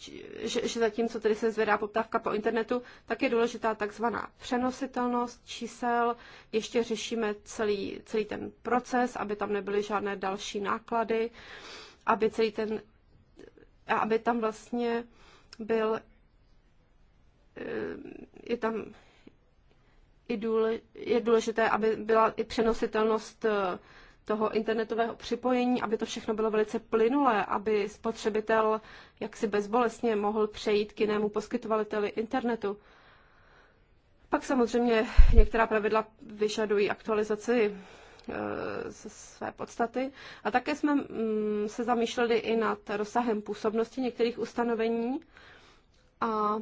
že, že zatímco tedy se zvedá poptávka po internetu, tak je důležitá takzvaná přenositelnost čísel. Ještě řešíme celý, celý ten proces, aby tam nebyly žádné další náklady, aby celý ten a aby tam vlastně byl eh, je tam je důležité, aby byla i přenositelnost eh, toho internetového připojení, aby to všechno bylo velice plynulé, aby spotřebitel jaksi bezbolestně mohl přejít k jinému poskytovateli internetu. Pak samozřejmě některá pravidla vyžadují aktualizaci Eh, ze své podstaty. A také jsme mm, se zamýšleli i nad rozsahem působnosti některých ustanovení a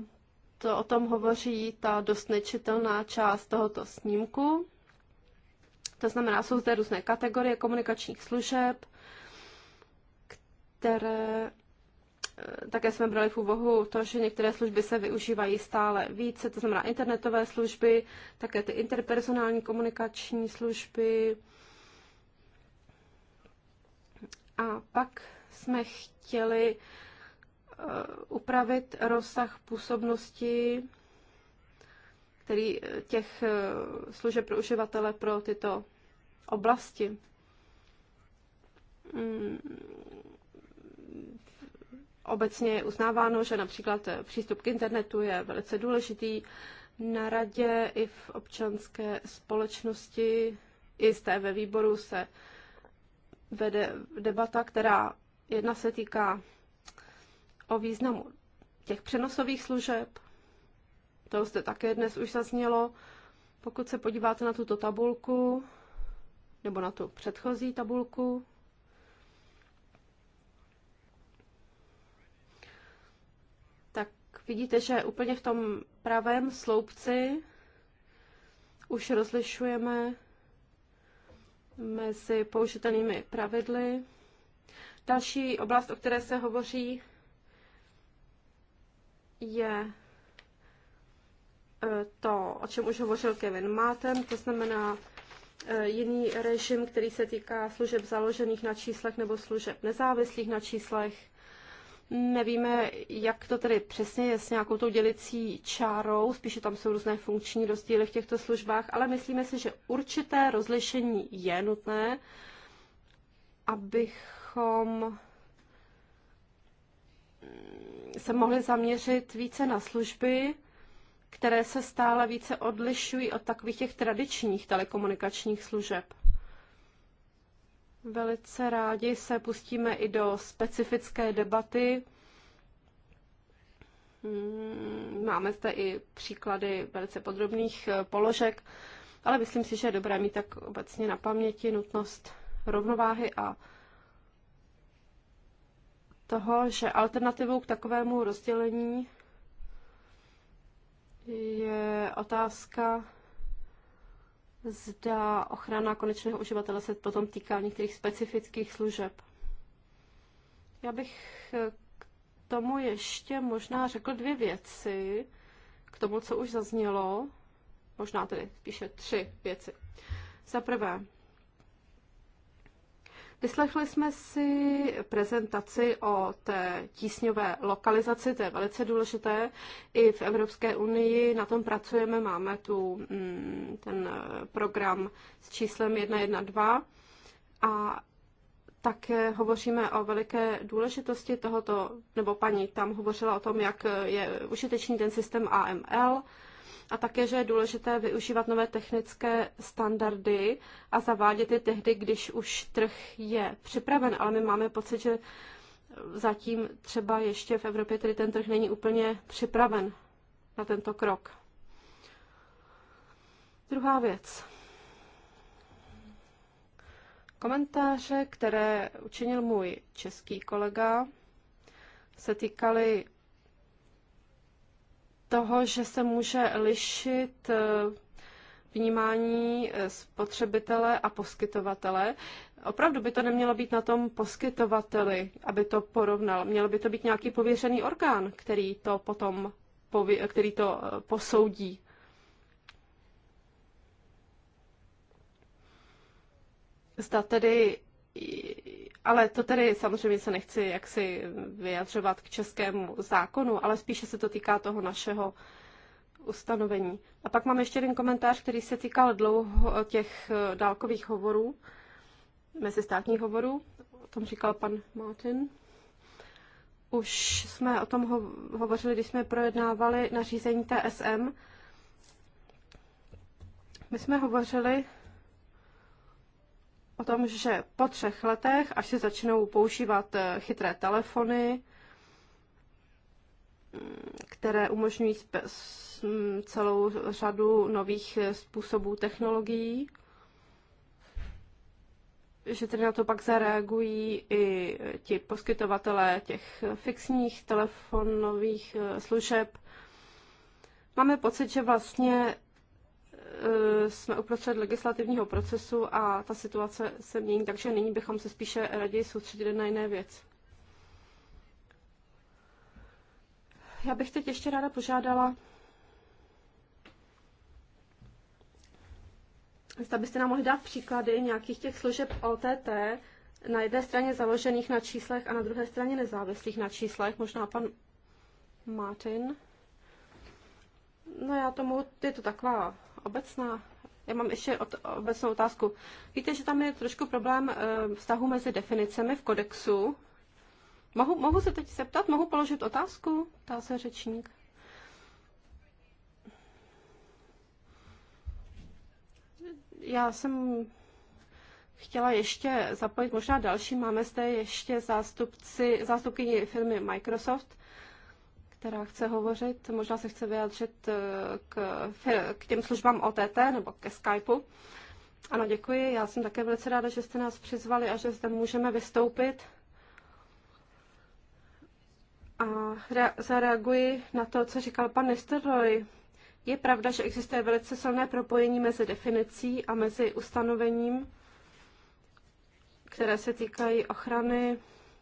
to o tom hovoří ta dost nečitelná část tohoto snímku. To znamená, jsou zde různé kategorie komunikačních služeb, které eh, také jsme brali v úvahu to, že některé služby se využívají stále více, to znamená internetové služby, také ty interpersonální komunikační služby, a pak jsme chtěli eh, upravit rozsah působnosti který, eh, těch eh, služeb pro uživatele pro tyto oblasti. Mm, obecně je uznáváno, že například přístup k internetu je velice důležitý. Na radě i v občanské společnosti, i zde ve výboru se vede debata, která jedna se týká o významu těch přenosových služeb. To zde také dnes už zaznělo. Pokud se podíváte na tuto tabulku, nebo na tu předchozí tabulku, tak vidíte, že úplně v tom pravém sloupci už rozlišujeme mezi použitelnými pravidly. Další oblast, o které se hovoří, je e, to, o čem už hovořil Kevin Mátem, to znamená e, jiný režim, který se týká služeb založených na číslech nebo služeb nezávislých na číslech. Nevíme, jak to tedy přesně je s nějakou tou dělicí čárou, spíše tam jsou různé funkční rozdíly v těchto službách, ale myslíme si, že určité rozlišení je nutné, abychom se mohli zaměřit více na služby, které se stále více odlišují od takových těch tradičních telekomunikačních služeb. Velice rádi se pustíme i do specifické debaty. Hmm, máme zde i příklady velice podrobných eh, položek, ale myslím si, že je dobré mít tak obecně na paměti nutnost rovnováhy a toho, že alternativou k takovému rozdělení je otázka zda ochrana konečného uživatele se potom týká některých specifických služeb. Já bych eh, k tomu ještě možná řekl dvě věci, k tomu, co už zaznělo, možná tedy spíše tři věci. Za prvé, Vyslechli jsme si prezentaci o té tísňové lokalizaci, to je velice důležité. I v Evropské unii na tom pracujeme, máme tu mm, ten eh, program s číslem 112 a také hovoříme o veliké důležitosti tohoto, nebo paní tam hovořila o tom, jak je užitečný ten systém AML, a také, že je důležité využívat nové technické standardy a zavádět je tehdy, když už trh je připraven, ale my máme pocit, že zatím třeba ještě v Evropě tedy ten trh není úplně připraven na tento krok. Druhá věc. Komentáře, které učinil můj český kolega, se týkaly toho, že se může lišit eh, vnímání eh, spotřebitele a poskytovatele. Opravdu by to nemělo být na tom poskytovateli, aby to porovnal. Měl by to být nějaký pověřený orgán, který to potom pově- který to eh, posoudí. Zda tedy ale to tedy samozřejmě se nechci jaksi vyjadřovat k českému zákonu, ale spíše se to týká toho našeho ustanovení. A pak mám ještě jeden komentář, který se týkal dlouho těch eh, dálkových hovorů, mezistátních hovorů. O tom říkal pan Martin. Už jsme o tom hovořili, když jsme projednávali nařízení TSM. My jsme hovořili o tom, že po třech letech, až se začnou používat eh, chytré telefony, mm, které umožňují mm, celou řadu nových eh, způsobů technologií, že tedy na to pak zareagují i eh, ti poskytovatelé těch fixních telefonových služeb. Máme pocit, že vlastně Eh, jsme uprostřed legislativního procesu a ta situace se mění, takže nyní bychom se spíše raději soustředili na jiné věc. Já bych teď ještě ráda požádala, zda byste nám mohli dát příklady nějakých těch služeb OTT, na jedné straně založených na číslech a na druhé straně nezávislých na číslech. Možná pan Martin. No já tomu, je to taková obecná. Já mám ještě od, obecnou otázku. Víte, že tam je trošku problém e, vztahu mezi definicemi v kodexu. Mohu, mohu se teď zeptat? Mohu položit otázku? Ptá se řečník. Já jsem chtěla ještě zapojit možná další. Máme zde ještě zástupci, zástupkyni firmy Microsoft která chce hovořit. Možná se chce vyjádřit eh, k, k těm službám OTT nebo ke Skypeu. Ano, děkuji. Já jsem také velice ráda, že jste nás přizvali a že zde můžeme vystoupit. A zareaguji na to, co říkal pan Nestoroj. Je pravda, že existuje velice silné propojení mezi definicí a mezi ustanovením, které se týkají ochrany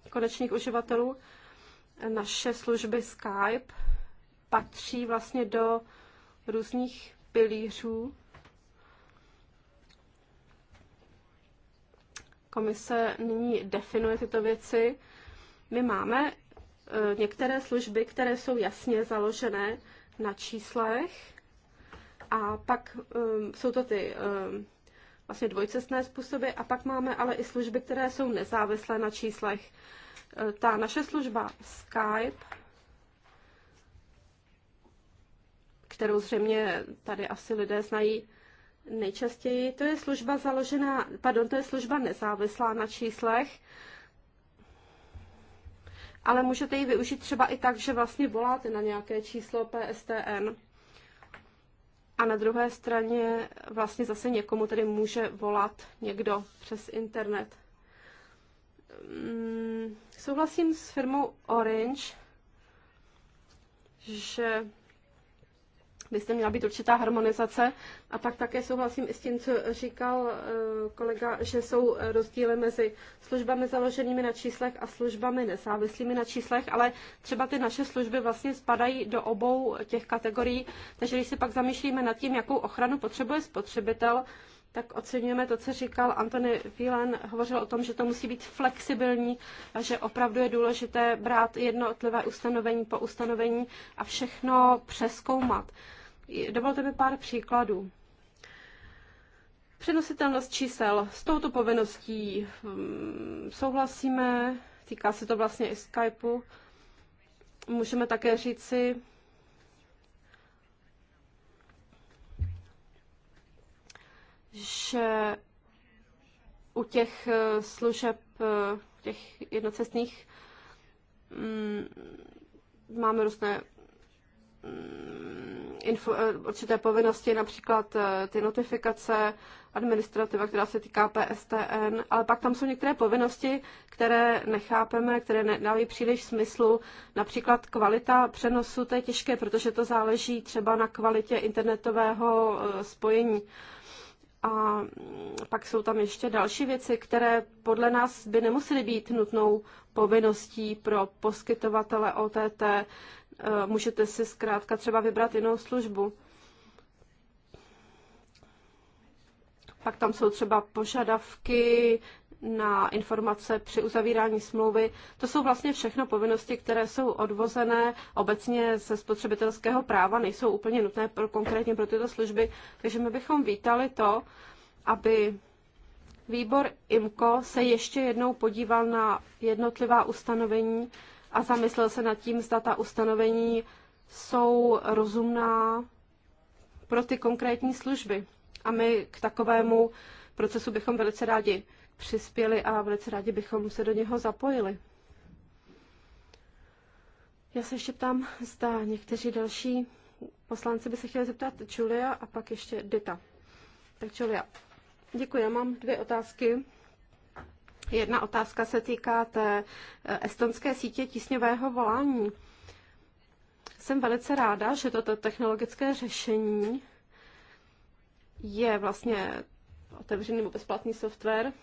konečných uživatelů naše služby Skype patří vlastně do různých pilířů. Komise nyní definuje tyto věci. My máme e, některé služby, které jsou jasně založené na číslech a pak jsou to ty vlastně dvojcestné způsoby a pak máme ale i služby, které jsou nezávislé na číslech ta naše služba Skype, kterou zřejmě tady asi lidé znají nejčastěji, to je služba založená, pardon, to je služba nezávislá na číslech, ale můžete ji využít třeba i tak, že vlastně voláte na nějaké číslo PSTN a na druhé straně vlastně zase někomu tedy může volat někdo přes internet. Mm, souhlasím s firmou Orange, že by se měla být určitá harmonizace. A pak také souhlasím i s tím, co říkal eh, kolega, že jsou rozdíly mezi službami založenými na číslech a službami nezávislými na číslech, ale třeba ty naše služby vlastně spadají do obou těch kategorií. Takže když se pak zamýšlíme nad tím, jakou ochranu potřebuje spotřebitel, tak oceňujeme to, co říkal Antony Vílen, hovořil o tom, že to musí být flexibilní a že opravdu je důležité brát jednotlivé ustanovení po ustanovení a všechno přeskoumat. Dovolte mi pár příkladů. Přenositelnost čísel. S touto povinností hm, souhlasíme, týká se to vlastně i Skypeu. Můžeme také říci, že u těch eh, služeb, eh, těch jednocestných, mm, máme různé mm, info, eh, určité povinnosti, například ty notifikace, administrativa, která se týká PSTN, ale pak tam jsou některé povinnosti, které nechápeme, které nedávají příliš smyslu. Například kvalita přenosu, to je těžké, protože to záleží třeba na kvalitě internetového spojení. A pak jsou tam ještě další věci, které podle nás by nemusely být nutnou povinností pro poskytovatele OTT. E, můžete si zkrátka třeba vybrat jinou službu. Pak tam jsou třeba požadavky na informace při uzavírání smlouvy. To jsou vlastně všechno povinnosti, které jsou odvozené obecně ze spotřebitelského práva, nejsou úplně nutné pro, konkrétně pro tyto služby, takže my bychom vítali to, aby výbor IMCO se ještě jednou podíval na jednotlivá ustanovení a zamyslel se nad tím, zda ta ustanovení jsou rozumná pro ty konkrétní služby. A my k takovému procesu bychom velice rádi přispěli a velice rádi bychom se do něho zapojili. Já se ještě ptám, zda někteří další poslanci by se chtěli zeptat Julia a pak ještě Dita. Tak Julia, děkuji, já mám dvě otázky. Jedna otázka se týká té eh, estonské sítě tísňového volání. Jsem velice ráda, že toto technologické řešení je vlastně otevřený nebo bezplatný software,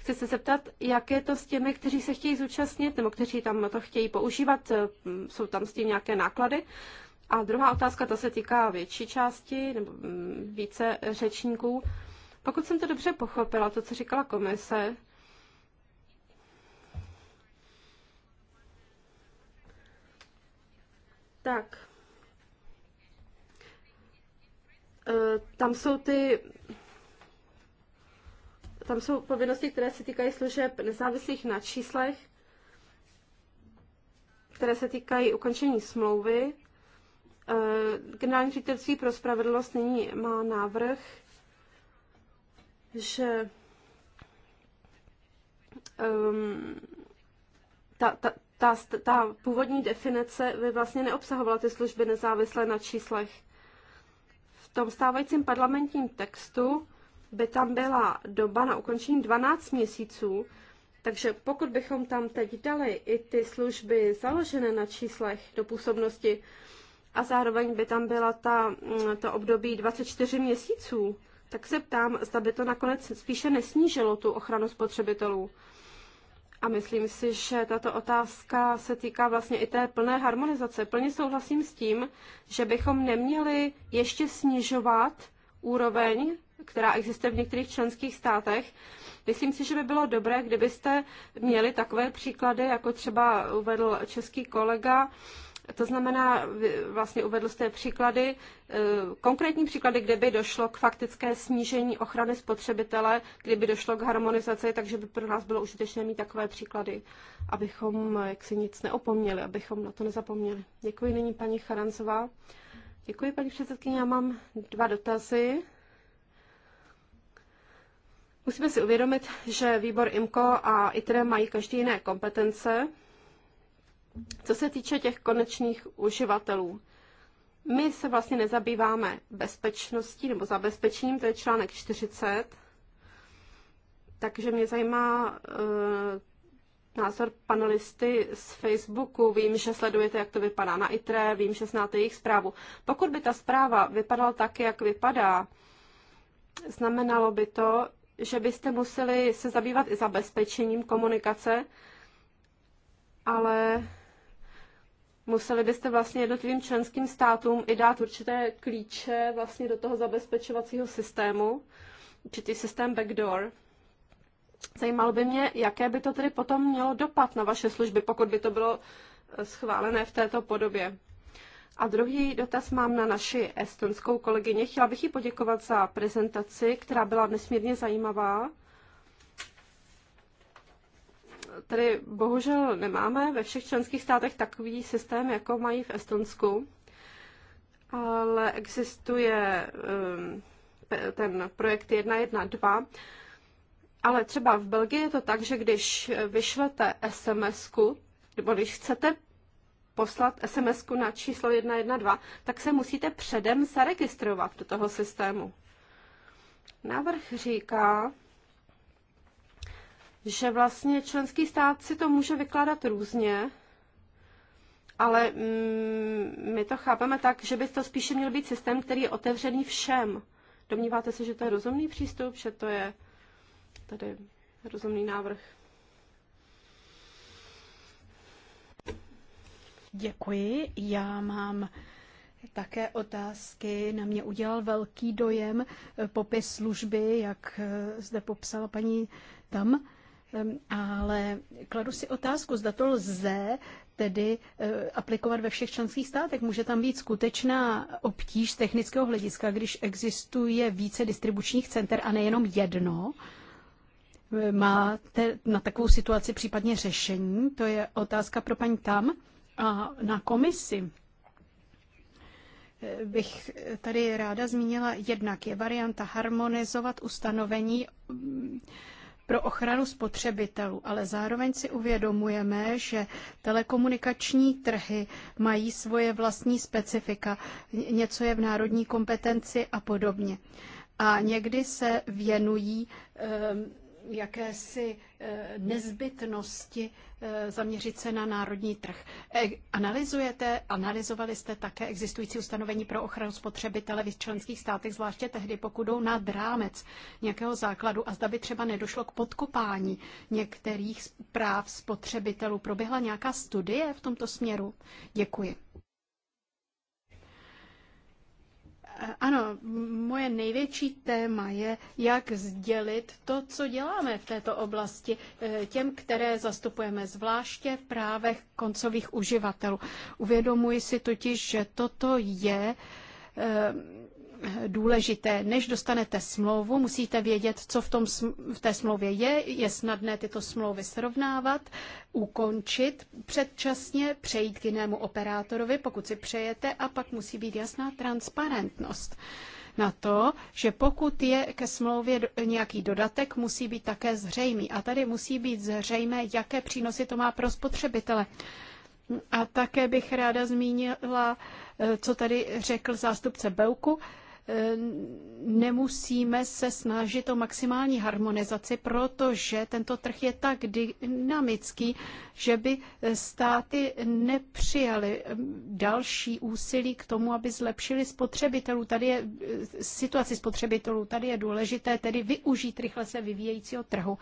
Chci se zeptat, jak je to s těmi, kteří se chtějí zúčastnit nebo kteří tam to chtějí používat, eh, jsou tam s tím nějaké náklady? A druhá otázka, ta se týká větší části nebo mm, více řečníků. Pokud jsem to dobře pochopila, to, co říkala komise, tak eh, tam jsou ty tam jsou povinnosti, které se týkají služeb nezávislých na číslech, které se týkají ukončení smlouvy. E, Generální ředitelství pro spravedlnost nyní má návrh, že um, ta, ta, ta, ta původní definice by vlastně neobsahovala ty služby nezávislé na číslech. V tom stávajícím parlamentním textu by tam byla doba na ukončení 12 měsíců, takže pokud bychom tam teď dali i ty služby založené na číslech do působnosti a zároveň by tam byla ta, mm, to období 24 měsíců, tak se ptám, zda by to nakonec spíše nesnížilo tu ochranu spotřebitelů. A myslím si, že tato otázka se týká vlastně i té plné harmonizace. Plně souhlasím s tím, že bychom neměli ještě snižovat úroveň která existuje v některých členských státech. Myslím si, že by bylo dobré, kdybyste měli takové příklady, jako třeba uvedl český kolega, to znamená, vlastně uvedl jste příklady, e, konkrétní příklady, kde by došlo k faktické snížení ochrany spotřebitele, kdyby došlo k harmonizaci, takže by pro nás bylo užitečné mít takové příklady, abychom e, jaksi nic neopomněli, abychom na to nezapomněli. Děkuji nyní paní Charancová. Děkuji paní předsedkyně, já mám dva dotazy. Musíme si uvědomit, že výbor IMCO a ITRE mají každý jiné kompetence. Co se týče těch konečných uživatelů, my se vlastně nezabýváme bezpečností nebo zabezpečením, to je článek 40, takže mě zajímá e, názor panelisty z Facebooku. Vím, že sledujete, jak to vypadá na ITRE, vím, že znáte jejich zprávu. Pokud by ta zpráva vypadala tak, jak vypadá, znamenalo by to, že byste museli se zabývat i zabezpečením komunikace, ale museli byste vlastně jednotlivým členským státům i dát určité klíče vlastně do toho zabezpečovacího systému, určitý systém backdoor. Zajímalo by mě, jaké by to tedy potom mělo dopad na vaše služby, pokud by to bylo schválené v této podobě. A druhý dotaz mám na naši estonskou kolegyně. Chtěla bych jí poděkovat za prezentaci, která byla nesmírně zajímavá. Tady bohužel nemáme ve všech členských státech takový systém, jako mají v Estonsku, ale existuje um, ten projekt 112. Ale třeba v Belgii je to tak, že když vyšlete SMS-ku, nebo když chcete poslat sms na číslo 112, tak se musíte předem zaregistrovat do toho systému. Návrh říká, že vlastně členský stát si to může vykládat různě, ale mm, my to chápeme tak, že by to spíše měl být systém, který je otevřený všem. Domníváte se, že to je rozumný přístup, že to je tady rozumný návrh? Děkuji. Já mám také otázky. Na mě udělal velký dojem popis služby, jak eh, zde popsala paní tam. Ehm, ale kladu si otázku, zda to lze tedy eh, aplikovat ve všech členských státech. Může tam být skutečná obtíž technického hlediska, když existuje více distribučních center a nejenom jedno. Máte na takovou situaci případně řešení? To je otázka pro paní Tam. A na komisi bych tady ráda zmínila jednak je varianta harmonizovat ustanovení mm, pro ochranu spotřebitelů, ale zároveň si uvědomujeme, že telekomunikační trhy mají svoje vlastní specifika, něco je v národní kompetenci a podobně. A někdy se věnují um, jakési eh, nezbytnosti eh, zaměřit se na národní trh. E, analyzujete, analyzovali jste také existující ustanovení pro ochranu spotřebitele v členských státech, zvláště tehdy, pokud jdou nad rámec nějakého základu a zda by třeba nedošlo k podkopání některých práv spotřebitelů. Proběhla nějaká studie v tomto směru? Děkuji. Eh, ano, moje největší téma je, jak sdělit to, co děláme v této oblasti eh, těm, které zastupujeme, zvláště v právech koncových uživatelů. Uvědomuji si totiž, že toto je eh, důležité. Než dostanete smlouvu, musíte vědět, co v, tom, v té smlouvě je. Je snadné tyto smlouvy srovnávat, ukončit předčasně, přejít k jinému operátorovi, pokud si přejete, a pak musí být jasná transparentnost na to, že pokud je ke smlouvě nějaký dodatek, musí být také zřejmý. A tady musí být zřejmé, jaké přínosy to má pro spotřebitele. A také bych ráda zmínila, eh, co tady řekl zástupce Belku, Eh, nemusíme se snažit o maximální harmonizaci, protože tento trh je tak dynamický, že by eh, státy nepřijaly eh, další úsilí k tomu, aby zlepšili spotřebitelů. Tady je situaci spotřebitelů, tady je důležité tedy využít rychle se vyvíjejícího trhu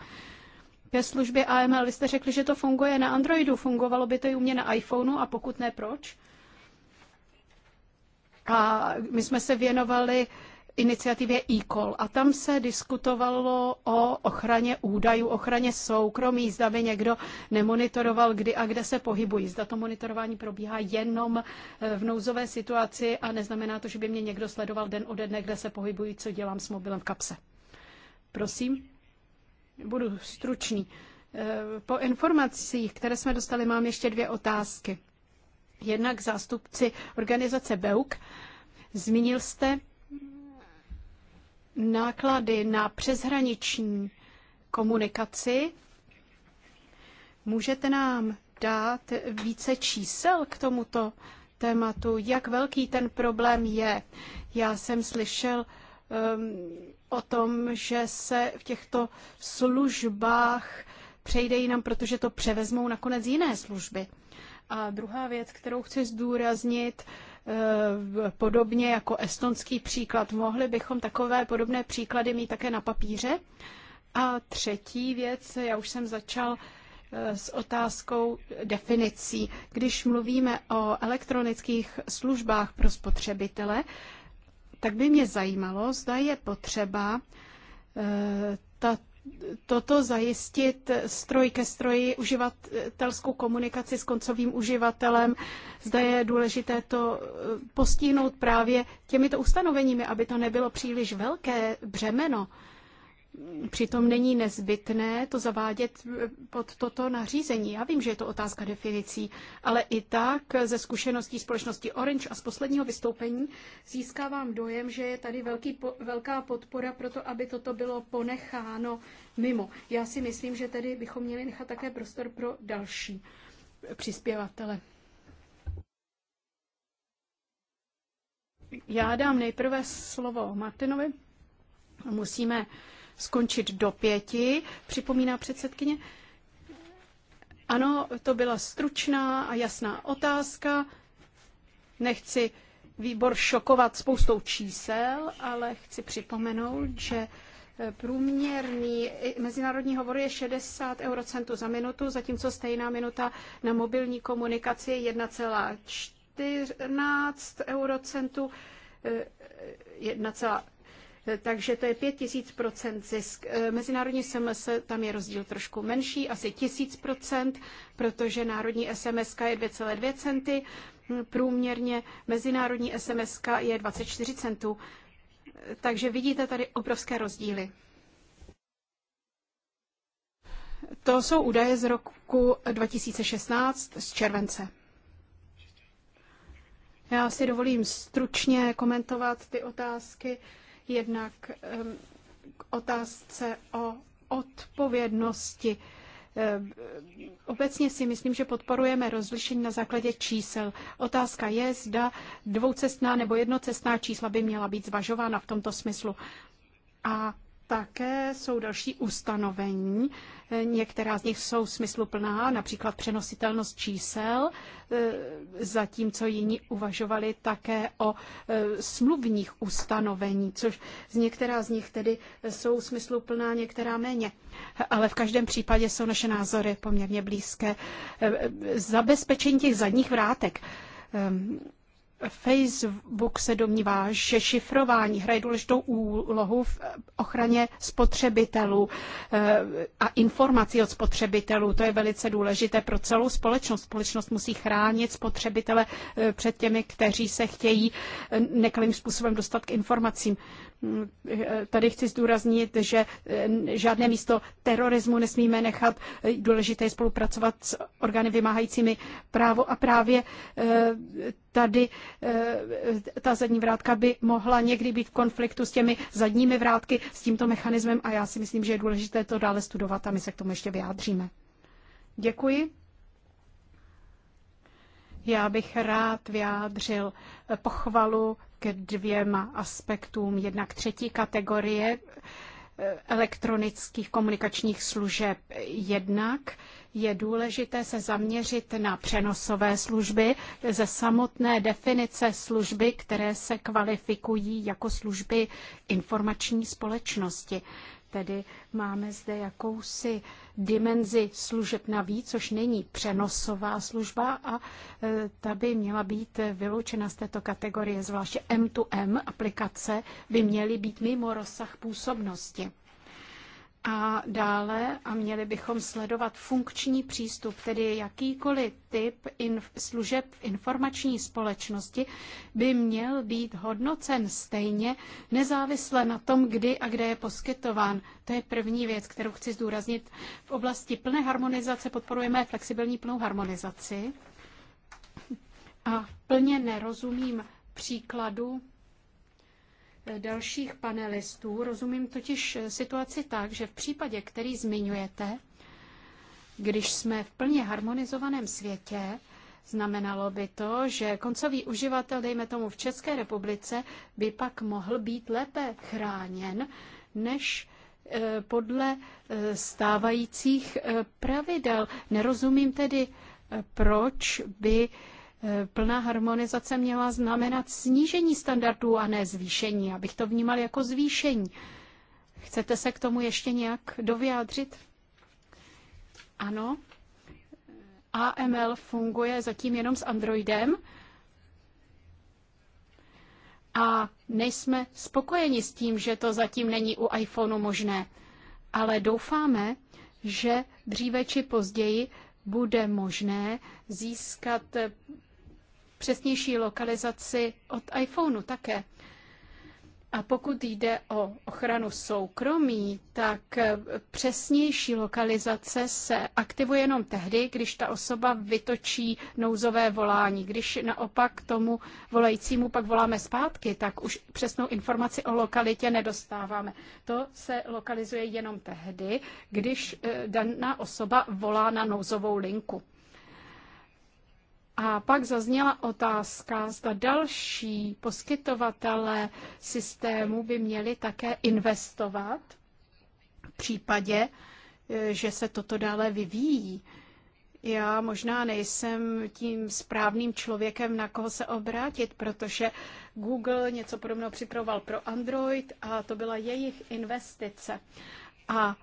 ke službě AML. Vy jste řekli, že to funguje na Androidu, fungovalo by to i u mě na iPhoneu a pokud ne, proč? A my jsme se věnovali iniciativě eCall a tam se diskutovalo o ochraně údajů, ochraně soukromí, zda by někdo nemonitoroval, kdy a kde se pohybují. Zda to monitorování probíhá jenom eh, v nouzové situaci a neznamená to, že by mě někdo sledoval den ode dne, kde se pohybují, co dělám s mobilem v kapse. Prosím, budu stručný. Eh, po informacích, které jsme dostali, mám ještě dvě otázky jednak zástupci organizace BEUK. Zmínil jste náklady na přeshraniční komunikaci. Můžete nám dát více čísel k tomuto tématu, jak velký ten problém je. Já jsem slyšel um, o tom, že se v těchto službách přejde jinam, protože to převezmou nakonec jiné služby. A druhá věc, kterou chci zdůraznit, eh, podobně jako estonský příklad, mohli bychom takové podobné příklady mít také na papíře. A třetí věc, já už jsem začal eh, s otázkou definicí. Když mluvíme o elektronických službách pro spotřebitele, tak by mě zajímalo, zda je potřeba eh, ta toto zajistit stroj ke stroji, uživatelskou komunikaci s koncovým uživatelem. Zda je důležité to e, postihnout právě těmito ustanoveními, aby to nebylo příliš velké břemeno Přitom není nezbytné to zavádět eh, pod toto nařízení. Já vím, že je to otázka definicí, ale i tak ze zkušeností společnosti Orange a z posledního vystoupení získávám dojem, že je tady velký, po, velká podpora pro to, aby toto bylo ponecháno mimo. Já si myslím, že tady bychom měli nechat také prostor pro další přispěvatele. Já dám nejprve slovo Martinovi. Musíme skončit do pěti, připomíná předsedkyně. Ano, to byla stručná a jasná otázka. Nechci výbor šokovat spoustou čísel, ale chci připomenout, že průměrný mezinárodní hovor je 60 eurocentů za minutu, zatímco stejná minuta na mobilní komunikaci je 1,14 eurocentů, eh, takže to je 5000% zisk. Eh, mezinárodní SMS tam je rozdíl trošku menší, asi 1000%, protože národní SMS je 2,2 centy, hm, průměrně mezinárodní SMS je 24 centů. Takže vidíte tady obrovské rozdíly. To jsou údaje z roku 2016 z července. Já si dovolím stručně komentovat ty otázky. Uh, jednak k otázce o odpovědnosti. Obecně si myslím, že podporujeme rozlišení na základě čísel. Otázka je, zda dvoucestná nebo jednocestná čísla by měla být zvažována v tomto smyslu. A také jsou další ustanovení, některá z nich jsou smysluplná, například přenositelnost čísel, e, zatímco jiní uvažovali také o e, smluvních ustanovení, což z některá z nich tedy jsou smysluplná, některá méně. Ale v každém případě jsou naše názory poměrně blízké. E, zabezpečení těch zadních vrátek Facebook se domnívá, že šifrování hraje důležitou úlohu v ochraně spotřebitelů eh, a informací od spotřebitelů. To je velice důležité pro celou společnost. Společnost musí chránit spotřebitele eh, před těmi, kteří se chtějí eh, nekalým způsobem dostat k informacím. Tady chci zdůraznit, že eh, žádné místo terorismu nesmíme nechat. Důležité je spolupracovat s orgány vymáhajícími právo a právě eh, tady eh, ta zadní vrátka by mohla někdy být v konfliktu s těmi zadními vrátky, s tímto mechanismem a já si myslím, že je důležité to dále studovat a my se k tomu ještě vyjádříme. Děkuji. Já bych rád vyjádřil pochvalu k dvěma aspektům. Jednak třetí kategorie eh, elektronických komunikačních služeb. Jednak je důležité se zaměřit na přenosové služby ze samotné definice služby, které se kvalifikují jako služby informační společnosti. Tedy máme zde jakousi dimenzi služeb navíc, což není přenosová služba a e, ta by měla být vyloučena z této kategorie, zvláště M2M aplikace by měly být mimo rozsah působnosti. A dále, a měli bychom sledovat funkční přístup, tedy jakýkoliv typ inf- služeb v informační společnosti by měl být hodnocen stejně, nezávisle na tom, kdy a kde je poskytován. To je první věc, kterou chci zdůraznit. V oblasti plné harmonizace podporujeme flexibilní plnou harmonizaci. A plně nerozumím příkladu dalších panelistů. Rozumím totiž situaci tak, že v případě, který zmiňujete, když jsme v plně harmonizovaném světě, znamenalo by to, že koncový uživatel, dejme tomu v České republice, by pak mohl být lépe chráněn než eh, podle eh, stávajících eh, pravidel. Nerozumím tedy, proč by Eh, plná harmonizace měla znamenat snížení standardů a ne zvýšení. Abych to vnímal jako zvýšení. Chcete se k tomu ještě nějak dovyjádřit? Ano. AML funguje zatím jenom s Androidem a nejsme spokojeni s tím, že to zatím není u iPhoneu možné. Ale doufáme, že dříve či později bude možné získat přesnější lokalizaci od iPhoneu také. A pokud jde o ochranu soukromí, tak přesnější lokalizace se aktivuje jenom tehdy, když ta osoba vytočí nouzové volání. Když naopak tomu volajícímu pak voláme zpátky, tak už přesnou informaci o lokalitě nedostáváme. To se lokalizuje jenom tehdy, když eh, daná osoba volá na nouzovou linku. A pak zazněla otázka, zda další poskytovatele systému by měli také investovat v případě, e, že se toto dále vyvíjí. Já možná nejsem tím správným člověkem, na koho se obrátit, protože Google něco podobného připravoval pro Android a to byla jejich investice. A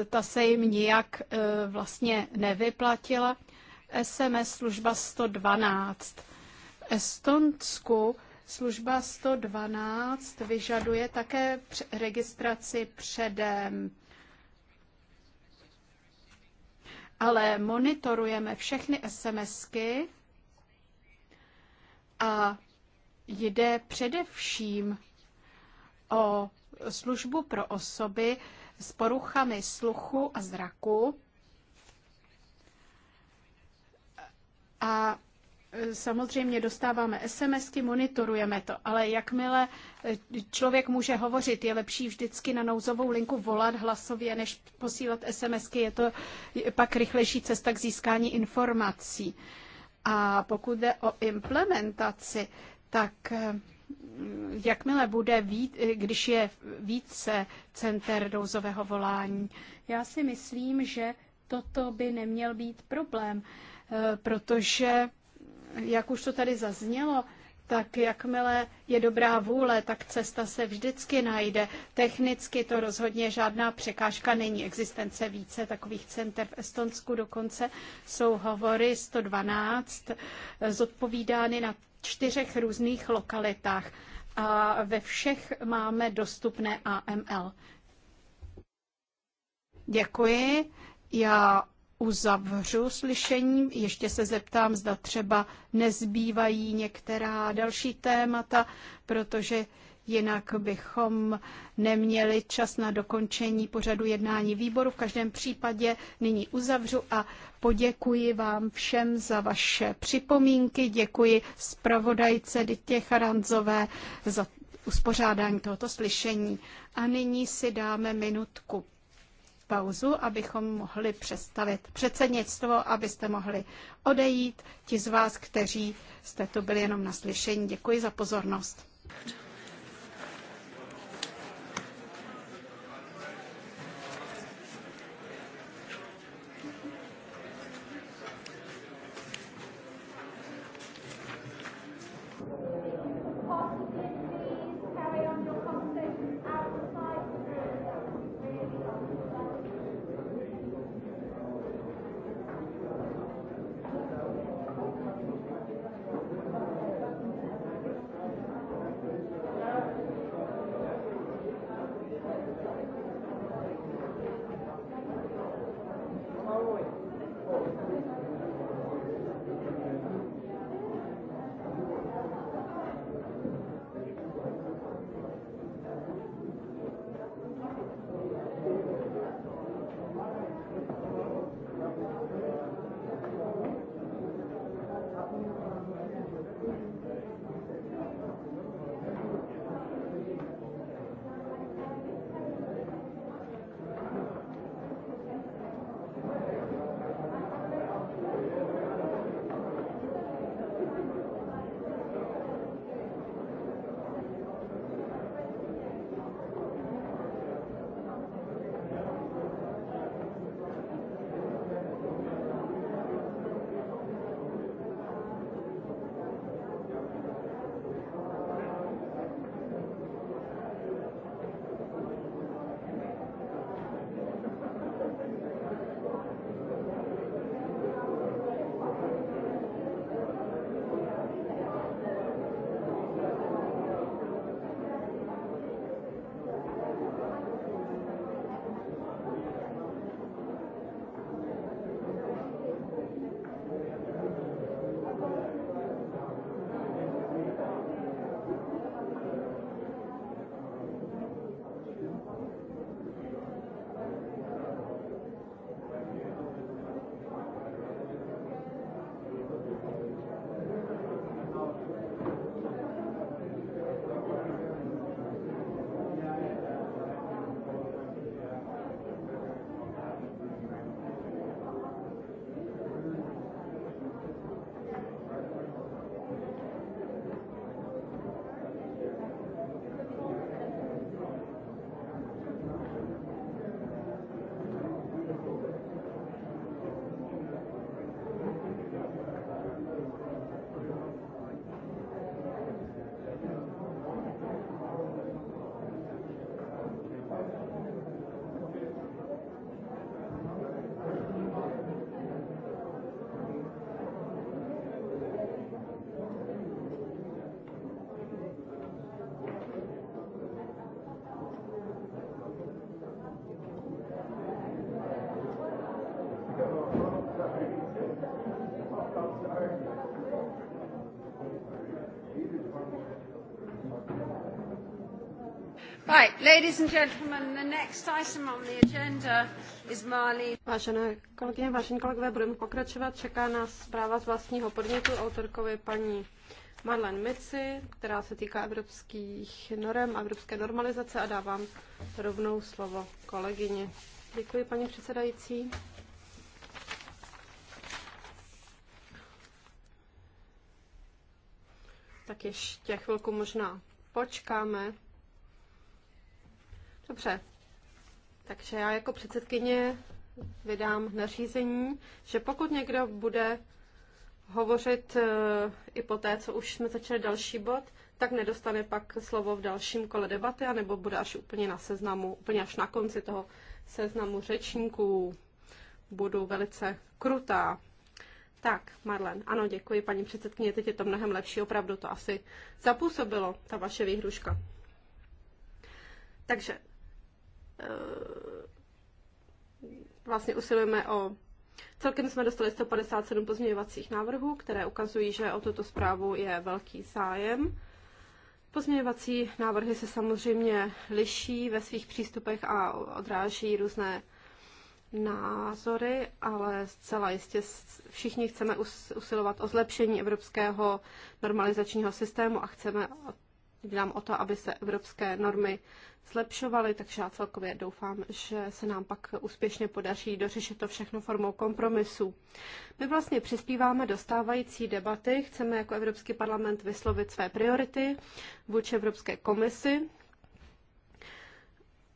e, ta se jim nijak e, vlastně nevyplatila. SMS služba 112. V Estonsku služba 112 vyžaduje také registraci předem. Ale monitorujeme všechny SMSky a jde především o službu pro osoby s poruchami sluchu a zraku, a e, samozřejmě dostáváme SMSky, monitorujeme to, ale jakmile e, člověk může hovořit, je lepší vždycky na nouzovou linku volat hlasově, než posílat SMSky, je to pak rychlejší cesta k získání informací. A pokud jde o implementaci, tak e, jakmile bude, víc, když je více center nouzového volání, já si myslím, že toto by neměl být problém. Eh, protože, jak už to tady zaznělo, tak jakmile je dobrá vůle, tak cesta se vždycky najde. Technicky to rozhodně žádná překážka není. Existence více takových center v Estonsku dokonce jsou hovory 112 eh, zodpovídány na čtyřech různých lokalitách a ve všech máme dostupné AML. Děkuji. Já uzavřu slyšení. Ještě se zeptám, zda třeba nezbývají některá další témata, protože jinak bychom neměli čas na dokončení pořadu jednání výboru. V každém případě nyní uzavřu a poděkuji vám všem za vaše připomínky. Děkuji zpravodajce Dytě Charanzové za uspořádání tohoto slyšení. A nyní si dáme minutku pauzu, abychom mohli představit předsednictvo, abyste mohli odejít. Ti z vás, kteří jste tu byli jenom na slyšení, děkuji za pozornost. Right, ladies and gentlemen, the next item on the agenda is Marlene. Vážené kolegyně, vážení kolegové, budeme pokračovat. Čeká nás zpráva z vlastního podnětu autorkou je paní Marlen Mici, která se týká evropských norem, evropské normalizace a dávám rovnou slovo kolegyni. Děkuji, paní předsedající. Tak ještě chvilku možná počkáme. Dobře. Takže já jako předsedkyně vydám nařízení, že pokud někdo bude hovořit e, i po té, co už jsme začali další bod, tak nedostane pak slovo v dalším kole debaty, anebo bude až úplně na seznamu, úplně až na konci toho seznamu řečníků. Budu velice krutá. Tak, Marlen, ano, děkuji, paní předsedkyně, teď je to mnohem lepší, opravdu to asi zapůsobilo, ta vaše výhruška. Takže Eh, vlastně usilujeme o Celkem jsme dostali 157 pozměňovacích návrhů, které ukazují, že o tuto zprávu je velký zájem. Pozměňovací návrhy se samozřejmě liší ve svých přístupech a odráží různé názory, ale zcela jistě všichni chceme usilovat o zlepšení evropského normalizačního systému a chceme nám o to, aby se evropské normy zlepšovaly, takže já celkově doufám, že se nám pak úspěšně podaří dořešit to všechno formou kompromisu. My vlastně přispíváme do stávající debaty, chceme jako Evropský parlament vyslovit své priority vůči Evropské komisi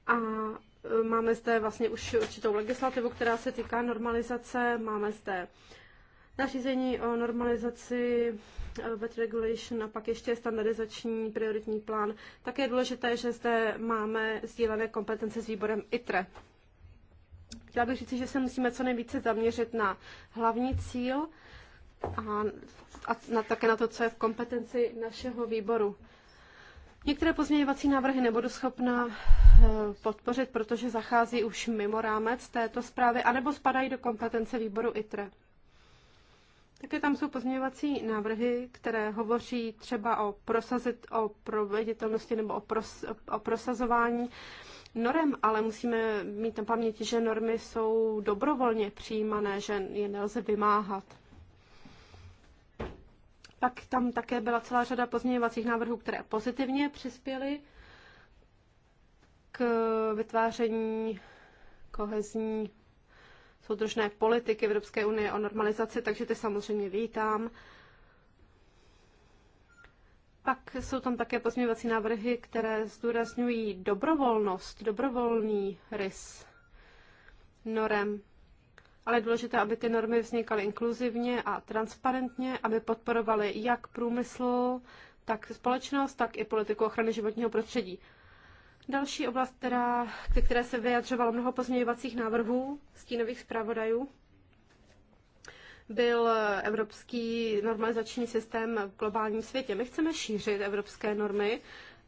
a e, máme zde vlastně už určitou legislativu, která se týká normalizace, máme zde nařízení o normalizaci vet eh, regulation a pak ještě standardizační prioritní plán. Také je důležité, že zde máme sdílené kompetence s výborem ITRE. Chtěla bych říct, že se musíme co nejvíce zaměřit na hlavní cíl a, a na, také na to, co je v kompetenci našeho výboru. Některé pozměňovací návrhy nebudu schopna eh, podpořit, protože zachází už mimo rámec této zprávy, anebo spadají do kompetence výboru ITRE. Také tam jsou pozměňovací návrhy, které hovoří třeba o, prosazit, o proveditelnosti nebo o, pros, o prosazování norem, ale musíme mít na paměti, že normy jsou dobrovolně přijímané, že je nelze vymáhat. Pak tam také byla celá řada pozměňovacích návrhů, které pozitivně přispěly k vytváření kohezní soudržné politiky Evropské unie o normalizaci, takže ty samozřejmě vítám. Pak jsou tam také pozměňovací návrhy, které zdůrazňují dobrovolnost, dobrovolný rys norem. Ale je důležité, aby ty normy vznikaly inkluzivně a transparentně, aby podporovaly jak průmysl, tak společnost, tak i politiku ochrany životního prostředí. Další oblast, která, ke které se vyjadřovalo mnoho pozměňovacích návrhů stínových zpravodajů, byl evropský normalizační systém v globálním světě. My chceme šířit evropské normy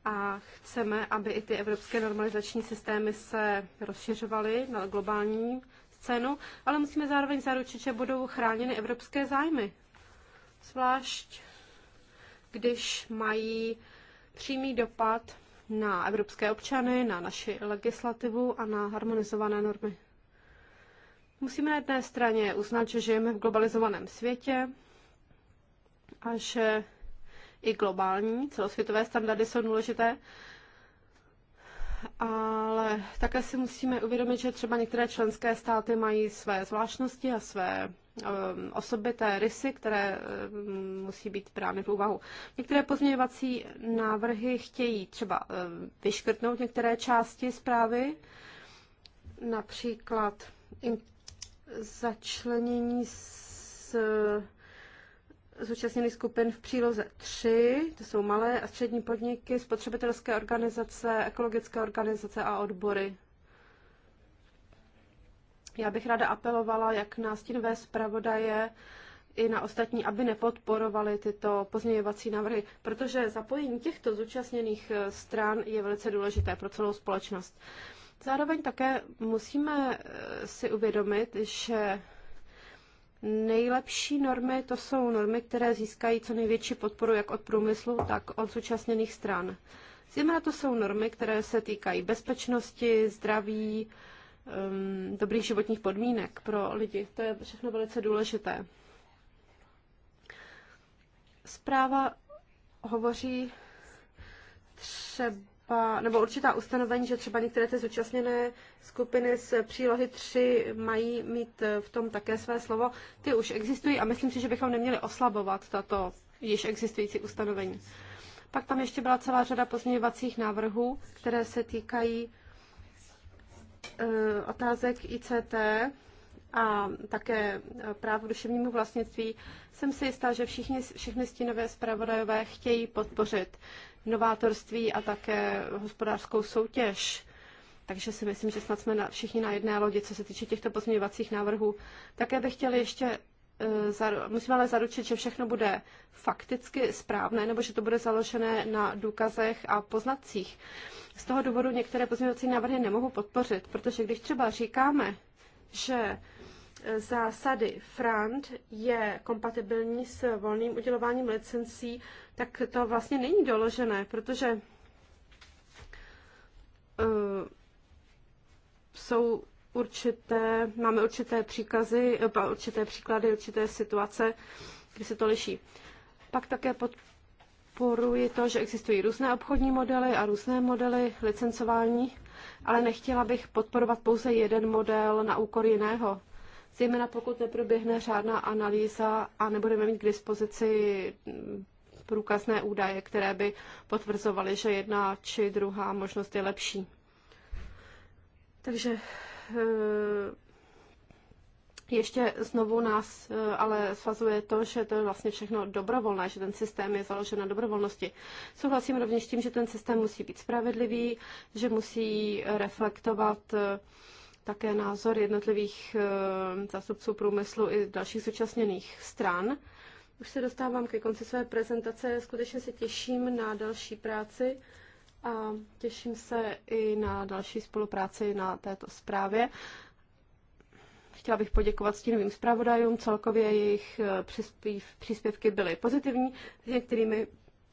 a chceme, aby i ty evropské normalizační systémy se rozšiřovaly na globální scénu, ale musíme zároveň zaručit, že budou chráněny evropské zájmy. Zvlášť, když mají přímý dopad na evropské občany, na naši legislativu a na harmonizované normy. Musíme na jedné straně uznat, že žijeme v globalizovaném světě a že i globální celosvětové standardy jsou důležité, ale také si musíme uvědomit, že třeba některé členské státy mají své zvláštnosti a své Um, osobité rysy, které um, musí být brány v úvahu. Některé pozměňovací návrhy chtějí třeba um, vyškrtnout některé části zprávy, například začlenění s zúčastněných skupin v příloze 3, to jsou malé a střední podniky, spotřebitelské organizace, ekologické organizace a odbory já bych ráda apelovala jak na stínové zpravodaje, i na ostatní, aby nepodporovali tyto pozměňovací návrhy, protože zapojení těchto zúčastněných eh, stran je velice důležité pro celou společnost. Zároveň také musíme eh, si uvědomit, že nejlepší normy to jsou normy, které získají co největší podporu jak od průmyslu, tak od zúčastněných stran. Zejména to jsou normy, které se týkají bezpečnosti, zdraví, um, dobrých životních podmínek pro lidi. To je všechno velice důležité. Zpráva hovoří třeba, nebo určitá ustanovení, že třeba některé ty zúčastněné skupiny z přílohy 3 mají mít eh, v tom také své slovo. Ty už existují a myslím si, že bychom neměli oslabovat tato již existující ustanovení. Pak tam ještě byla celá řada pozměňovacích návrhů, které se týkají Eh, otázek ICT a také eh, právo duševnímu vlastnictví, jsem si jistá, že všichni, všechny stínové zpravodajové chtějí podpořit novátorství a také hospodářskou soutěž. Takže si myslím, že snad jsme na, všichni na jedné lodi, co se týče těchto pozměňovacích návrhů. Také bych chtěla ještě Eh, musíme ale zaručit, že všechno bude fakticky správné, nebo že to bude založené na důkazech a poznacích. Z toho důvodu některé pozměňovací návrhy nemohu podpořit, protože když třeba říkáme, že eh, zásady FRAND je kompatibilní s volným udělováním licencí, tak to vlastně není doložené, protože uh, jsou určité, máme určité příkazy, určité příklady, určité situace, kdy se to liší. Pak také podporuji to, že existují různé obchodní modely a různé modely licencování, ale nechtěla bych podporovat pouze jeden model na úkor jiného. Zejména pokud neproběhne řádná analýza a nebudeme mít k dispozici průkazné údaje, které by potvrzovaly, že jedna či druhá možnost je lepší. Takže Eh, ještě znovu nás eh, ale svazuje to, že to je vlastně všechno dobrovolné, že ten systém je založen na dobrovolnosti. Souhlasím rovněž tím, že ten systém musí být spravedlivý, že musí reflektovat eh, také názor jednotlivých zástupců průmyslu i dalších zúčastněných stran. Už se dostávám ke konci své prezentace, skutečně se těším na další práci a těším se i na další spolupráci na této zprávě. Chtěla bych poděkovat stínovým zpravodajům, celkově jejich eh, přispív, příspěvky byly pozitivní, s některými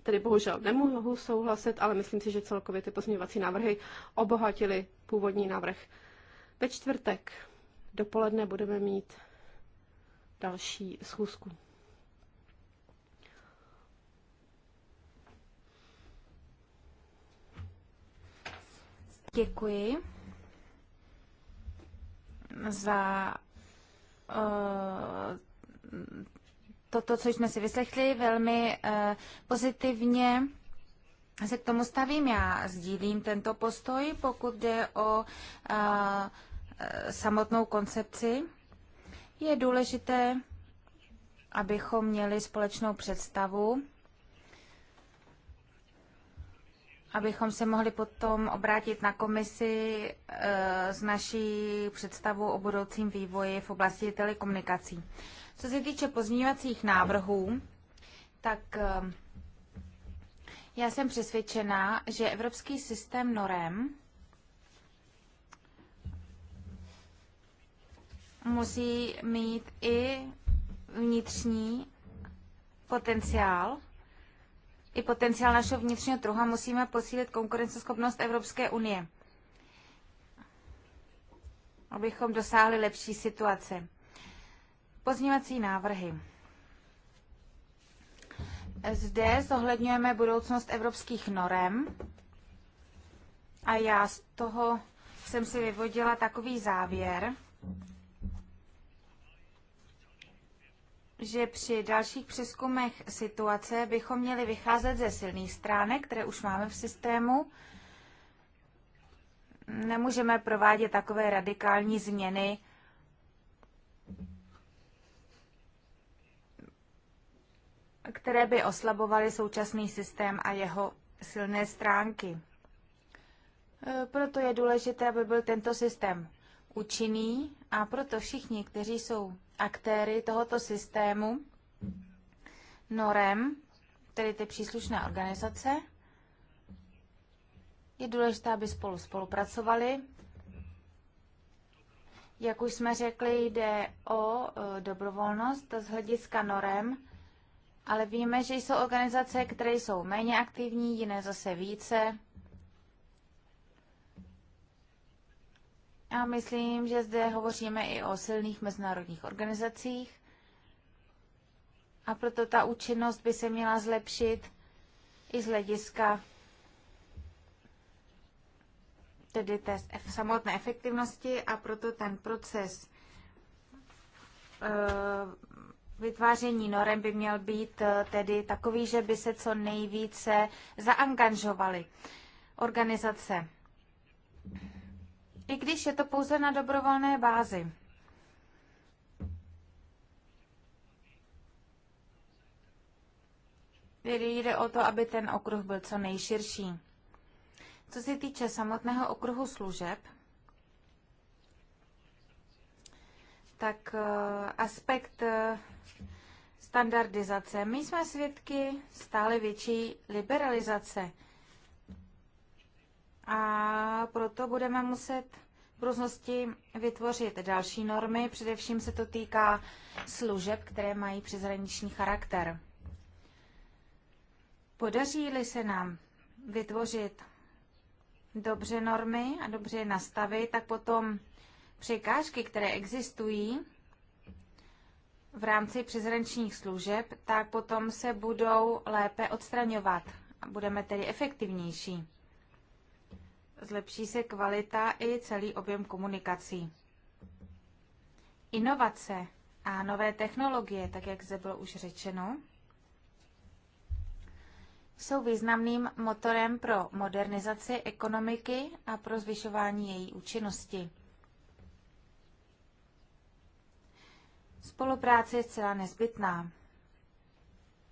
tedy bohužel nemohu souhlasit, ale myslím si, že celkově ty pozměňovací návrhy obohatily původní návrh. Ve čtvrtek dopoledne budeme mít další schůzku. Děkuji za eh, toto, co jsme si vyslechli, velmi eh, pozitivně se k tomu stavím. Já sdílím tento postoj, pokud jde o eh, samotnou koncepci. Je důležité, abychom měli společnou představu abychom se mohli potom obrátit na komisi eh, s naší představou o budoucím vývoji v oblasti telekomunikací. Co se týče pozměňovacích návrhů, tak eh, já jsem přesvědčená, že evropský systém norem musí mít i vnitřní potenciál i potenciál našeho vnitřního trhu a musíme posílit konkurenceschopnost Evropské unie, abychom dosáhli lepší situace. Pozněvací návrhy. Zde zohledňujeme budoucnost evropských norem a já z toho jsem si vyvodila takový závěr, že při dalších přeskumech situace bychom měli vycházet ze silných stránek, které už máme v systému. Nemůžeme provádět takové radikální změny, které by oslabovaly současný systém a jeho silné stránky. E, proto je důležité, aby byl tento systém účinný a proto všichni, kteří jsou aktéry tohoto systému, norem, tedy ty příslušné organizace, je důležité, aby spolu spolupracovali. Jak už jsme řekli, jde o e, dobrovolnost z hlediska norem, ale víme, že jsou organizace, které jsou méně aktivní, jiné zase více. A myslím, že zde hovoříme i o silných mezinárodních organizacích. A proto ta účinnost by se měla zlepšit i z hlediska tedy té samotné efektivnosti a proto ten proces eh, vytváření norem by měl být eh, tedy takový, že by se co nejvíce zaangažovaly organizace i když je to pouze na dobrovolné bázi. Tedy jde o to, aby ten okruh byl co nejširší. Co se týče samotného okruhu služeb, tak eh, aspekt eh, standardizace. My jsme svědky stále větší liberalizace a proto budeme muset v různosti vytvořit další normy. Především se to týká služeb, které mají přeshraniční charakter. Podaří-li se nám vytvořit dobře normy a dobře je nastavit, tak potom překážky, které existují v rámci přeshraničních služeb, tak potom se budou lépe odstraňovat a budeme tedy efektivnější zlepší se kvalita i celý objem komunikací. Inovace a nové technologie, tak jak zde bylo už řečeno, jsou významným motorem pro modernizaci ekonomiky a pro zvyšování její účinnosti. Spolupráce je zcela nezbytná.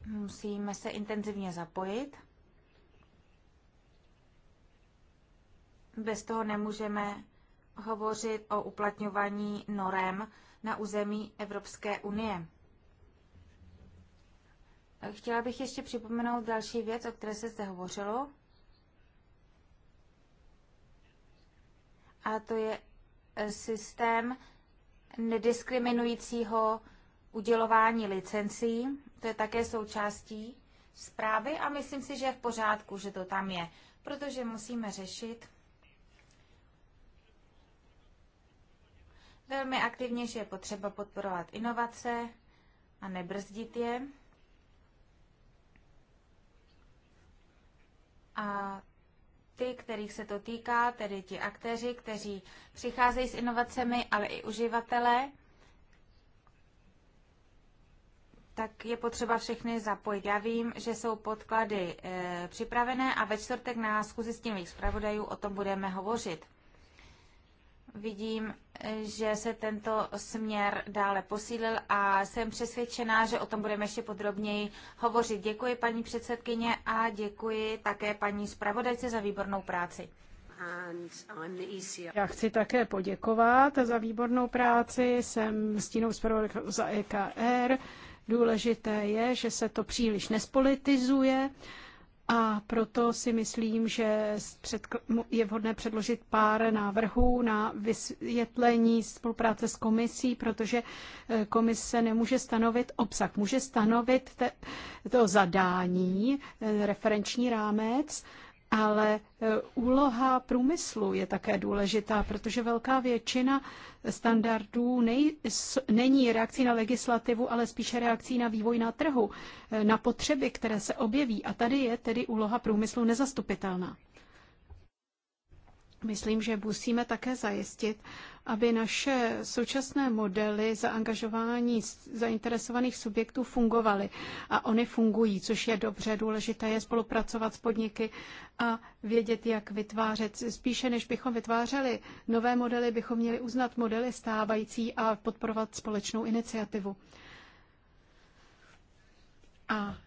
Musíme se intenzivně zapojit bez toho nemůžeme hovořit o uplatňování norem na území Evropské unie. Chtěla bych ještě připomenout další věc, o které se zde hovořilo. A to je eh, systém nediskriminujícího udělování licencí. To je také součástí zprávy a myslím si, že je v pořádku, že to tam je, protože musíme řešit velmi aktivně, že je potřeba podporovat inovace a nebrzdit je. A ty, kterých se to týká, tedy ti aktéři, kteří přicházejí s inovacemi, ale i uživatelé, tak je potřeba všechny zapojit. Já vím, že jsou podklady e, připravené a ve čtvrtek na schůzi tím zpravodajů o tom budeme hovořit. Vidím, že se tento směr dále posílil a jsem přesvědčená, že o tom budeme ještě podrobněji hovořit. Děkuji paní předsedkyně a děkuji také paní zpravodajce za výbornou práci. E Já chci také poděkovat za výbornou práci. Jsem stínou zpravodajkou za EKR. Důležité je, že se to příliš nespolitizuje a proto si myslím, že je vhodné předložit pár návrhů na vysvětlení spolupráce s komisí, protože e, komise nemůže stanovit obsah, může stanovit to zadání, e, referenční rámec ale e, úloha průmyslu je také důležitá, protože velká většina standardů nej, není reakcí na legislativu, ale spíše reakcí na vývoj na trhu, e, na potřeby, které se objeví. A tady je tedy úloha průmyslu nezastupitelná. Myslím, že musíme také zajistit, aby naše současné modely zaangažování zainteresovaných subjektů fungovaly. A oni fungují, což je dobře. Důležité je spolupracovat s podniky a vědět, jak vytvářet. Spíše než bychom vytvářeli nové modely, bychom měli uznat modely stávající a podporovat společnou iniciativu. A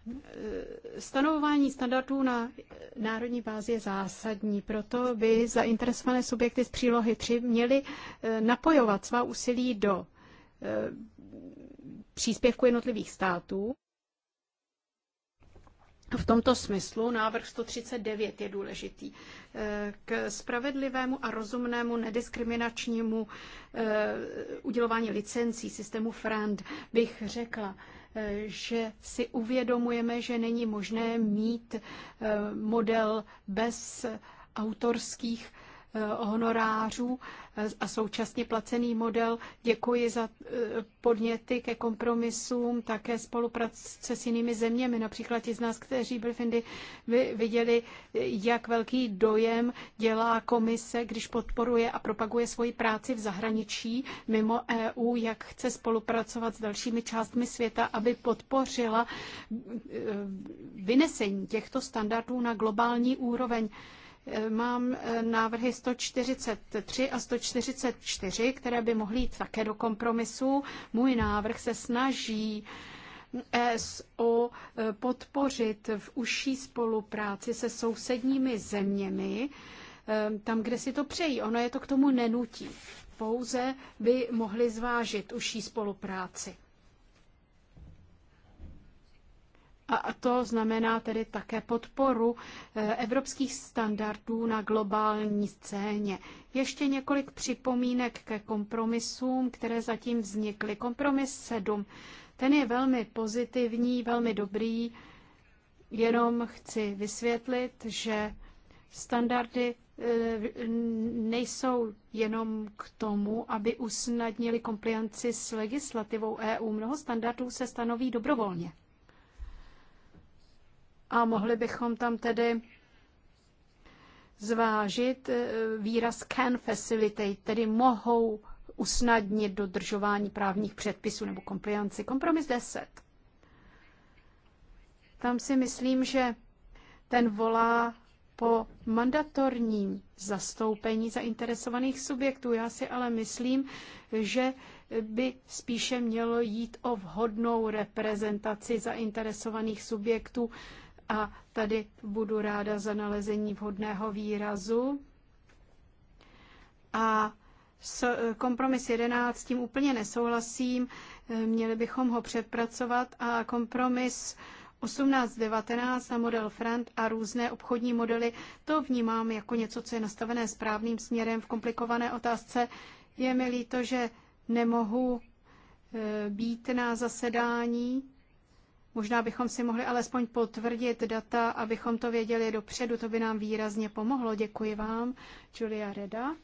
e, stanovování standardů na národní bázi je zásadní, proto by zainteresované subjekty z přílohy 3 měly e, napojovat svá úsilí do e, příspěvku jednotlivých států. V tomto smyslu návrh 139 je důležitý. K spravedlivému a rozumnému nediskriminačnímu udělování licencí systému FRAND bych řekla, že si uvědomujeme, že není možné mít eh, model bez autorských Eh, honorářů eh, a současně placený model. Děkuji za eh, podněty ke kompromisům, také spolupráce s jinými zeměmi. Například ti z nás, kteří byli v Indii, viděli, jak velký dojem dělá komise, když podporuje a propaguje svoji práci v zahraničí mimo EU, jak chce spolupracovat s dalšími částmi světa, aby podpořila vynesení těchto standardů na globální úroveň. Mám e, návrhy 143 a 144, které by mohly jít také do kompromisu. Můj návrh se snaží ESO e, podpořit v užší spolupráci se sousedními zeměmi, e, tam, kde si to přejí. Ono je to k tomu nenutí. Pouze by mohli zvážit užší spolupráci. A to znamená tedy také podporu eh, evropských standardů na globální scéně. Ještě několik připomínek ke kompromisům, které zatím vznikly. Kompromis 7. Ten je velmi pozitivní, velmi dobrý. Jenom chci vysvětlit, že standardy eh, nejsou jenom k tomu, aby usnadnili komplianci s legislativou EU. Mnoho standardů se stanoví dobrovolně a mohli bychom tam tedy zvážit eh, výraz can facilitate, tedy mohou usnadnit dodržování právních předpisů nebo komplianci. Kompromis 10. Tam si myslím, že ten volá po mandatorním zastoupení zainteresovaných subjektů. Já si ale myslím, že by spíše mělo jít o vhodnou reprezentaci zainteresovaných subjektů a tady budu ráda za nalezení vhodného výrazu. A s kompromis 11 tím úplně nesouhlasím, měli bychom ho přepracovat a kompromis 18-19 na model front a různé obchodní modely, to vnímám jako něco, co je nastavené správným směrem v komplikované otázce. Je mi líto, že nemohu e, být na zasedání Možná bychom si mohli alespoň potvrdit data, abychom to věděli dopředu. To by nám výrazně pomohlo. Děkuji vám. Julia Reda.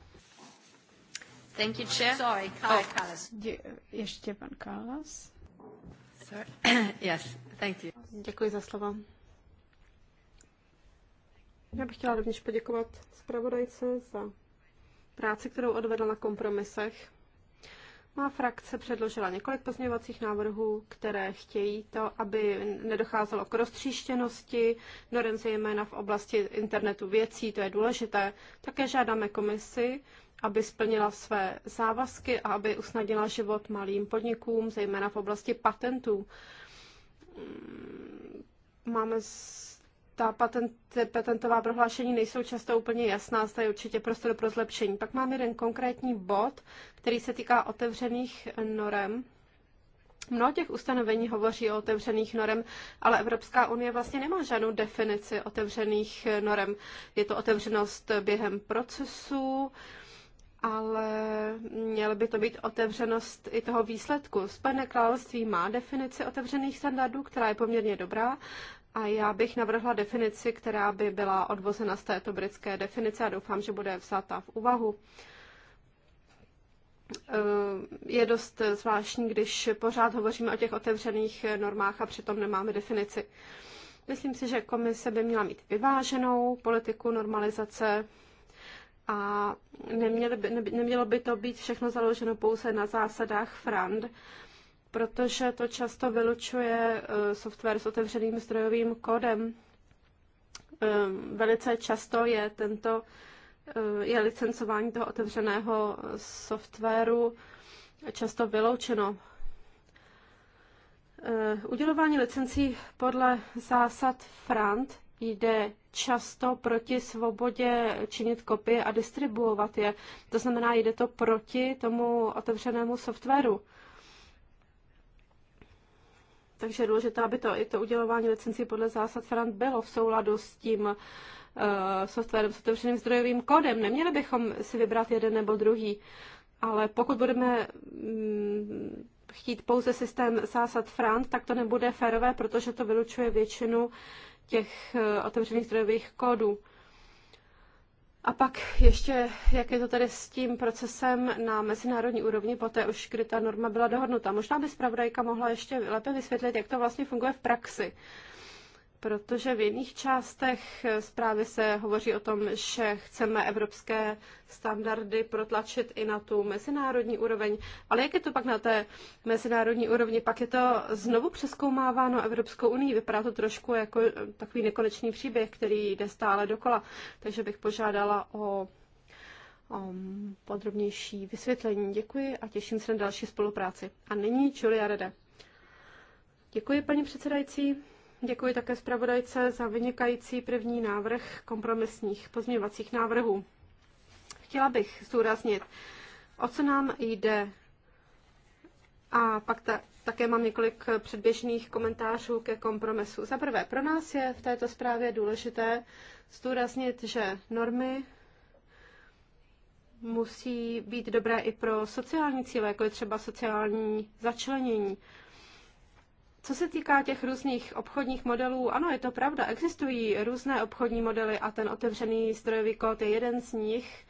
Thank you, Chair. Sorry, Kallas. Oh. Ještě pan Kallas. [COUGHS] yes, thank you. Děkuji za slovo. Já bych chtěla rovněž poděkovat zpravodajce za práci, kterou odvedla na kompromisech. Má frakce předložila několik pozměňovacích návrhů, které chtějí to, aby nedocházelo k roztříštěnosti, norem zejména v oblasti internetu věcí, to je důležité. Také žádáme komisi, aby splnila své závazky a aby usnadnila život malým podnikům, zejména v oblasti patentů. Máme ta patent, patentová prohlášení nejsou často úplně jasná, zde je určitě prostor pro zlepšení. Pak mám jeden konkrétní bod, který se týká otevřených norem. Mnoho těch ustanovení hovoří o otevřených norem, ale Evropská unie vlastně nemá žádnou definici otevřených norem. Je to otevřenost během procesu, ale měla by to být otevřenost i toho výsledku. Spojené království má definici otevřených standardů, která je poměrně dobrá, a já bych navrhla definici, která by byla odvozena z této britské definice a doufám, že bude vzata v úvahu. Eh, je dost zvláštní, když pořád hovoříme o těch otevřených normách a přitom nemáme definici. Myslím si, že komise by měla mít vyváženou politiku normalizace a nemělo by, to být všechno založeno pouze na zásadách FRAND, protože to často vylučuje eh, software s otevřeným zdrojovým kódem. Eh, velice často je tento eh, je licencování toho otevřeného softwaru často vyloučeno. Udělování licencí podle zásad FRANT jde často proti svobodě činit kopie a distribuovat je. To znamená, jde to proti tomu otevřenému softwaru takže je důležité, aby to, i to udělování licencí podle zásad FRAN bylo v souladu s tím uh, softwarem s otevřeným zdrojovým kódem. Neměli bychom si vybrat jeden nebo druhý, ale pokud budeme mm, chtít pouze systém zásad FRAN, tak to nebude férové, protože to vylučuje většinu těch uh, otevřených zdrojových kódů. A pak ještě, jak je to tady s tím procesem na mezinárodní úrovni, poté už kdy ta norma byla dohodnuta. Možná by zpravodajka mohla ještě lépe vysvětlit, jak to vlastně funguje v praxi protože v jiných částech zprávy se hovoří o tom, že chceme evropské standardy protlačit i na tu mezinárodní úroveň. Ale jak je to pak na té mezinárodní úrovni? Pak je to znovu přeskoumáváno Evropskou unii. Vypadá to trošku jako takový nekonečný příběh, který jde stále dokola. Takže bych požádala o podrobnější vysvětlení. Děkuji a těším se na další spolupráci. A nyní Julia Rede. Děkuji, paní předsedající. Děkuji také zpravodajce za vynikající první návrh kompromisních pozměňovacích návrhů. Chtěla bych zdůraznit, o co nám jde. A pak ta, také mám několik předběžných komentářů ke kompromisu. Za prvé, pro nás je v této zprávě důležité zdůraznit, že normy musí být dobré i pro sociální cíle, jako je třeba sociální začlenění. Co se týká těch různých obchodních modelů, ano, je to pravda, existují různé obchodní modely a ten otevřený strojový kód je jeden z nich.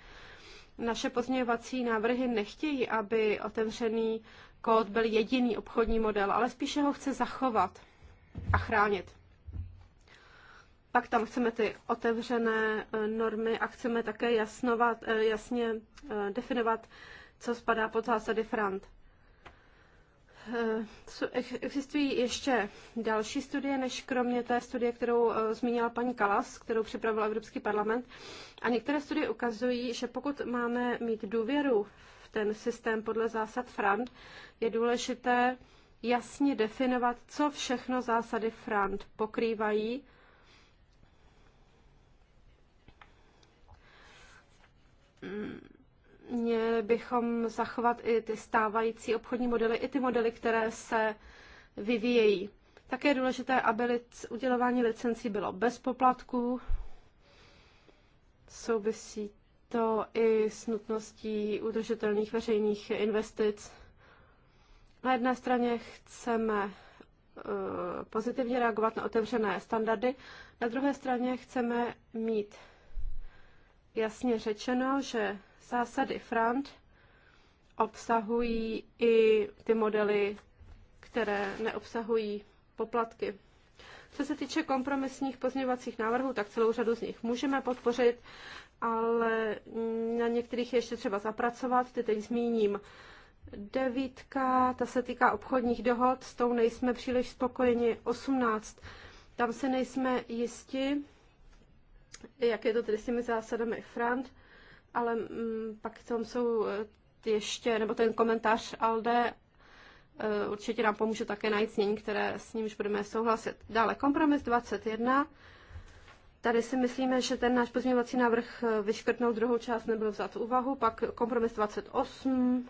Naše pozměňovací návrhy nechtějí, aby otevřený kód byl jediný obchodní model, ale spíše ho chce zachovat a chránit. Pak tam chceme ty otevřené eh, normy a chceme také jasnovat, eh, jasně eh, definovat, co spadá pod zásady FRANT. Eh, existují ještě další studie, než kromě té studie, kterou eh, zmínila paní Kalas, kterou připravil Evropský parlament. A některé studie ukazují, že pokud máme mít důvěru v ten systém podle zásad FRAND, je důležité jasně definovat, co všechno zásady FRAND pokrývají. Hmm měli bychom zachovat i ty stávající obchodní modely, i ty modely, které se vyvíjejí. Také je důležité, aby lic, udělování licencí bylo bez poplatků. Souvisí to i s nutností udržitelných veřejných investic. Na jedné straně chceme eh, pozitivně reagovat na otevřené standardy, na druhé straně chceme mít jasně řečeno, že Zásady front obsahují i ty modely, které neobsahují poplatky. Co se týče kompromisních pozměňovacích návrhů, tak celou řadu z nich můžeme podpořit, ale na některých je ještě třeba zapracovat, ty teď zmíním. Devítka, ta se týká obchodních dohod, s tou nejsme příliš spokojeni. 18, tam se nejsme jisti, jak je to tedy s těmi zásadami Frant ale m, mm, pak tam jsou eh, ještě, nebo ten komentář Alde eh, určitě nám pomůže také najít snění, které s ním už budeme souhlasit. Dále kompromis 21. Tady si myslíme, že ten náš pozměňovací návrh eh, vyškrtnout druhou část nebyl vzat v úvahu. Pak kompromis 28.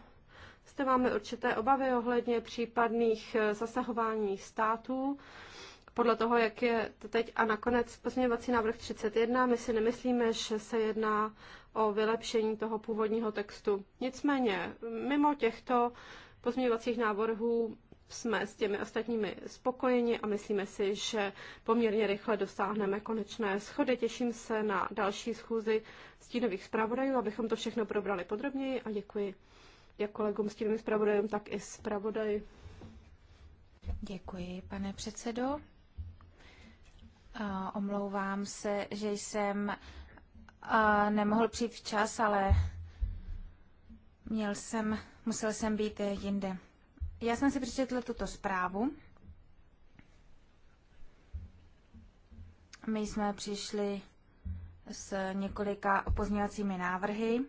Zde máme určité obavy ohledně případných zasahování států podle toho, jak je to teď. A nakonec pozměňovací návrh 31. My si nemyslíme, že se jedná o vylepšení toho původního textu. Nicméně, mimo těchto pozměňovacích návrhů jsme s těmi ostatními spokojeni a myslíme si, že poměrně rychle dosáhneme konečné schody. Těším se na další schůzi stínových zpravodajů, abychom to všechno probrali podrobněji a děkuji jak kolegům stínovým zpravodajům, tak i zpravodaj. Děkuji, pane předsedo. Omlouvám se, že jsem nemohl přijít včas, ale měl jsem, musel jsem být jinde. Já jsem si přečetl tuto zprávu. My jsme přišli s několika pozměňovacími návrhy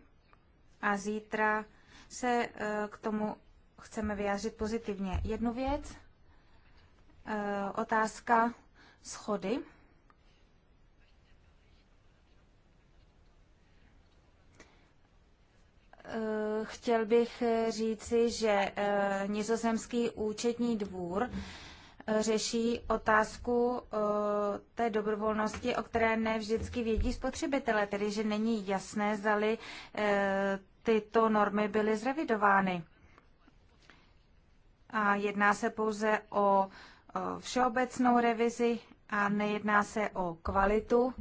a zítra se e, k tomu chceme vyjádřit pozitivně. Jednu věc, e, otázka schody. Eh, chtěl bych eh, říci, že eh, nizozemský účetní dvůr řeší otázku té dobrovolnosti, o které ne vždycky vědí spotřebitele, tedy že není jasné, zdali tyto normy byly zrevidovány. A jedná se pouze o všeobecnou revizi a nejedná se o kvalitu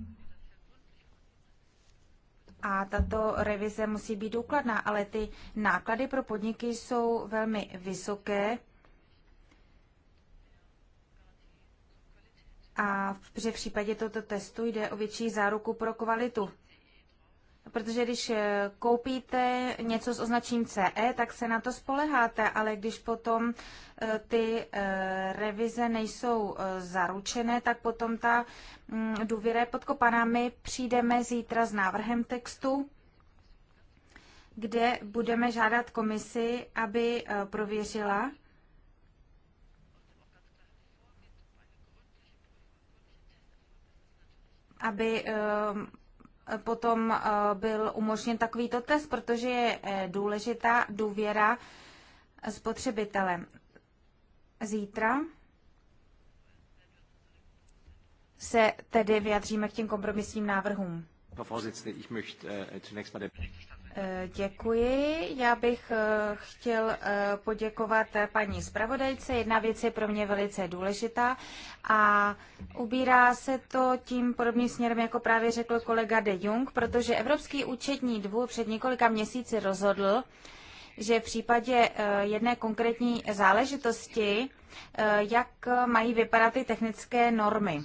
a tato revize musí být důkladná, ale ty náklady pro podniky jsou velmi vysoké. A v případě tohoto testu jde o větší záruku pro kvalitu. Protože když eh, koupíte něco s označením CE, tak se na to spoleháte, ale když potom eh, ty eh, revize nejsou zaručené, tak potom ta mm, důvěra je podkopaná. My přijdeme zítra s návrhem textu, kde budeme žádat komisi, aby prověřila, aby potom eh, byl umožněn takovýto test, protože je eh, důležitá důvěra spotřebitele. Zítra se tedy vyjadříme k těm kompromisním návrhům. Eh, děkuji. Já bych eh, chtěl eh, poděkovat paní zpravodajce. Jedna věc je pro mě velice důležitá a ubírá se to tím podobným směrem, jako právě řekl kolega de Jung, protože Evropský účetní dvůr před několika měsíci rozhodl, že v případě jedné konkrétní záležitosti, jak mají vypadat ty technické normy.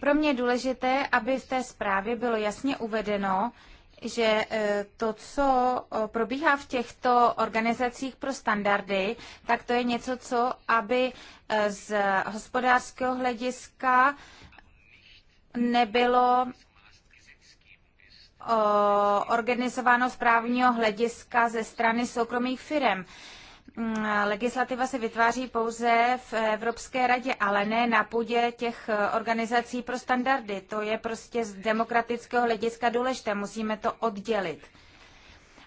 Pro mě je důležité, aby v té zprávě bylo jasně uvedeno, že e, to, co e, probíhá v těchto organizacích pro standardy, tak to je něco, co aby e, z hospodářského hlediska nebylo organizováno z právního hlediska ze strany soukromých firm. Mm, legislativa se vytváří pouze v Evropské radě, ale ne na půdě těch eh, organizací pro standardy. To je prostě z demokratického hlediska důležité. Musíme to oddělit.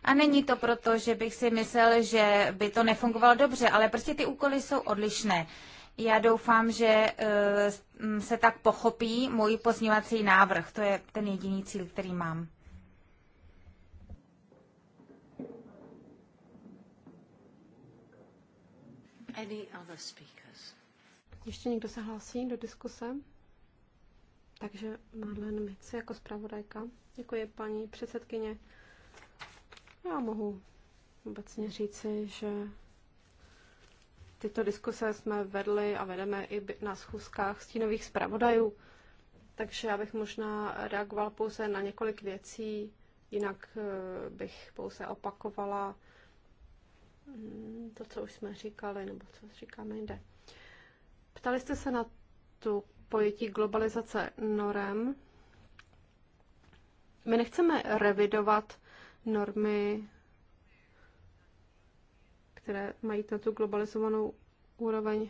A není to proto, že bych si myslel, že by to nefungovalo dobře, ale prostě ty úkoly jsou odlišné. Já doufám, že eh, se tak pochopí můj pozměňovací návrh. To je ten jediný cíl, který mám. Any other speakers? Ještě někdo se hlásí do diskuse? Takže Marlene Mic jako zpravodajka. Děkuji paní předsedkyně. Já mohu obecně říci, že tyto diskuse jsme vedli a vedeme i na schůzkách stínových zpravodajů. Takže já bych možná reagoval pouze na několik věcí, jinak eh, bych pouze opakovala Mm, to, co už jsme říkali, nebo co říkáme jinde. Ptali jste se na tu pojetí globalizace norem. My nechceme revidovat normy, které mají na tu globalizovanou úroveň.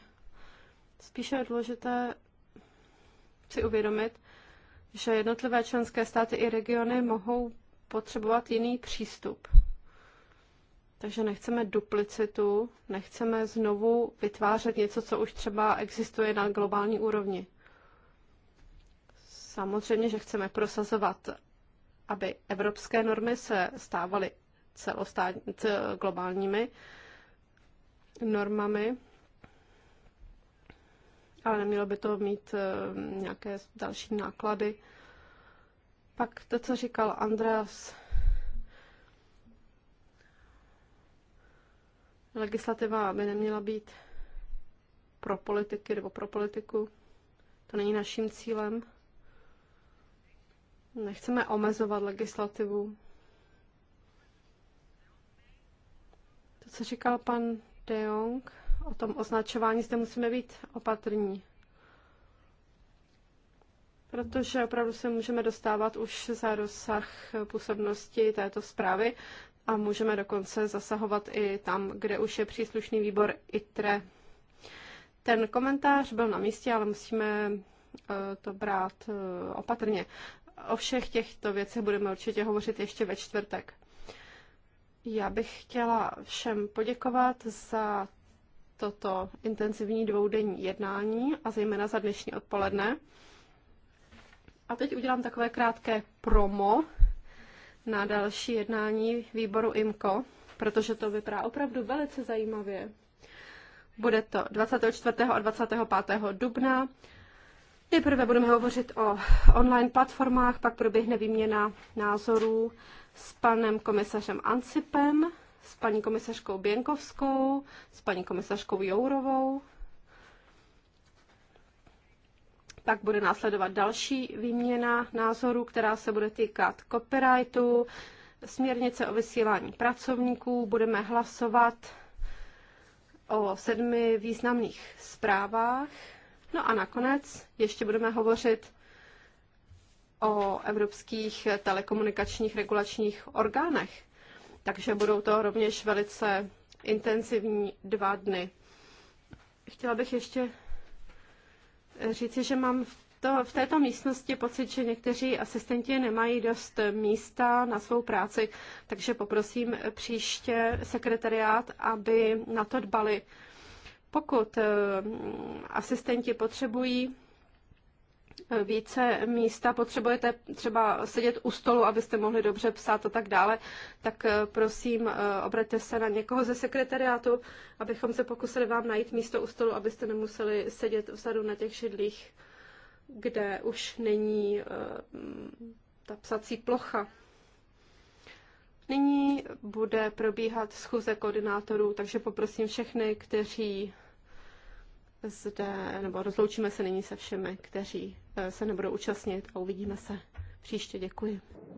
Spíše je důležité si uvědomit, že jednotlivé členské státy i regiony mohou potřebovat jiný přístup takže nechceme duplicitu, nechceme znovu vytvářet něco, co už třeba existuje na globální úrovni. Samozřejmě, že chceme prosazovat, aby evropské normy se stávaly globálními normami, ale nemělo by to mít e, nějaké další náklady. Pak to, co říkal Andreas Legislativa by neměla být pro politiky nebo pro politiku. To není naším cílem. Nechceme omezovat legislativu. To, co říkal pan De Jong o tom označování, zde musíme být opatrní. Protože opravdu se můžeme dostávat už za rozsah působnosti této zprávy a můžeme dokonce zasahovat i tam, kde už je příslušný výbor ITRE. Ten komentář byl na místě, ale musíme eh, to brát eh, opatrně. O všech těchto věcech budeme určitě hovořit ještě ve čtvrtek. Já bych chtěla všem poděkovat za toto intenzivní dvoudenní jednání a zejména za dnešní odpoledne. A teď udělám takové krátké promo na další jednání výboru IMCO, protože to vypadá opravdu velice zajímavě. Bude to 24. a 25. dubna. Nejprve budeme hovořit o online platformách, pak proběhne výměna názorů s panem komisařem Ancipem, s paní komisařkou Běnkovskou, s paní komisařkou Jourovou, Pak bude následovat další výměna názorů, která se bude týkat copyrightu, směrnice o vysílání pracovníků. Budeme hlasovat o sedmi významných zprávách. No a nakonec ještě budeme hovořit o evropských telekomunikačních regulačních orgánech. Takže budou to rovněž velice intenzivní dva dny. Chtěla bych ještě říci, že mám v, to, v této místnosti pocit, že někteří asistenti nemají dost místa na svou práci, takže poprosím příště sekretariát, aby na to dbali. Pokud eh, asistenti potřebují více místa, potřebujete třeba sedět u stolu, abyste mohli dobře psát a tak dále, tak eh, prosím, eh, obraťte se na někoho ze sekretariátu, abychom se pokusili vám najít místo u stolu, abyste nemuseli sedět vzadu na těch šidlích, kde už není eh, ta psací plocha. Nyní bude probíhat schůze koordinátorů, takže poprosím všechny, kteří zde, nebo rozloučíme se nyní se všemi, kteří eh, se nebudou účastnit a uvidíme se příště. Děkuji.